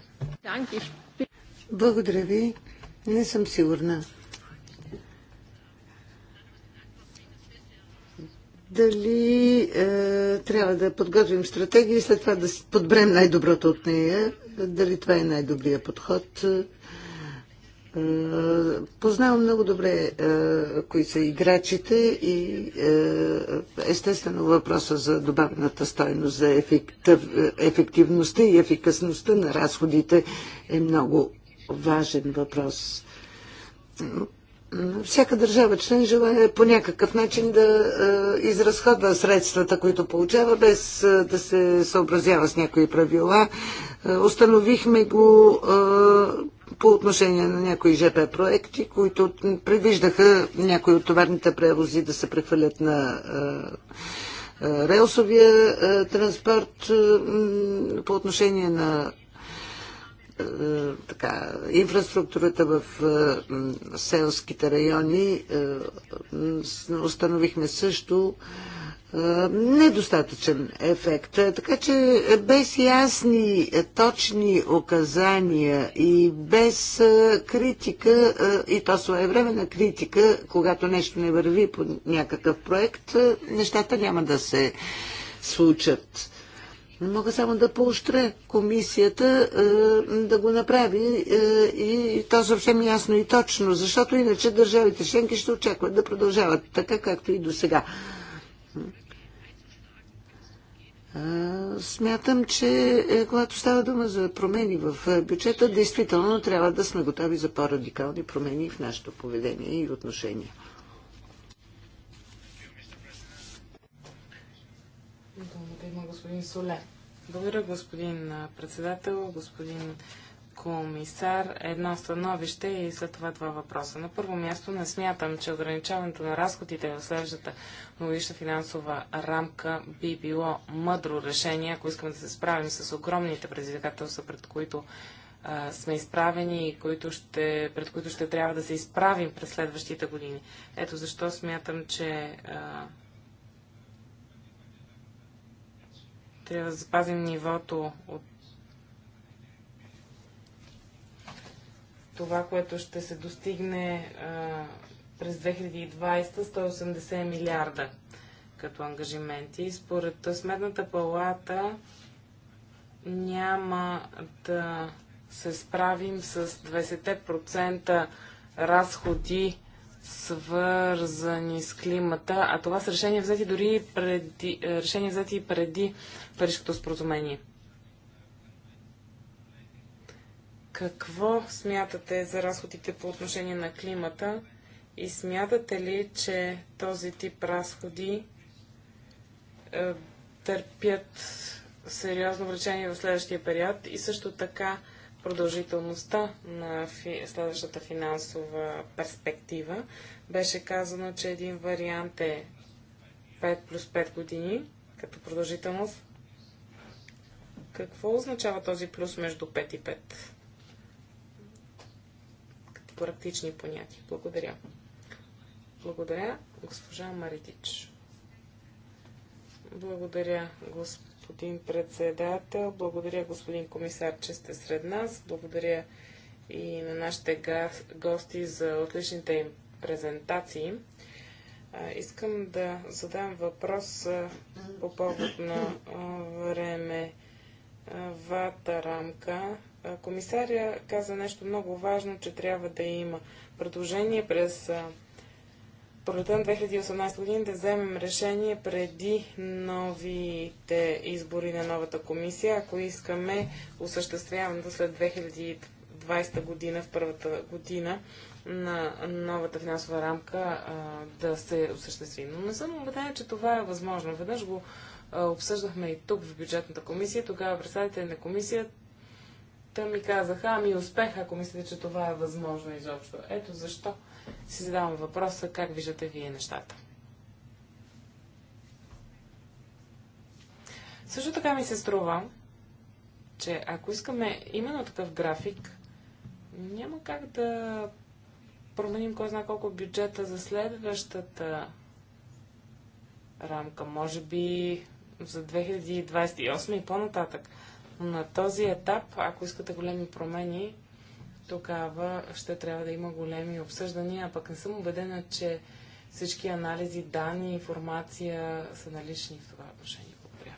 Благодаря ви. Не съм сигурна. Дали е, трябва да подготвим стратегия и след това да подберем най-доброто от нея? Дали това е най-добрият подход? Познавам много добре е, кои са играчите и е, естествено въпроса за добавената стойност, за ефектив, ефективността и ефикасността на разходите е много важен въпрос. Всяка държава член желая по някакъв начин да е, изразходва средствата, които получава, без да се съобразява с някои правила. Установихме го по отношение на някои ЖП проекти, които предвиждаха някои от товарните превози да се прехвърлят на релсовия транспорт по отношение на така, инфраструктурата в селските райони установихме също е, недостатъчен ефект. Така че без ясни, точни указания и без е, критика, е, и то своевременна критика, когато нещо не върви по някакъв проект, нещата няма да се случат. Мога само да поощря комисията е, да го направи е, и то съвсем ясно и точно, защото иначе държавите членки ще очакват да продължават така, както и до сега. Смятам, че е, когато става дума за промени в е, бюджета, действително трябва да сме готови за по-радикални промени в нашето поведение и отношение. Благодаря, господин Соле. Благодаря, господин председател, господин комисар едно становище и след това два въпроса. На първо място не смятам, че ограничаването на разходите в следващата новища финансова рамка би било мъдро решение, ако искаме да се справим с огромните предизвикателства, пред които сме изправени и които ще, пред които ще трябва да се изправим през следващите години. Ето защо смятам, че а, трябва да запазим нивото от това, което ще се достигне а, през 2020 180 милиарда като ангажименти. Според Сметната палата няма да се справим с 20% разходи свързани с климата, а това са решения взети дори преди, решения взети преди Парижското споразумение. Какво смятате за разходите по отношение на климата и смятате ли, че този тип разходи е, търпят сериозно влечение в следващия период и също така продължителността на фи... следващата финансова перспектива. Беше казано, че един вариант е 5 плюс 5 години като продължителност. Какво означава този плюс между 5 и 5? практични понятия. Благодаря. Благодаря, госпожа Маритич. Благодаря, господин председател. Благодаря, господин комисар, че сте сред нас. Благодаря и на нашите гости за отличните им презентации. Искам да задам въпрос по повод на време вата рамка комисаря каза нещо много важно, че трябва да има предложение през пролетта на 2018 година да вземем решение преди новите избори на новата комисия, ако искаме осъществяването след 2020 година, в първата година на новата финансова рамка да се осъществи. Но не съм убедена, че това е възможно. Веднъж го обсъждахме и тук в бюджетната комисия. Тогава представителите на комисията Та ми казаха, ами успех, ако мислите, че това е възможно изобщо. Ето защо си задавам въпроса, как виждате вие нещата. Също така ми се струва, че ако искаме именно такъв график, няма как да променим кой знае колко бюджета за следващата рамка. Може би за 2028 и по-нататък на този етап, ако искате големи промени, тогава ще трябва да има големи обсъждания, а пък не съм убедена, че всички анализи, данни, информация са налични в това отношение. Благодаря.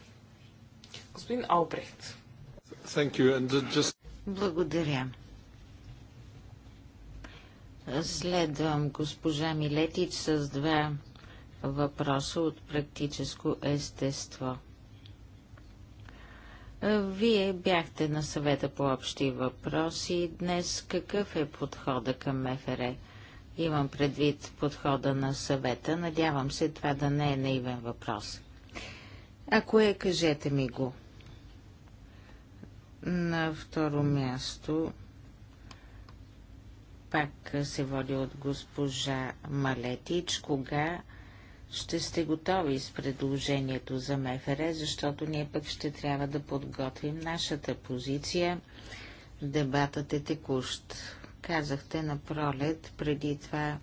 Господин Албрехт. Just... Благодаря. Следвам госпожа Милетич с два въпроса от практическо естество. Вие бяхте на съвета по общи въпроси. Днес какъв е подхода към МФР? Имам предвид подхода на съвета. Надявам се това да не е наивен въпрос. Ако е, кажете ми го. На второ място пак се води от госпожа Малетич. Кога ще сте готови с предложението за МФР, защото ние пък ще трябва да подготвим нашата позиция. Дебатът е текущ. Казахте на пролет, преди това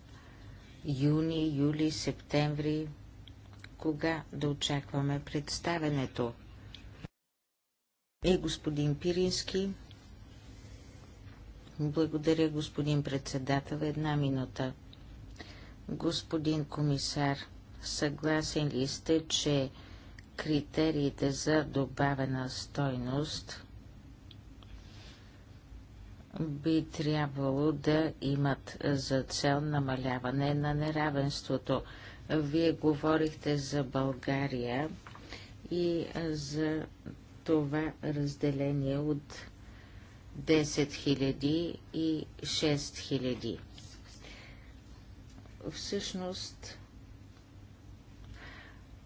юни, юли, септември, кога да очакваме представенето. И господин Пирински, благодаря господин председател, една минута. Господин комисар, Съгласен ли сте, че критериите за добавена стойност би трябвало да имат за цел намаляване на неравенството? Вие говорихте за България и за това разделение от 10 000 и 6 000. Всъщност,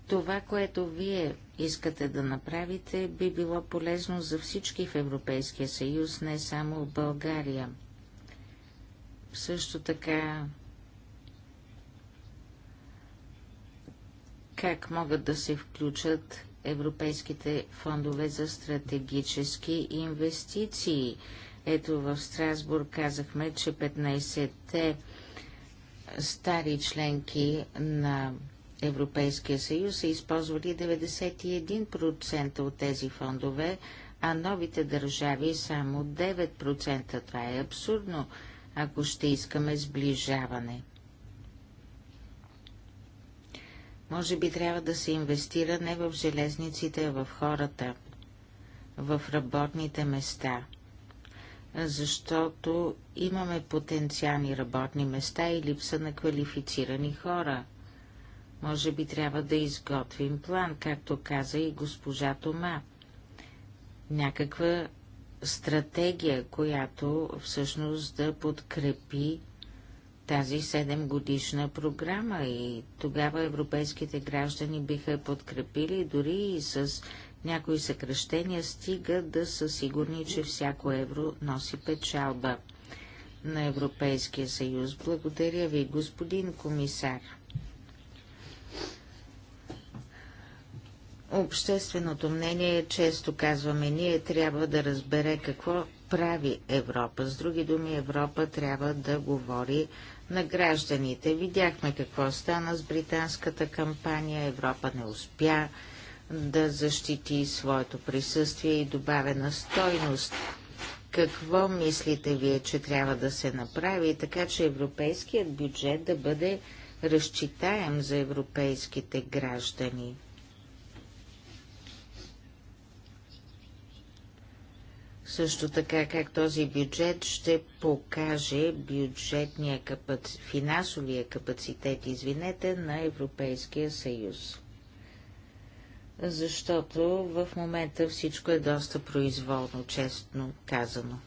това, което вие искате да направите, би било полезно за всички в Европейския съюз, не само в България. Също така, как могат да се включат европейските фондове за стратегически инвестиции. Ето в Страсбург казахме, че 15-те стари членки на Европейския съюз са използвали 91% от тези фондове, а новите държави само 9%. Това е абсурдно, ако ще искаме сближаване. Може би трябва да се инвестира не в железниците, а в хората, в работните места, защото имаме потенциални работни места и липса на квалифицирани хора – може би трябва да изготвим план, както каза и госпожа Тома. Някаква стратегия, която всъщност да подкрепи тази 7 годишна програма и тогава европейските граждани биха подкрепили дори и с някои съкръщения стига да са сигурни, че всяко евро носи печалба на Европейския съюз. Благодаря ви, господин комисар. Общественото мнение, е, често казваме ние, трябва да разбере какво прави Европа. С други думи, Европа трябва да говори на гражданите. Видяхме какво стана с британската кампания. Европа не успя да защити своето присъствие и добавена стойност. Какво мислите вие, че трябва да се направи, така че европейският бюджет да бъде разчитаем за европейските граждани? също така как този бюджет ще покаже бюджетния капаци... финансовия капацитет, извинете, на Европейския съюз. Защото в момента всичко е доста произволно, честно казано.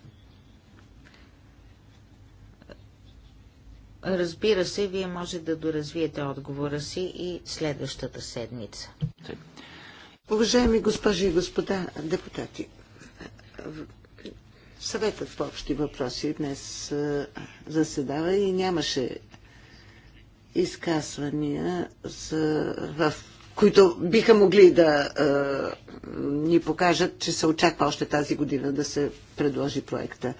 Разбира се, вие може да доразвиете отговора си и следващата седмица. Уважаеми госпожи и господа депутати, съветът по общи въпроси днес заседава и нямаше изказвания, за, в които биха могли да а, ни покажат, че се очаква още тази година да се предложи проекта.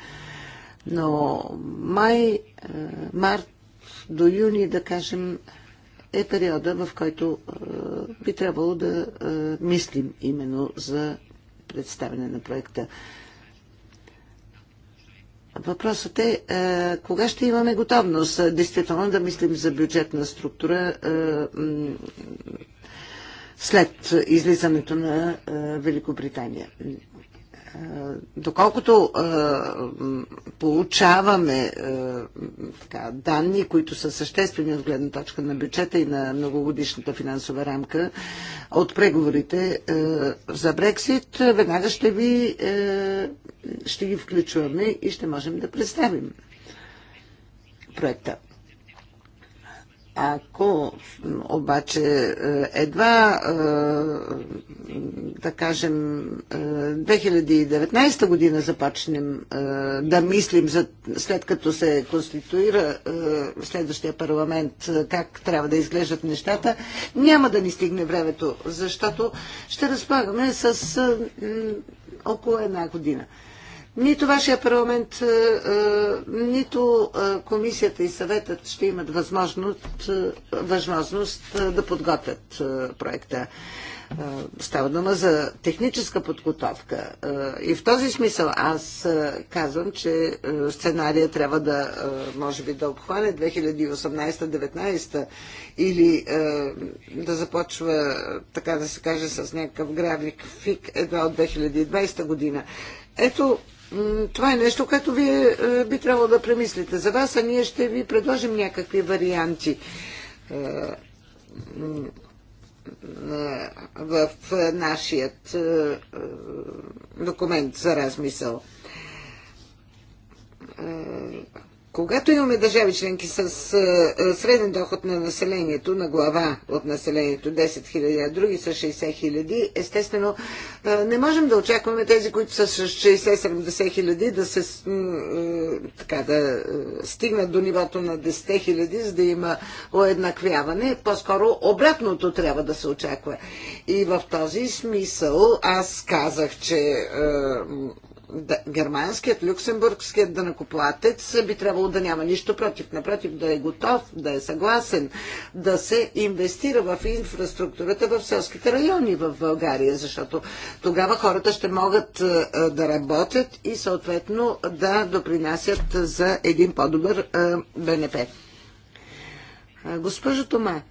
Но май, а, март до юни, да кажем, е периода, в който а, би трябвало да а, мислим именно за представяне на проекта. Въпросът е, е кога ще имаме готовност е, действително да мислим за бюджетна структура е, след излизането на Великобритания доколкото а, получаваме а, така, данни, които са съществени от гледна точка на бюджета и на многогодишната финансова рамка от преговорите а, за Брексит, веднага ще, ви, а, ще ги включваме и ще можем да представим проекта. Ако обаче е, едва, е, да кажем, 2019 е, година започнем да мислим, за, след като се конституира следващия парламент, как трябва да изглеждат нещата, няма да ни стигне времето, защото ще разполагаме с около една година. Нито вашия парламент, е, е, нито е, комисията и съветът ще имат възможност, възможност да подготвят проекта. Става дума за техническа подготовка. И в този смисъл аз казвам, че сценария трябва да, може би, да обхване 2018-19 или да започва, така да се каже, с някакъв график едва от 2020 година. Ето, това е нещо, което вие е, би трябвало да премислите за вас, а ние ще ви предложим някакви варианти е, е, в нашият документ за размисъл. Когато имаме държави членки с среден доход на населението, на глава от населението 10 000, а други с 60 000, естествено не можем да очакваме тези, които са с 60-70 хиляди да, се, така, да стигнат до нивото на 10 хиляди, за да има уеднаквяване. По-скоро обратното трябва да се очаква. И в този смисъл аз казах, че да, германският, люксембургският дънакоплатец би трябвало да няма нищо против. Напротив, да е готов, да е съгласен, да се инвестира в инфраструктурата в селските райони в България, защото тогава хората ще могат е, е, да работят и съответно да допринасят за един по-добър е, БНП. Госпожо Тома,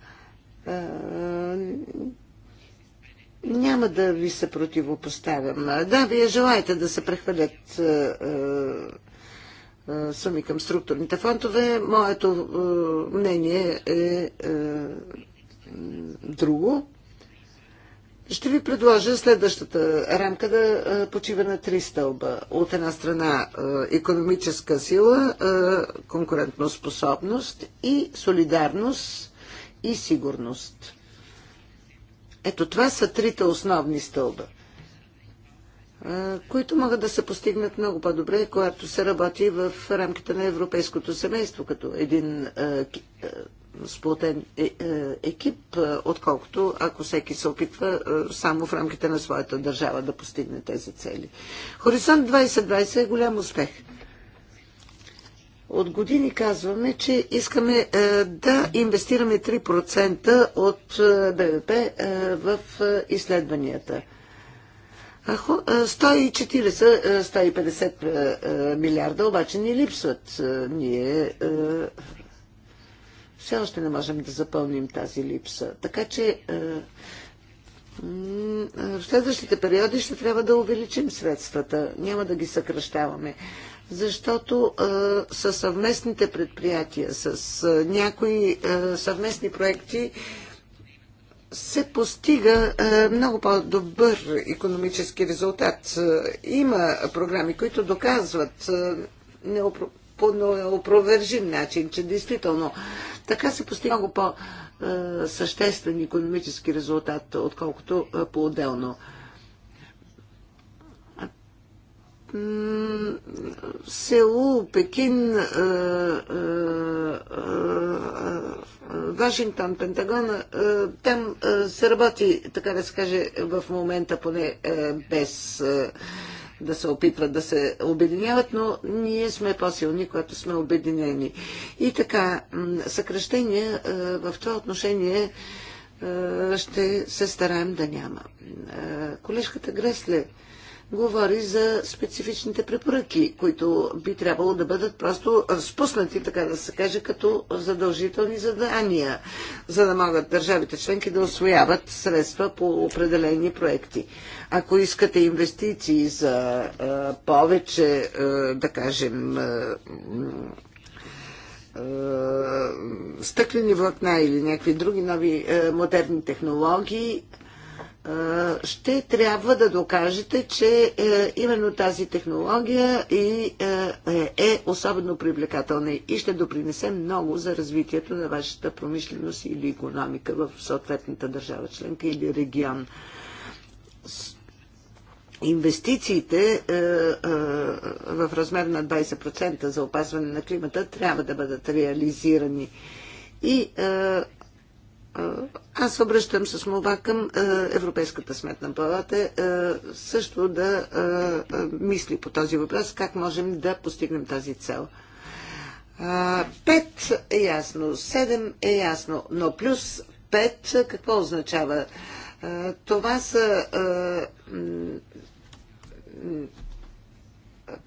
няма да ви се противопоставям. Да, вие желаете да се прехвърлят е, е, е, суми към структурните фондове. Моето мнение е, е друго. Ще ви предложа следващата рамка да почива на три стълба. От една страна економическа сила, конкурентоспособност и солидарност и сигурност. Ето това са трите основни стълба, които могат да се постигнат много по-добре, когато се работи в рамките на европейското семейство, като един сплотен е, е, екип, отколкото ако всеки се опитва само в рамките на своята държава да постигне тези цели. Хоризонт 2020 е голям успех – от години казваме, че искаме е, да инвестираме 3% от е, БВП е, в изследванията. 140-150 милиарда обаче ни липсват. Ние все още не можем да запълним тази липса. Така че в следващите периоди ще трябва да увеличим средствата. Няма да ги съкръщаваме защото а, със съвместните предприятия, с а, някои а, съвместни проекти се постига а, много по-добър економически резултат. А, има програми, които доказват а, неопро... по неопровержим начин, че действително така се постига много по-съществен економически резултат, отколкото по-отделно Сеул, Пекин, е, е, е, Вашингтон, Пентагон, там се работи, така да се каже, в момента поне без да се опитват да се обединяват, но ние сме по-силни, когато сме обединени. И така, э, в това отношение ще се стараем да няма. Колежката Гресле говори за специфичните препоръки, които би трябвало да бъдат просто спуснати, така да се каже, като задължителни задания, за да могат държавите членки да освояват средства по определени проекти. Ако искате инвестиции за а, повече, а, да кажем, а, стъклени влакна или някакви други нови модерни технологии, ще трябва да докажете, че е, именно тази технология е, е, е особено привлекателна и ще допринесе много за развитието на вашата промишленост или економика в съответната държава членка или регион. Инвестициите в размер на 20% за опазване на климата трябва да бъдат реализирани. И аз обръщам с молба към Европейската сметна палата също да мисли по този въпрос, как можем да постигнем тази цел. Пет е ясно, седем е ясно, но плюс пет какво означава? Това са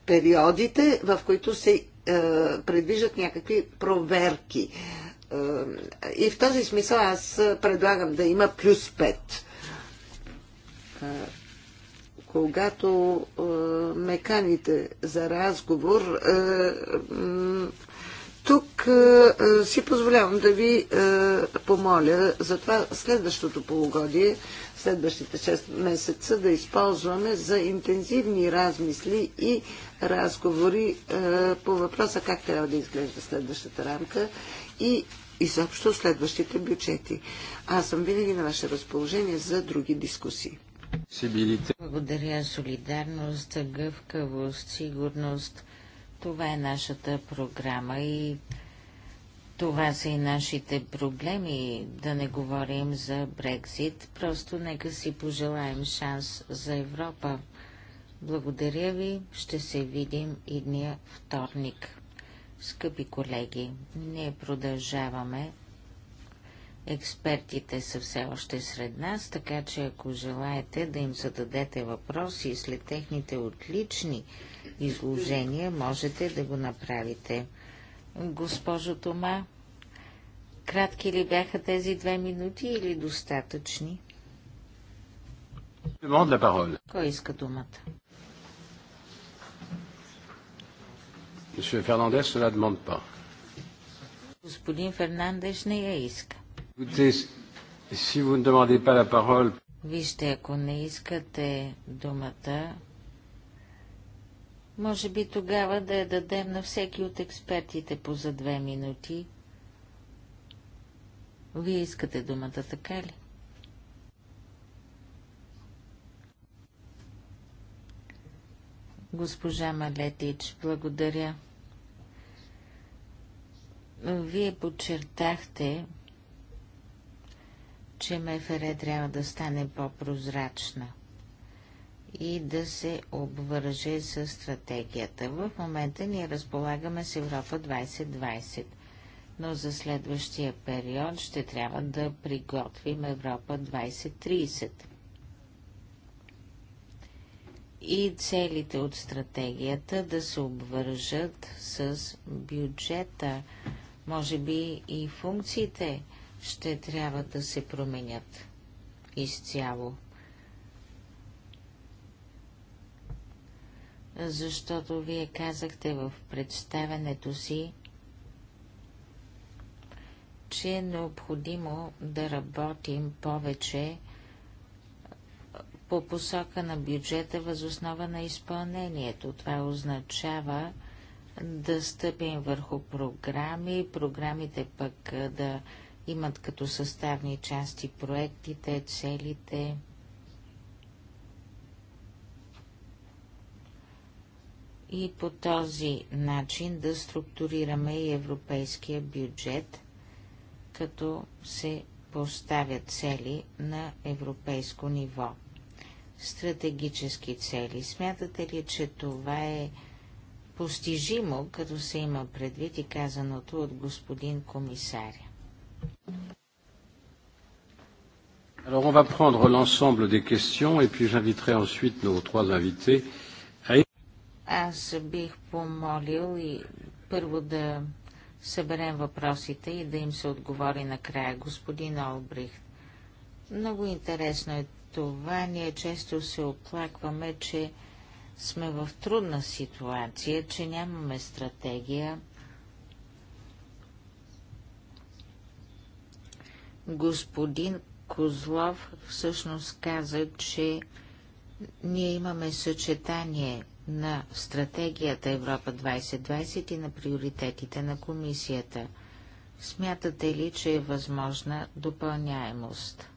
периодите, в които се предвижат някакви проверки е, и в този смисъл аз предлагам да има плюс 5. Е, когато е, ме каните за разговор, тук си позволявам да ви помоля за това следващото полугодие, следващите 6 месеца да използваме за интензивни размисли и разговори по въпроса как трябва да изглежда следващата рамка и изобщо следващите бюджети. Аз съм винаги на ваше разположение за други дискусии. Благодаря. Солидарност, гъвкавост, сигурност. Това е нашата програма и това са и нашите проблеми, да не говорим за Брекзит. Просто нека си пожелаем шанс за Европа. Благодаря ви, ще се видим и дния вторник. Скъпи колеги, ние продължаваме. Експертите са все още сред нас, така че ако желаете да им зададете въпроси след техните отлични изложения, можете да го направите. Госпожо Тома, кратки ли бяха тези две минути или достатъчни? Кой иска думата? Monsieur Фернандес cela demande pas. Господин Фернандеш не я иска. Si vous ne demandez pas la parole... Вижте, ако не искате думата, може би тогава да я дадем на всеки от експертите по за две минути. Вие искате думата, така ли? Госпожа Малетич, благодаря. Вие подчертахте, че МФР трябва да стане по-прозрачна и да се обвърже с стратегията. В момента ние разполагаме с Европа 2020, но за следващия период ще трябва да приготвим Европа 2030 и целите от стратегията да се обвържат с бюджета. Може би и функциите ще трябва да се променят изцяло. Защото вие казахте в представенето си, че е необходимо да работим повече по посока на бюджета възоснова на изпълнението. Това означава да стъпим върху програми, програмите пък да имат като съставни части проектите, целите. И по този начин да структурираме и европейския бюджет, като се поставят цели на европейско ниво стратегически цели. Смятате ли, че това е постижимо, като се има предвид и казаното от господин комисаря? Alors on va prendre l'ensemble des questions et puis j'inviterai ensuite nos trois invités à... Аз бих помолил и първо да съберем въпросите и да им се отговори накрая господин Олбрихт. Много интересно е това ние често се оплакваме, че сме в трудна ситуация, че нямаме стратегия. Господин Козлов всъщност каза, че ние имаме съчетание на стратегията Европа 2020 и на приоритетите на комисията. Смятате ли, че е възможна допълняемост?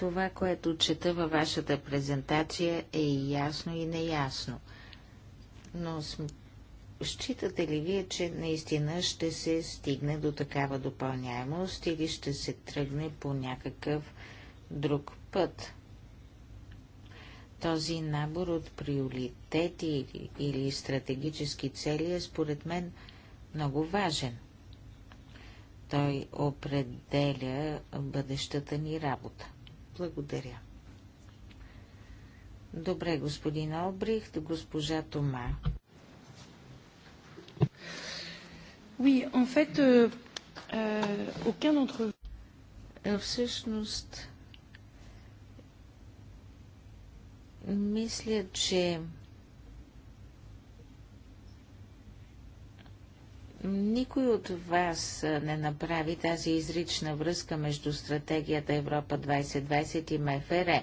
Това, което чета във вашата презентация е и ясно и неясно. Но считате ли вие, че наистина ще се стигне до такава допълняемост или ще се тръгне по някакъв друг път? Този набор от приоритети или стратегически цели е според мен много важен. Той определя бъдещата ни работа. Благодаря. Добре, господин Албрихт, госпожа Тома. Oui, en fait, euh, euh, aucun d'entre е, Всъщност, мисля, че Никой от вас не направи тази изрична връзка между стратегията Европа 2020 и МФР.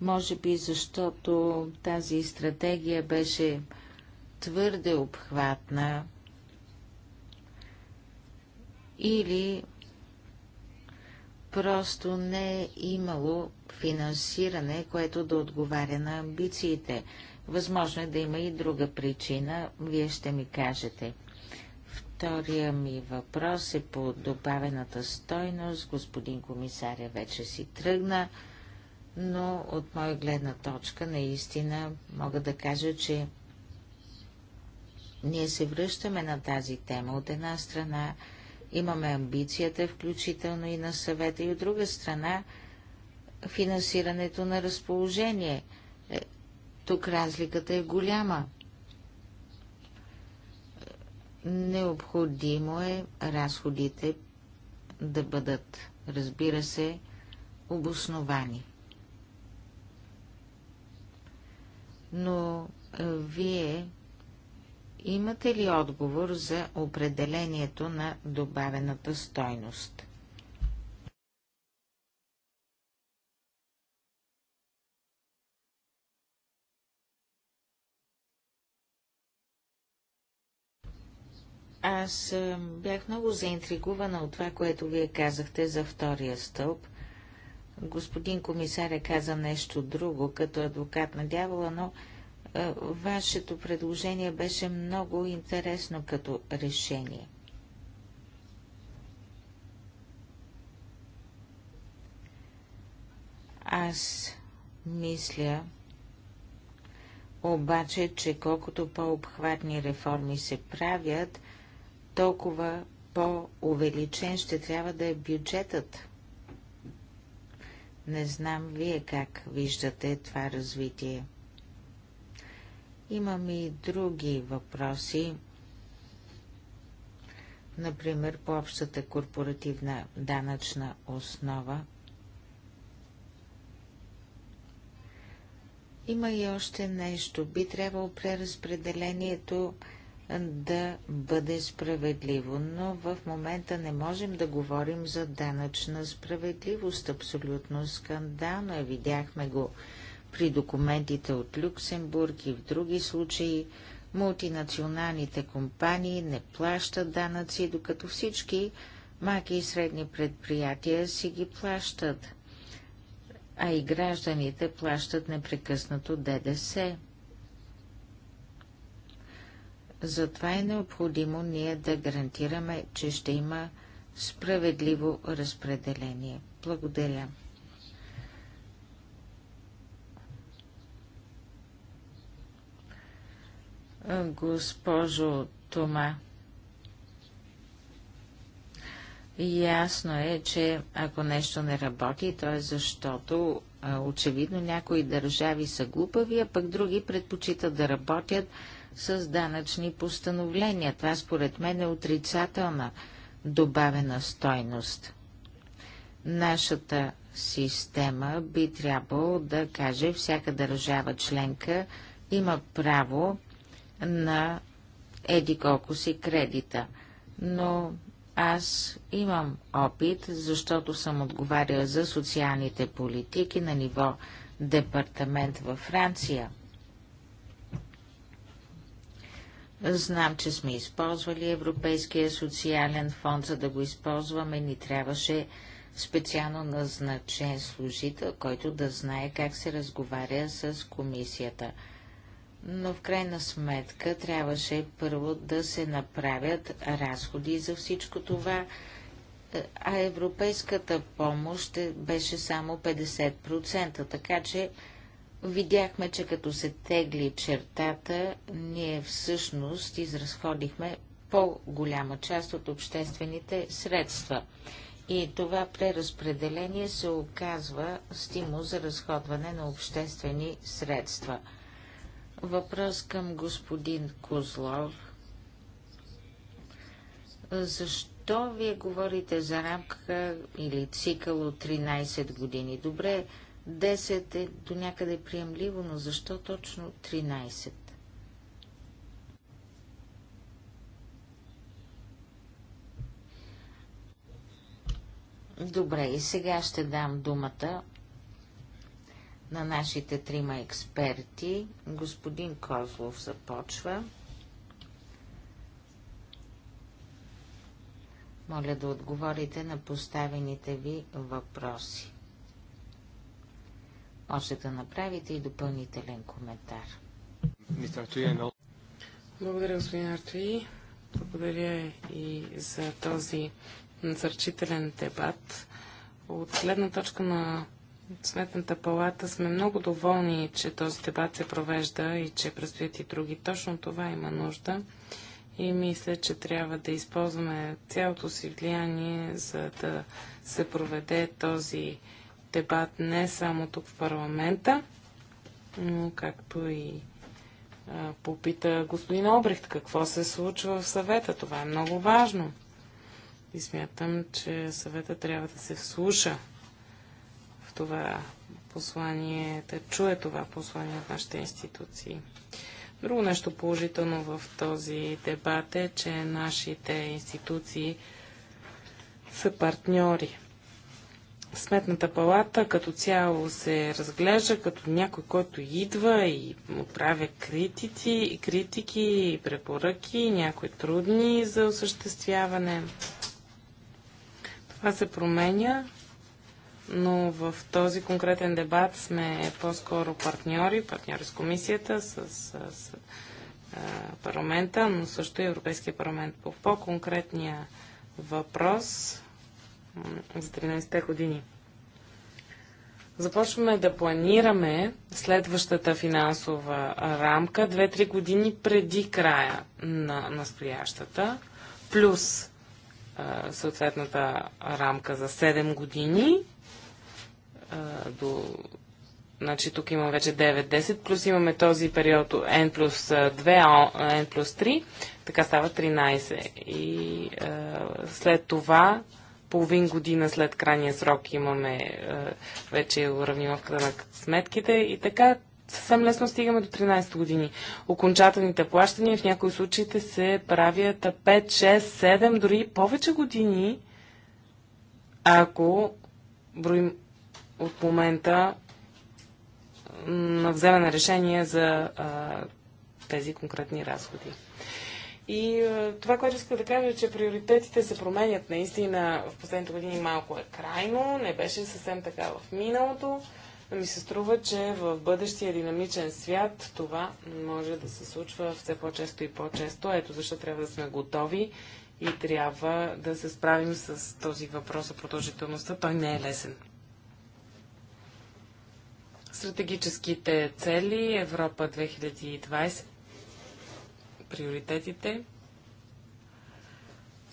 Може би защото тази стратегия беше твърде обхватна или просто не е имало финансиране, което да отговаря на амбициите. Възможно е да има и друга причина, вие ще ми кажете – Втория ми въпрос е по добавената стойност. Господин комисаря вече си тръгна, но от моя гледна точка наистина мога да кажа, че ние се връщаме на тази тема. От една страна имаме амбицията, включително и на съвета, и от друга страна финансирането на разположение. Е, тук разликата е голяма. Необходимо е разходите да бъдат, разбира се, обосновани. Но е, вие имате ли отговор за определението на добавената стойност? Аз бях много заинтригувана от това, което вие казахте за втория стълб. Господин комисаря каза нещо друго, като адвокат на дявола, но е, вашето предложение беше много интересно като решение. Аз мисля, обаче, че колкото по-обхватни реформи се правят, толкова по-увеличен ще трябва да е бюджетът. Не знам вие как виждате това развитие. Имам и други въпроси. Например, по общата корпоративна данъчна основа. Има и още нещо. Би трябвало преразпределението да бъде справедливо, но в момента не можем да говорим за данъчна справедливост. Абсолютно скандално е. Видяхме го при документите от Люксембург и в други случаи. Мултинационалните компании не плащат данъци, докато всички маки и средни предприятия си ги плащат, а и гражданите плащат непрекъснато ДДС. Затова е необходимо ние да гарантираме, че ще има справедливо разпределение. Благодаря. Госпожо Тома, ясно е, че ако нещо не работи, то е защото очевидно някои държави са глупави, а пък други предпочитат да работят с данъчни постановления. Това според мен е отрицателна добавена стойност. Нашата система би трябвало да каже всяка държава членка има право на еди колко си кредита. Но аз имам опит, защото съм отговарял за социалните политики на ниво департамент във Франция – Знам, че сме използвали Европейския социален фонд, за да го използваме. Ни трябваше специално назначен служител, който да знае как се разговаря с комисията. Но в крайна сметка трябваше първо да се направят разходи за всичко това, а европейската помощ е- беше само 50%, така че Видяхме, че като се тегли чертата, ние всъщност изразходихме по-голяма част от обществените средства. И това преразпределение се оказва стимул за разходване на обществени средства. Въпрос към господин Козлов. Защо вие говорите за рамка или цикъл от 13 години? Добре, Десет е до някъде приемливо, но защо точно 13? Добре, и сега ще дам думата на нашите трима експерти. Господин Козлов започва. Моля да отговорите на поставените ви въпроси може да направите и допълнителен коментар. Благодаря, господин Артуи. Благодаря и за този насърчителен дебат. От гледна точка на Сметната палата сме много доволни, че този дебат се провежда и че предстоят и други. Точно това има нужда и мисля, че трябва да използваме цялото си влияние, за да се проведе този дебат не само тук в парламента, но както и а, попита господин Обрихт какво се случва в съвета. Това е много важно. И смятам, че съвета трябва да се вслуша в това послание, да чуе това послание от нашите институции. Друго нещо положително в този дебат е, че нашите институции са партньори Сметната палата като цяло се разглежда като някой, който идва и отправя критики, критики и препоръки, някои трудни за осъществяване. Това се променя, но в този конкретен дебат сме по-скоро партньори, партньори с комисията, с, с, с парламента, но също и Европейския парламент. По по-конкретния въпрос за 13-те години. Започваме да планираме следващата финансова рамка 2-3 години преди края на настоящата, плюс а, съответната рамка за 7 години. А, до... Значи тук имам вече 9-10, плюс имаме този период N плюс 2, N плюс 3, така става 13. И а, след това половин година след крайния срок имаме е, вече уравниловката на сметките и така съвсем лесно стигаме до 13 години. Окончателните плащания в някои случаите се правят 5, 6, 7, дори повече години, ако броим от момента на вземане решение за а, тези конкретни разходи. И е, това, което иска да кажа, е, че приоритетите се променят наистина в последните години малко е крайно, не беше съвсем така в миналото, но ми се струва, че в бъдещия динамичен свят това може да се случва все по-често и по-често. Ето защо трябва да сме готови и трябва да се справим с този въпрос за продължителността. Той не е лесен. Стратегическите цели Европа 2020 приоритетите.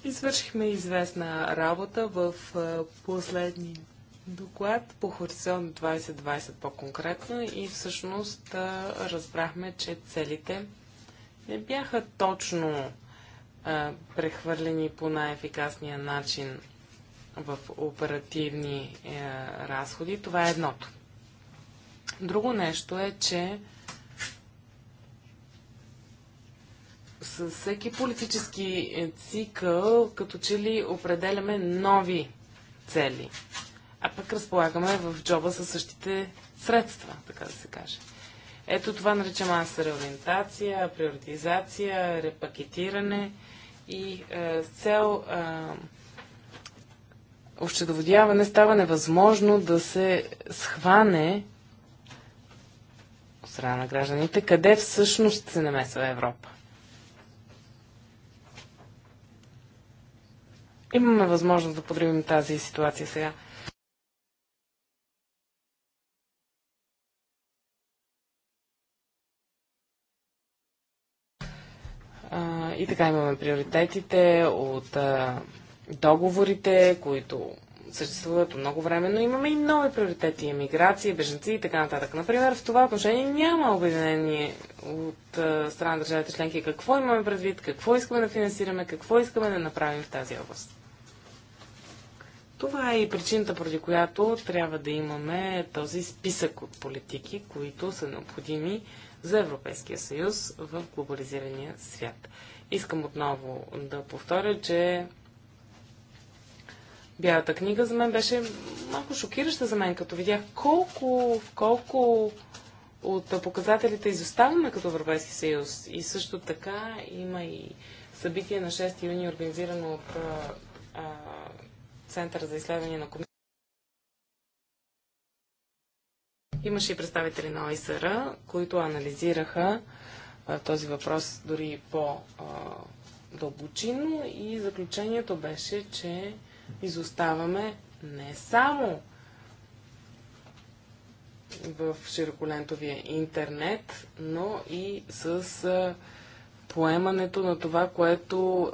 Извършихме известна работа в последния доклад по Хоризонт 2020 по-конкретно и всъщност разбрахме, че целите не бяха точно прехвърлени по най-ефикасния начин в оперативни е, разходи. Това е едното. Друго нещо е, че с всеки политически цикъл, като че ли определяме нови цели, а пък разполагаме в джоба със същите средства, така да се каже. Ето това наричам аз реориентация, приоритизация, репакетиране и е, цел е, общедоводяване става невъзможно да се схване от страна на гражданите къде всъщност се намесва Европа. Имаме възможност да подривим тази ситуация сега. И така имаме приоритетите от договорите, които съществуват много време, но имаме и нови приоритети, емиграции, беженци и така нататък. Например, в това отношение няма обединение от а, страна на държавите членки. Какво имаме предвид, какво искаме да финансираме, какво искаме да направим в тази област. Това е и причината, поради която трябва да имаме този списък от политики, които са необходими за Европейския съюз в глобализирания свят. Искам отново да повторя, че Бялата книга за мен беше малко шокираща за мен, като видях колко, в колко от показателите изоставаме като Европейски съюз. И също така има и събитие на 6 юни, организирано от а, Център за изследвания на комисията. Имаше и представители на ОИСР, които анализираха а, този въпрос дори по-дълбочинно и заключението беше, че изоставаме не само в широколентовия интернет, но и с а, поемането на това, което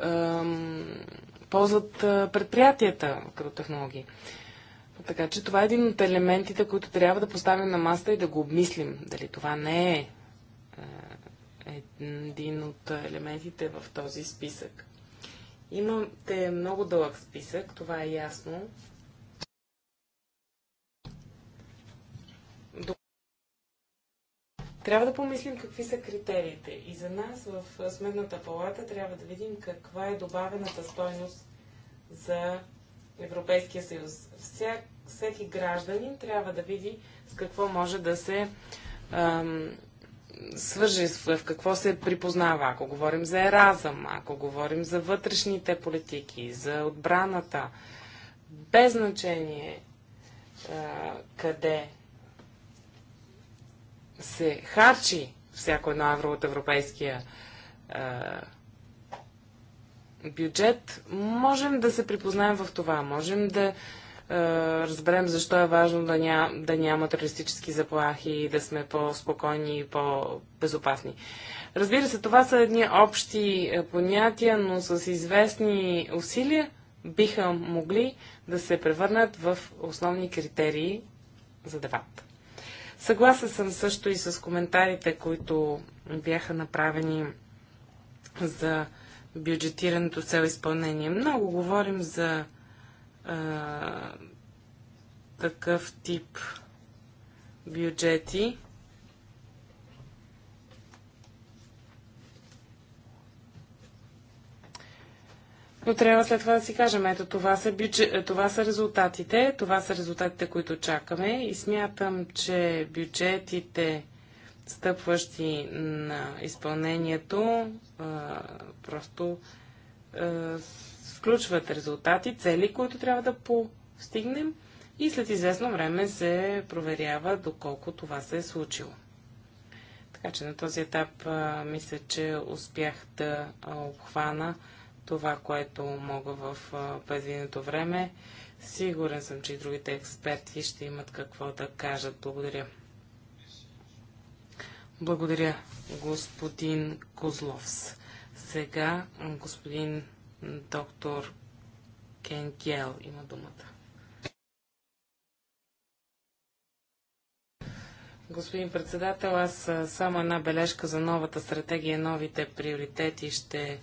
ползват предприятията като технологии. Така че това е един от елементите, които трябва да поставим на маста и да го обмислим. Дали това не е един от елементите в този списък. Имате много дълъг списък, това е ясно. Трябва да помислим какви са критериите. И за нас в Сметната палата трябва да видим каква е добавената стойност за Европейския съюз. Вся, всеки гражданин трябва да види с какво може да се ам, свържи, в какво се припознава. Ако говорим за еразъм, ако говорим за вътрешните политики, за отбраната, без значение а, къде се харчи всяко едно евро от европейския е, бюджет, можем да се припознаем в това. Можем да е, разберем защо е важно да, ня, да няма терористически заплахи и да сме по-спокойни и по-безопасни. Разбира се, това са едни общи понятия, но с известни усилия биха могли да се превърнат в основни критерии за дебата. Съгласа съм също и с коментарите, които бяха направени за бюджетирането цел изпълнение. Много говорим за а, такъв тип бюджети, но трябва след това да си кажем, ето това са, бюджет, това са резултатите, това са резултатите, които чакаме и смятам, че бюджетите, стъпващи на изпълнението, а, просто а, включват резултати, цели, които трябва да постигнем и след известно време се проверява доколко това се е случило. Така че на този етап а, мисля, че успях да обхвана това, което мога в предвиденото време. Сигурен съм, че и другите експерти ще имат какво да кажат. Благодаря. Благодаря, господин Козловс. Сега господин доктор Кенгел има думата. Господин председател, аз само една бележка за новата стратегия, новите приоритети ще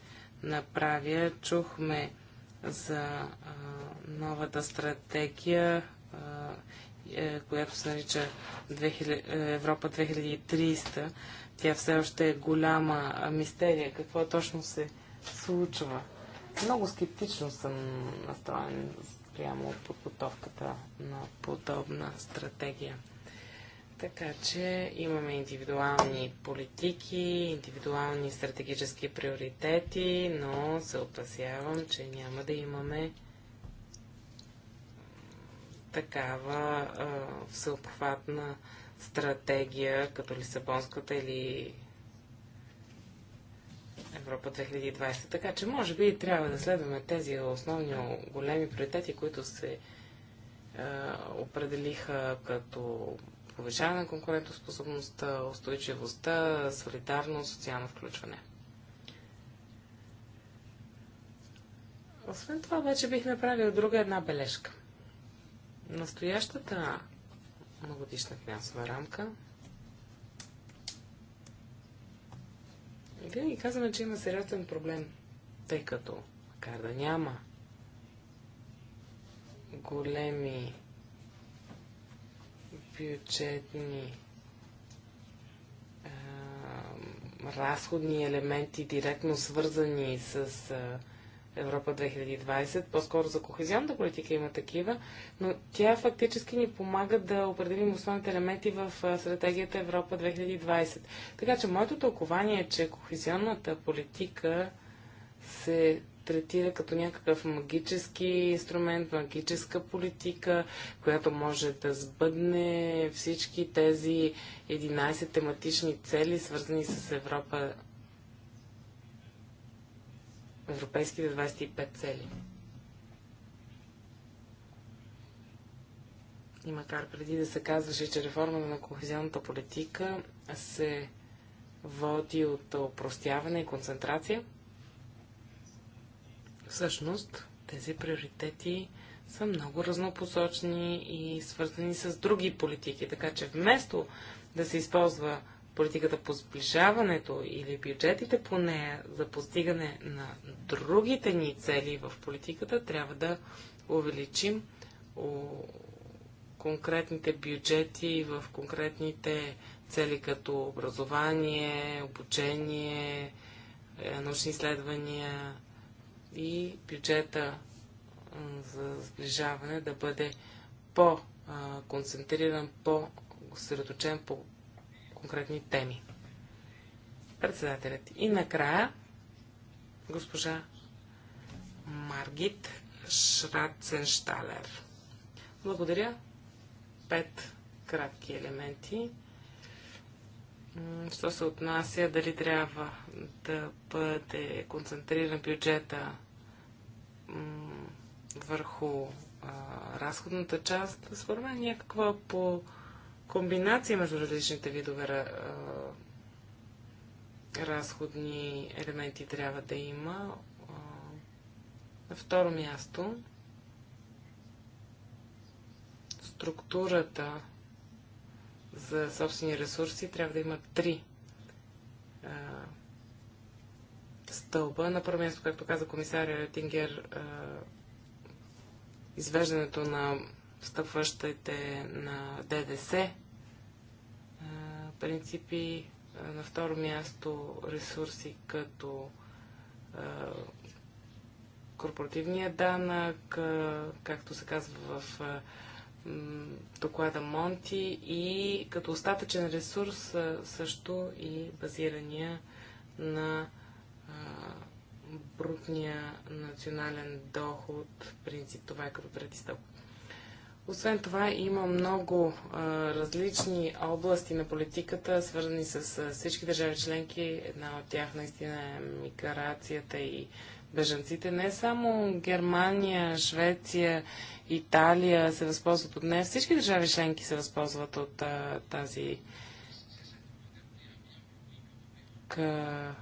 направя. Чухме за а, новата стратегия, а, е, която се нарича 2000, е, Европа 2300. Тя все още е голяма мистерия. Какво точно се случва? Много скептично съм настроен от подготовката на подобна стратегия. Така че имаме индивидуални политики, индивидуални стратегически приоритети, но се опасявам, че няма да имаме такава а, всеобхватна стратегия, като Лисабонската или Европа 2020. Така че, може би, трябва да следваме тези основни големи приоритети, които се а, определиха като повишаване на конкурентоспособността, устойчивостта, солидарност, социално включване. Освен това, обаче бих направил друга една бележка. Настоящата многодишна финансова рамка винаги казваме, че има сериозен проблем, тъй като, макар да няма големи бюджетни разходни елементи, директно свързани с Европа 2020, по-скоро за кохезионната политика има такива, но тя фактически ни помага да определим основните елементи в стратегията Европа 2020. Така че моето тълкование е, че кохезионната политика се третира като някакъв магически инструмент, магическа политика, която може да сбъдне всички тези 11 тематични цели, свързани с Европа, европейските 25 цели. И макар преди да се казваше, че реформата на кохезионната политика се води от опростяване и концентрация – Всъщност, тези приоритети са много разнопосочни и свързани с други политики. Така че вместо да се използва политиката по сближаването или бюджетите по нея за постигане на другите ни цели в политиката, трябва да увеличим конкретните бюджети в конкретните цели като образование, обучение, е, научни изследвания, и бюджета за сближаване да бъде по-концентриран, по-средоточен по конкретни теми. Председателят. И накрая госпожа Маргит Шраценшталер. Благодаря. Пет кратки елементи. Що се отнася дали трябва да бъде концентриран бюджета върху а, разходната част, според мен някаква по комбинация между различните видове а, разходни елементи трябва да има. А, на второ място, структурата за собствени ресурси трябва да има три стълба. На първо място, както каза комисаря Тингер, извеждането на стъпващите на ДДС принципи. На второ място ресурси като корпоративния данък, както се казва в доклада Монти и като остатъчен ресурс също и базирания на брутния национален доход. Принцип това е като трети стъп. Освен това, има много а, различни области на политиката, свързани с а, всички държави членки. Една от тях наистина е миграцията и бежанците. Не само Германия, Швеция, Италия се възползват от нея. Всички държави членки се възползват от а, тази къ...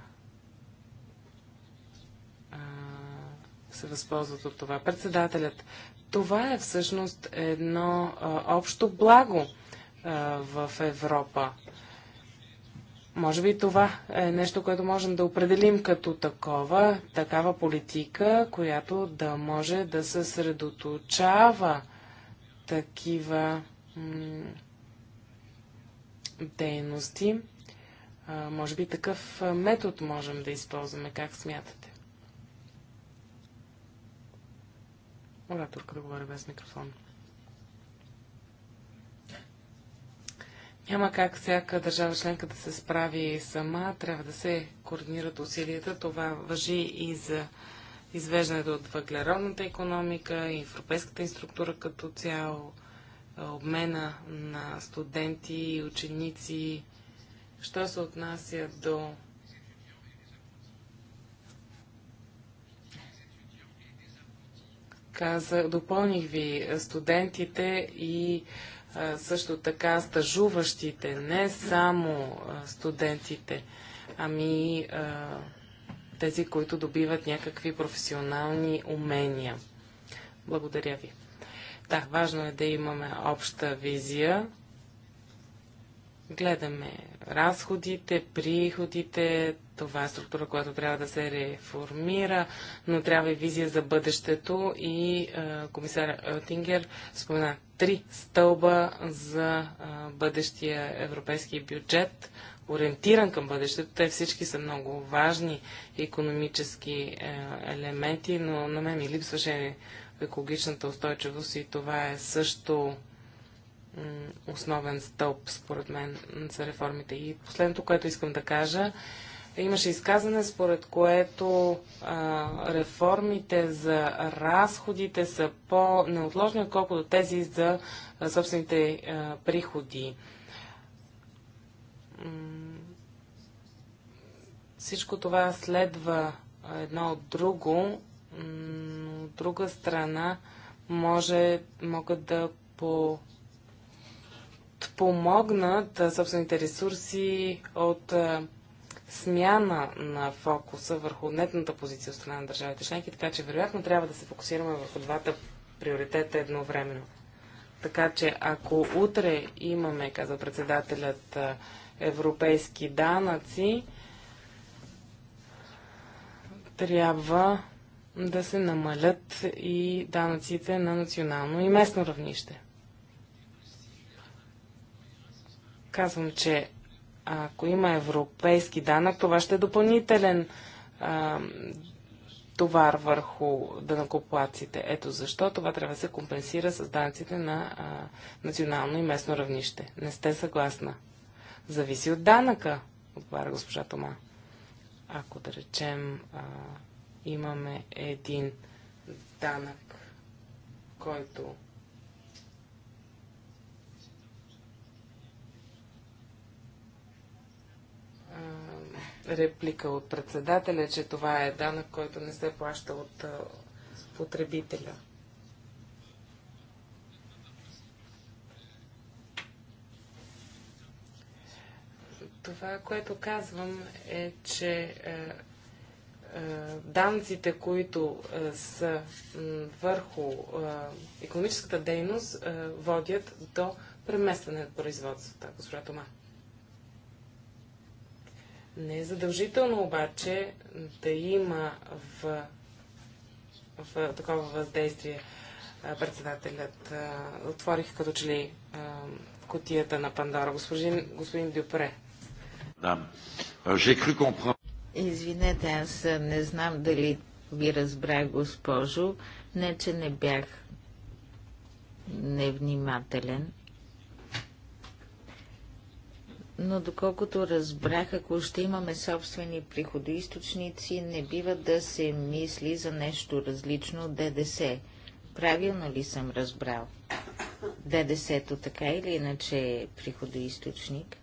се възползват от това. Председателят, това е всъщност едно а, общо благо а, в Европа. Може би това е нещо, което можем да определим като такова, такава политика, която да може да съсредоточава такива дейности. А, може би такъв метод можем да използваме. Как смятате? Ораторка да говори без микрофон. Няма как всяка държава членка да се справи сама, трябва да се координират усилията. Това въжи и за извеждането от въглеродната економика, и европейската инструктура като цяло, обмена на студенти и ученици. Що се отнася до каза, допълних ви е, студентите и е, също така стажуващите, не само е, студентите, ами тези, които добиват някакви професионални умения. Благодаря ви. Да, важно е да имаме обща визия Гледаме разходите, приходите, това е структура, която трябва да се реформира, но трябва и визия за бъдещето и а, комисар Оттингер спомена три стълба за бъдещия европейски бюджет, ориентиран към бъдещето. Те всички са много важни економически е, елементи, но на мен ми липсваше екологичната устойчивост и това е също основен стълб, според мен, за реформите. И последното, което искам да кажа, имаше изказане, според което а, реформите за разходите са по-неотложни, отколкото тези за а, собствените а, приходи. Всичко това следва едно от друго, но от друга страна може, могат да по подпомогнат собствените ресурси от смяна на фокуса върху нетната позиция от страна на държавите членки, така че вероятно трябва да се фокусираме върху двата приоритета едновременно. Така че ако утре имаме, каза председателят, европейски данъци, трябва да се намалят и данъците на национално и местно равнище. Казвам, че ако има европейски данък, това ще е допълнителен а, товар върху данъкоплаците. Ето защо това трябва да се компенсира с данците на а, национално и местно равнище. Не сте съгласна. Зависи от данъка, отговаря госпожа Тома. Ако да речем а, имаме един данък, който реплика от председателя, че това е данък, който не се плаща от потребителя. Това, което казвам е, че данците, които са върху економическата дейност, водят до преместване на производството, госпожа Тома. Не е задължително обаче да има в, в такова въздействие председателят. Отворих като че ли котията на Пандора. Господин, господин Дюпре. Да. Извинете, аз не знам дали ви разбрах, госпожо. Не, че не бях невнимателен но доколкото разбрах, ако ще имаме собствени приходоисточници, не бива да се мисли за нещо различно от ДДС. Правилно ли съм разбрал? ДДС-то така или иначе е приходоисточник?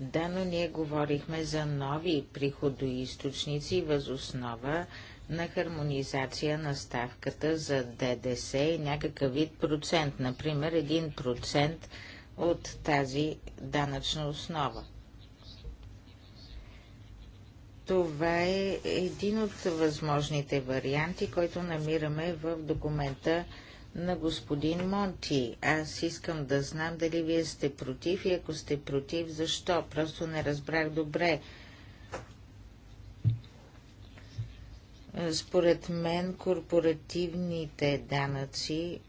Да, но ние говорихме за нови приходоисточници възоснова на хармонизация на ставката за ДДС и някакъв вид процент, например 1% от тази данъчна основа. Това е един от възможните варианти, който намираме в документа на господин Монти. Аз искам да знам дали вие сте против и ако сте против, защо? Просто не разбрах добре. Според мен корпоративните данъци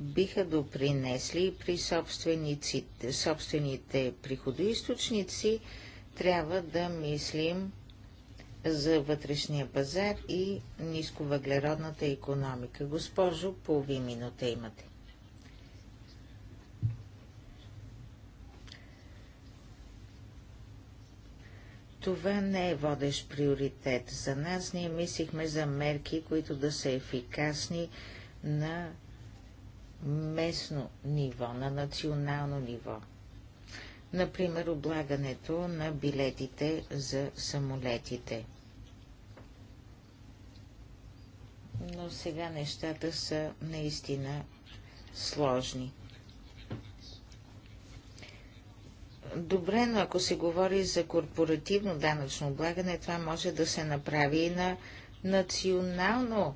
биха допринесли при собствените приходоисточници, трябва да мислим за вътрешния пазар и нисковъглеродната економика. Госпожо, полови минута имате. Това не е водещ приоритет за нас. Ние мислихме за мерки, които да са ефикасни на местно ниво, на национално ниво. Например, облагането на билетите за самолетите. Но сега нещата са наистина сложни. Добре, но ако се говори за корпоративно данъчно облагане, това може да се направи и на национално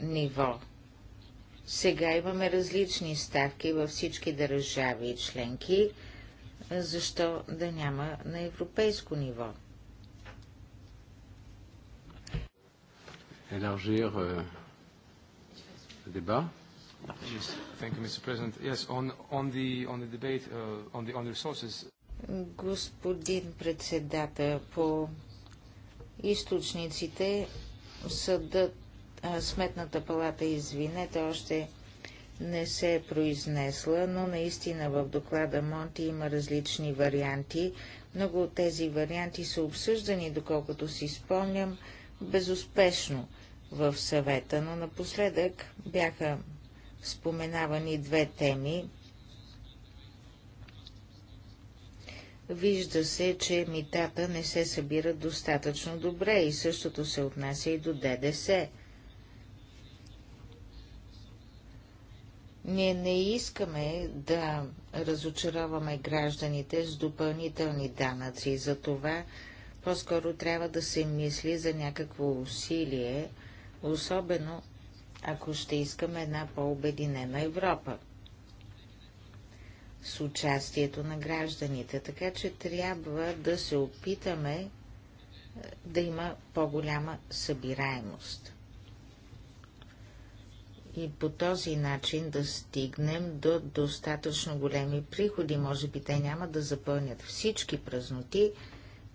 ниво. Сега имаме различни ставки във всички държави и членки. Защо да няма на европейско ниво? Euh, thank you, Mr. President. Yes, on, on, the, on the debate uh, on, the, on the resources. Господин председател, по източниците съдът Сметната палата, извинете, още не се е произнесла, но наистина в доклада Монти има различни варианти. Много от тези варианти са обсъждани, доколкото си спомням, безуспешно в съвета, но напоследък бяха споменавани две теми. Вижда се, че митата не се събират достатъчно добре и същото се отнася и до ДДС. Ние не искаме да разочароваме гражданите с допълнителни данъци, За това по-скоро трябва да се мисли за някакво усилие, особено ако ще искаме една по-обединена Европа с участието на гражданите, така че трябва да се опитаме е, да има по-голяма събираемост и по този начин да стигнем до достатъчно големи приходи. Може би те няма да запълнят всички празноти,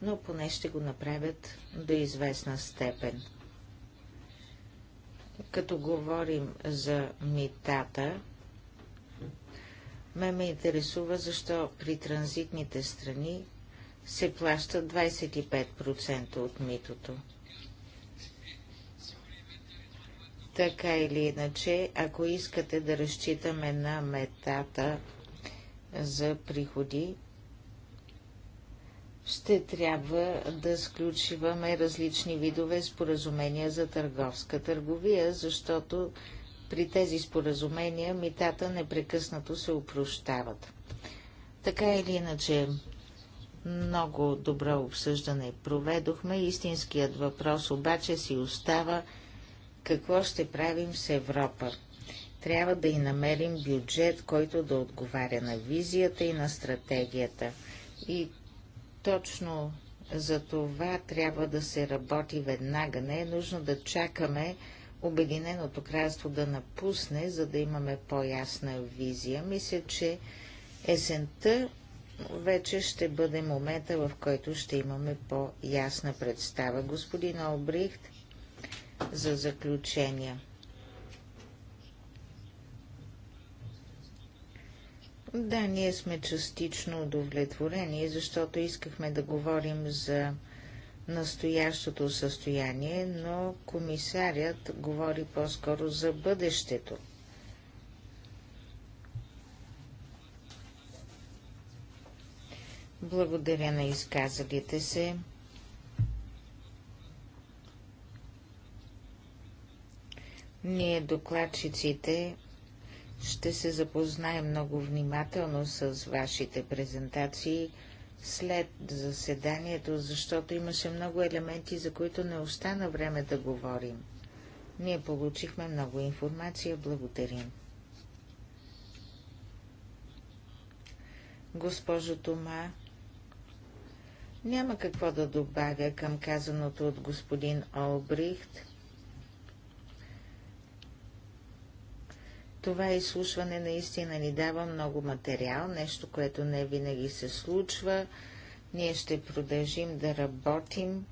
но поне ще го направят до известна степен. Като говорим за митата, ме ме интересува защо при транзитните страни се плаща 25% от митото. Така или иначе, ако искате да разчитаме на метата за приходи, ще трябва да сключиваме различни видове споразумения за търговска търговия, защото при тези споразумения митата непрекъснато се упрощават. Така или иначе, много добро обсъждане проведохме. Истинският въпрос обаче си остава – какво ще правим с Европа. Трябва да и намерим бюджет, който да отговаря на визията и на стратегията. И точно за това трябва да се работи веднага. Не е нужно да чакаме Обединеното кралство да напусне, за да имаме по-ясна визия. Мисля, че есента вече ще бъде момента, в който ще имаме по-ясна представа. Господин Олбрихт за заключение. Да, ние сме частично удовлетворени, защото искахме да говорим за настоящото състояние, но комисарят говори по-скоро за бъдещето. Благодаря на изказалите се. Ние, докладчиците, ще се запознаем много внимателно с вашите презентации след заседанието, защото имаше много елементи, за които не остана време да говорим. Ние получихме много информация. Благодарим. Госпожо Тома, няма какво да добавя към казаното от господин Олбрихт. Това изслушване наистина ни дава много материал, нещо, което не винаги се случва. Ние ще продължим да работим.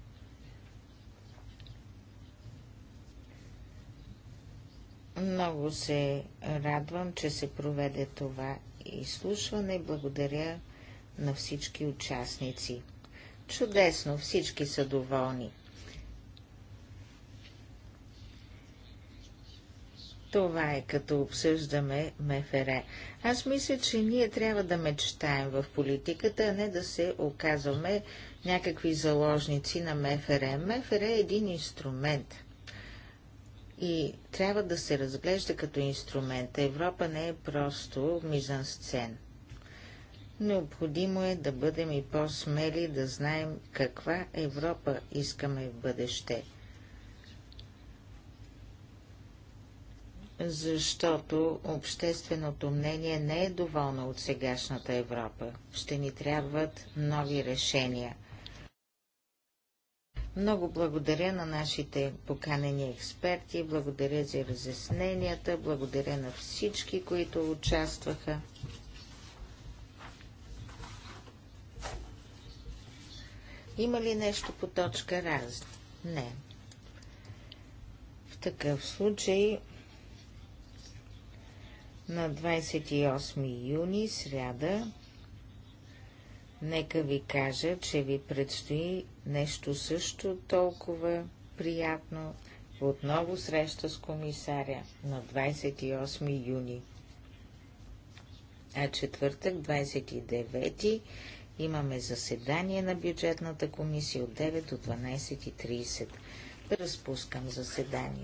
Много се радвам, че се проведе това изслушване. Благодаря на всички участници. Чудесно, всички са доволни. Това е като обсъждаме МФР. Аз мисля, че ние трябва да мечтаем в политиката, а не да се оказваме някакви заложници на МФР. МФР е един инструмент и трябва да се разглежда като инструмент. Европа не е просто мизансцен. Необходимо е да бъдем и по-смели, да знаем каква Европа искаме в бъдеще – защото общественото мнение не е доволно от сегашната Европа. Ще ни трябват нови решения. Много благодаря на нашите поканени експерти, благодаря за разясненията, благодаря на всички, които участваха. Има ли нещо по точка раз? Не. В такъв случай на 28 юни, сряда. Нека ви кажа, че ви предстои нещо също толкова приятно. Отново среща с комисаря на 28 юни. А четвъртък, 29 имаме заседание на бюджетната комисия от 9 до 12.30. Разпускам заседание.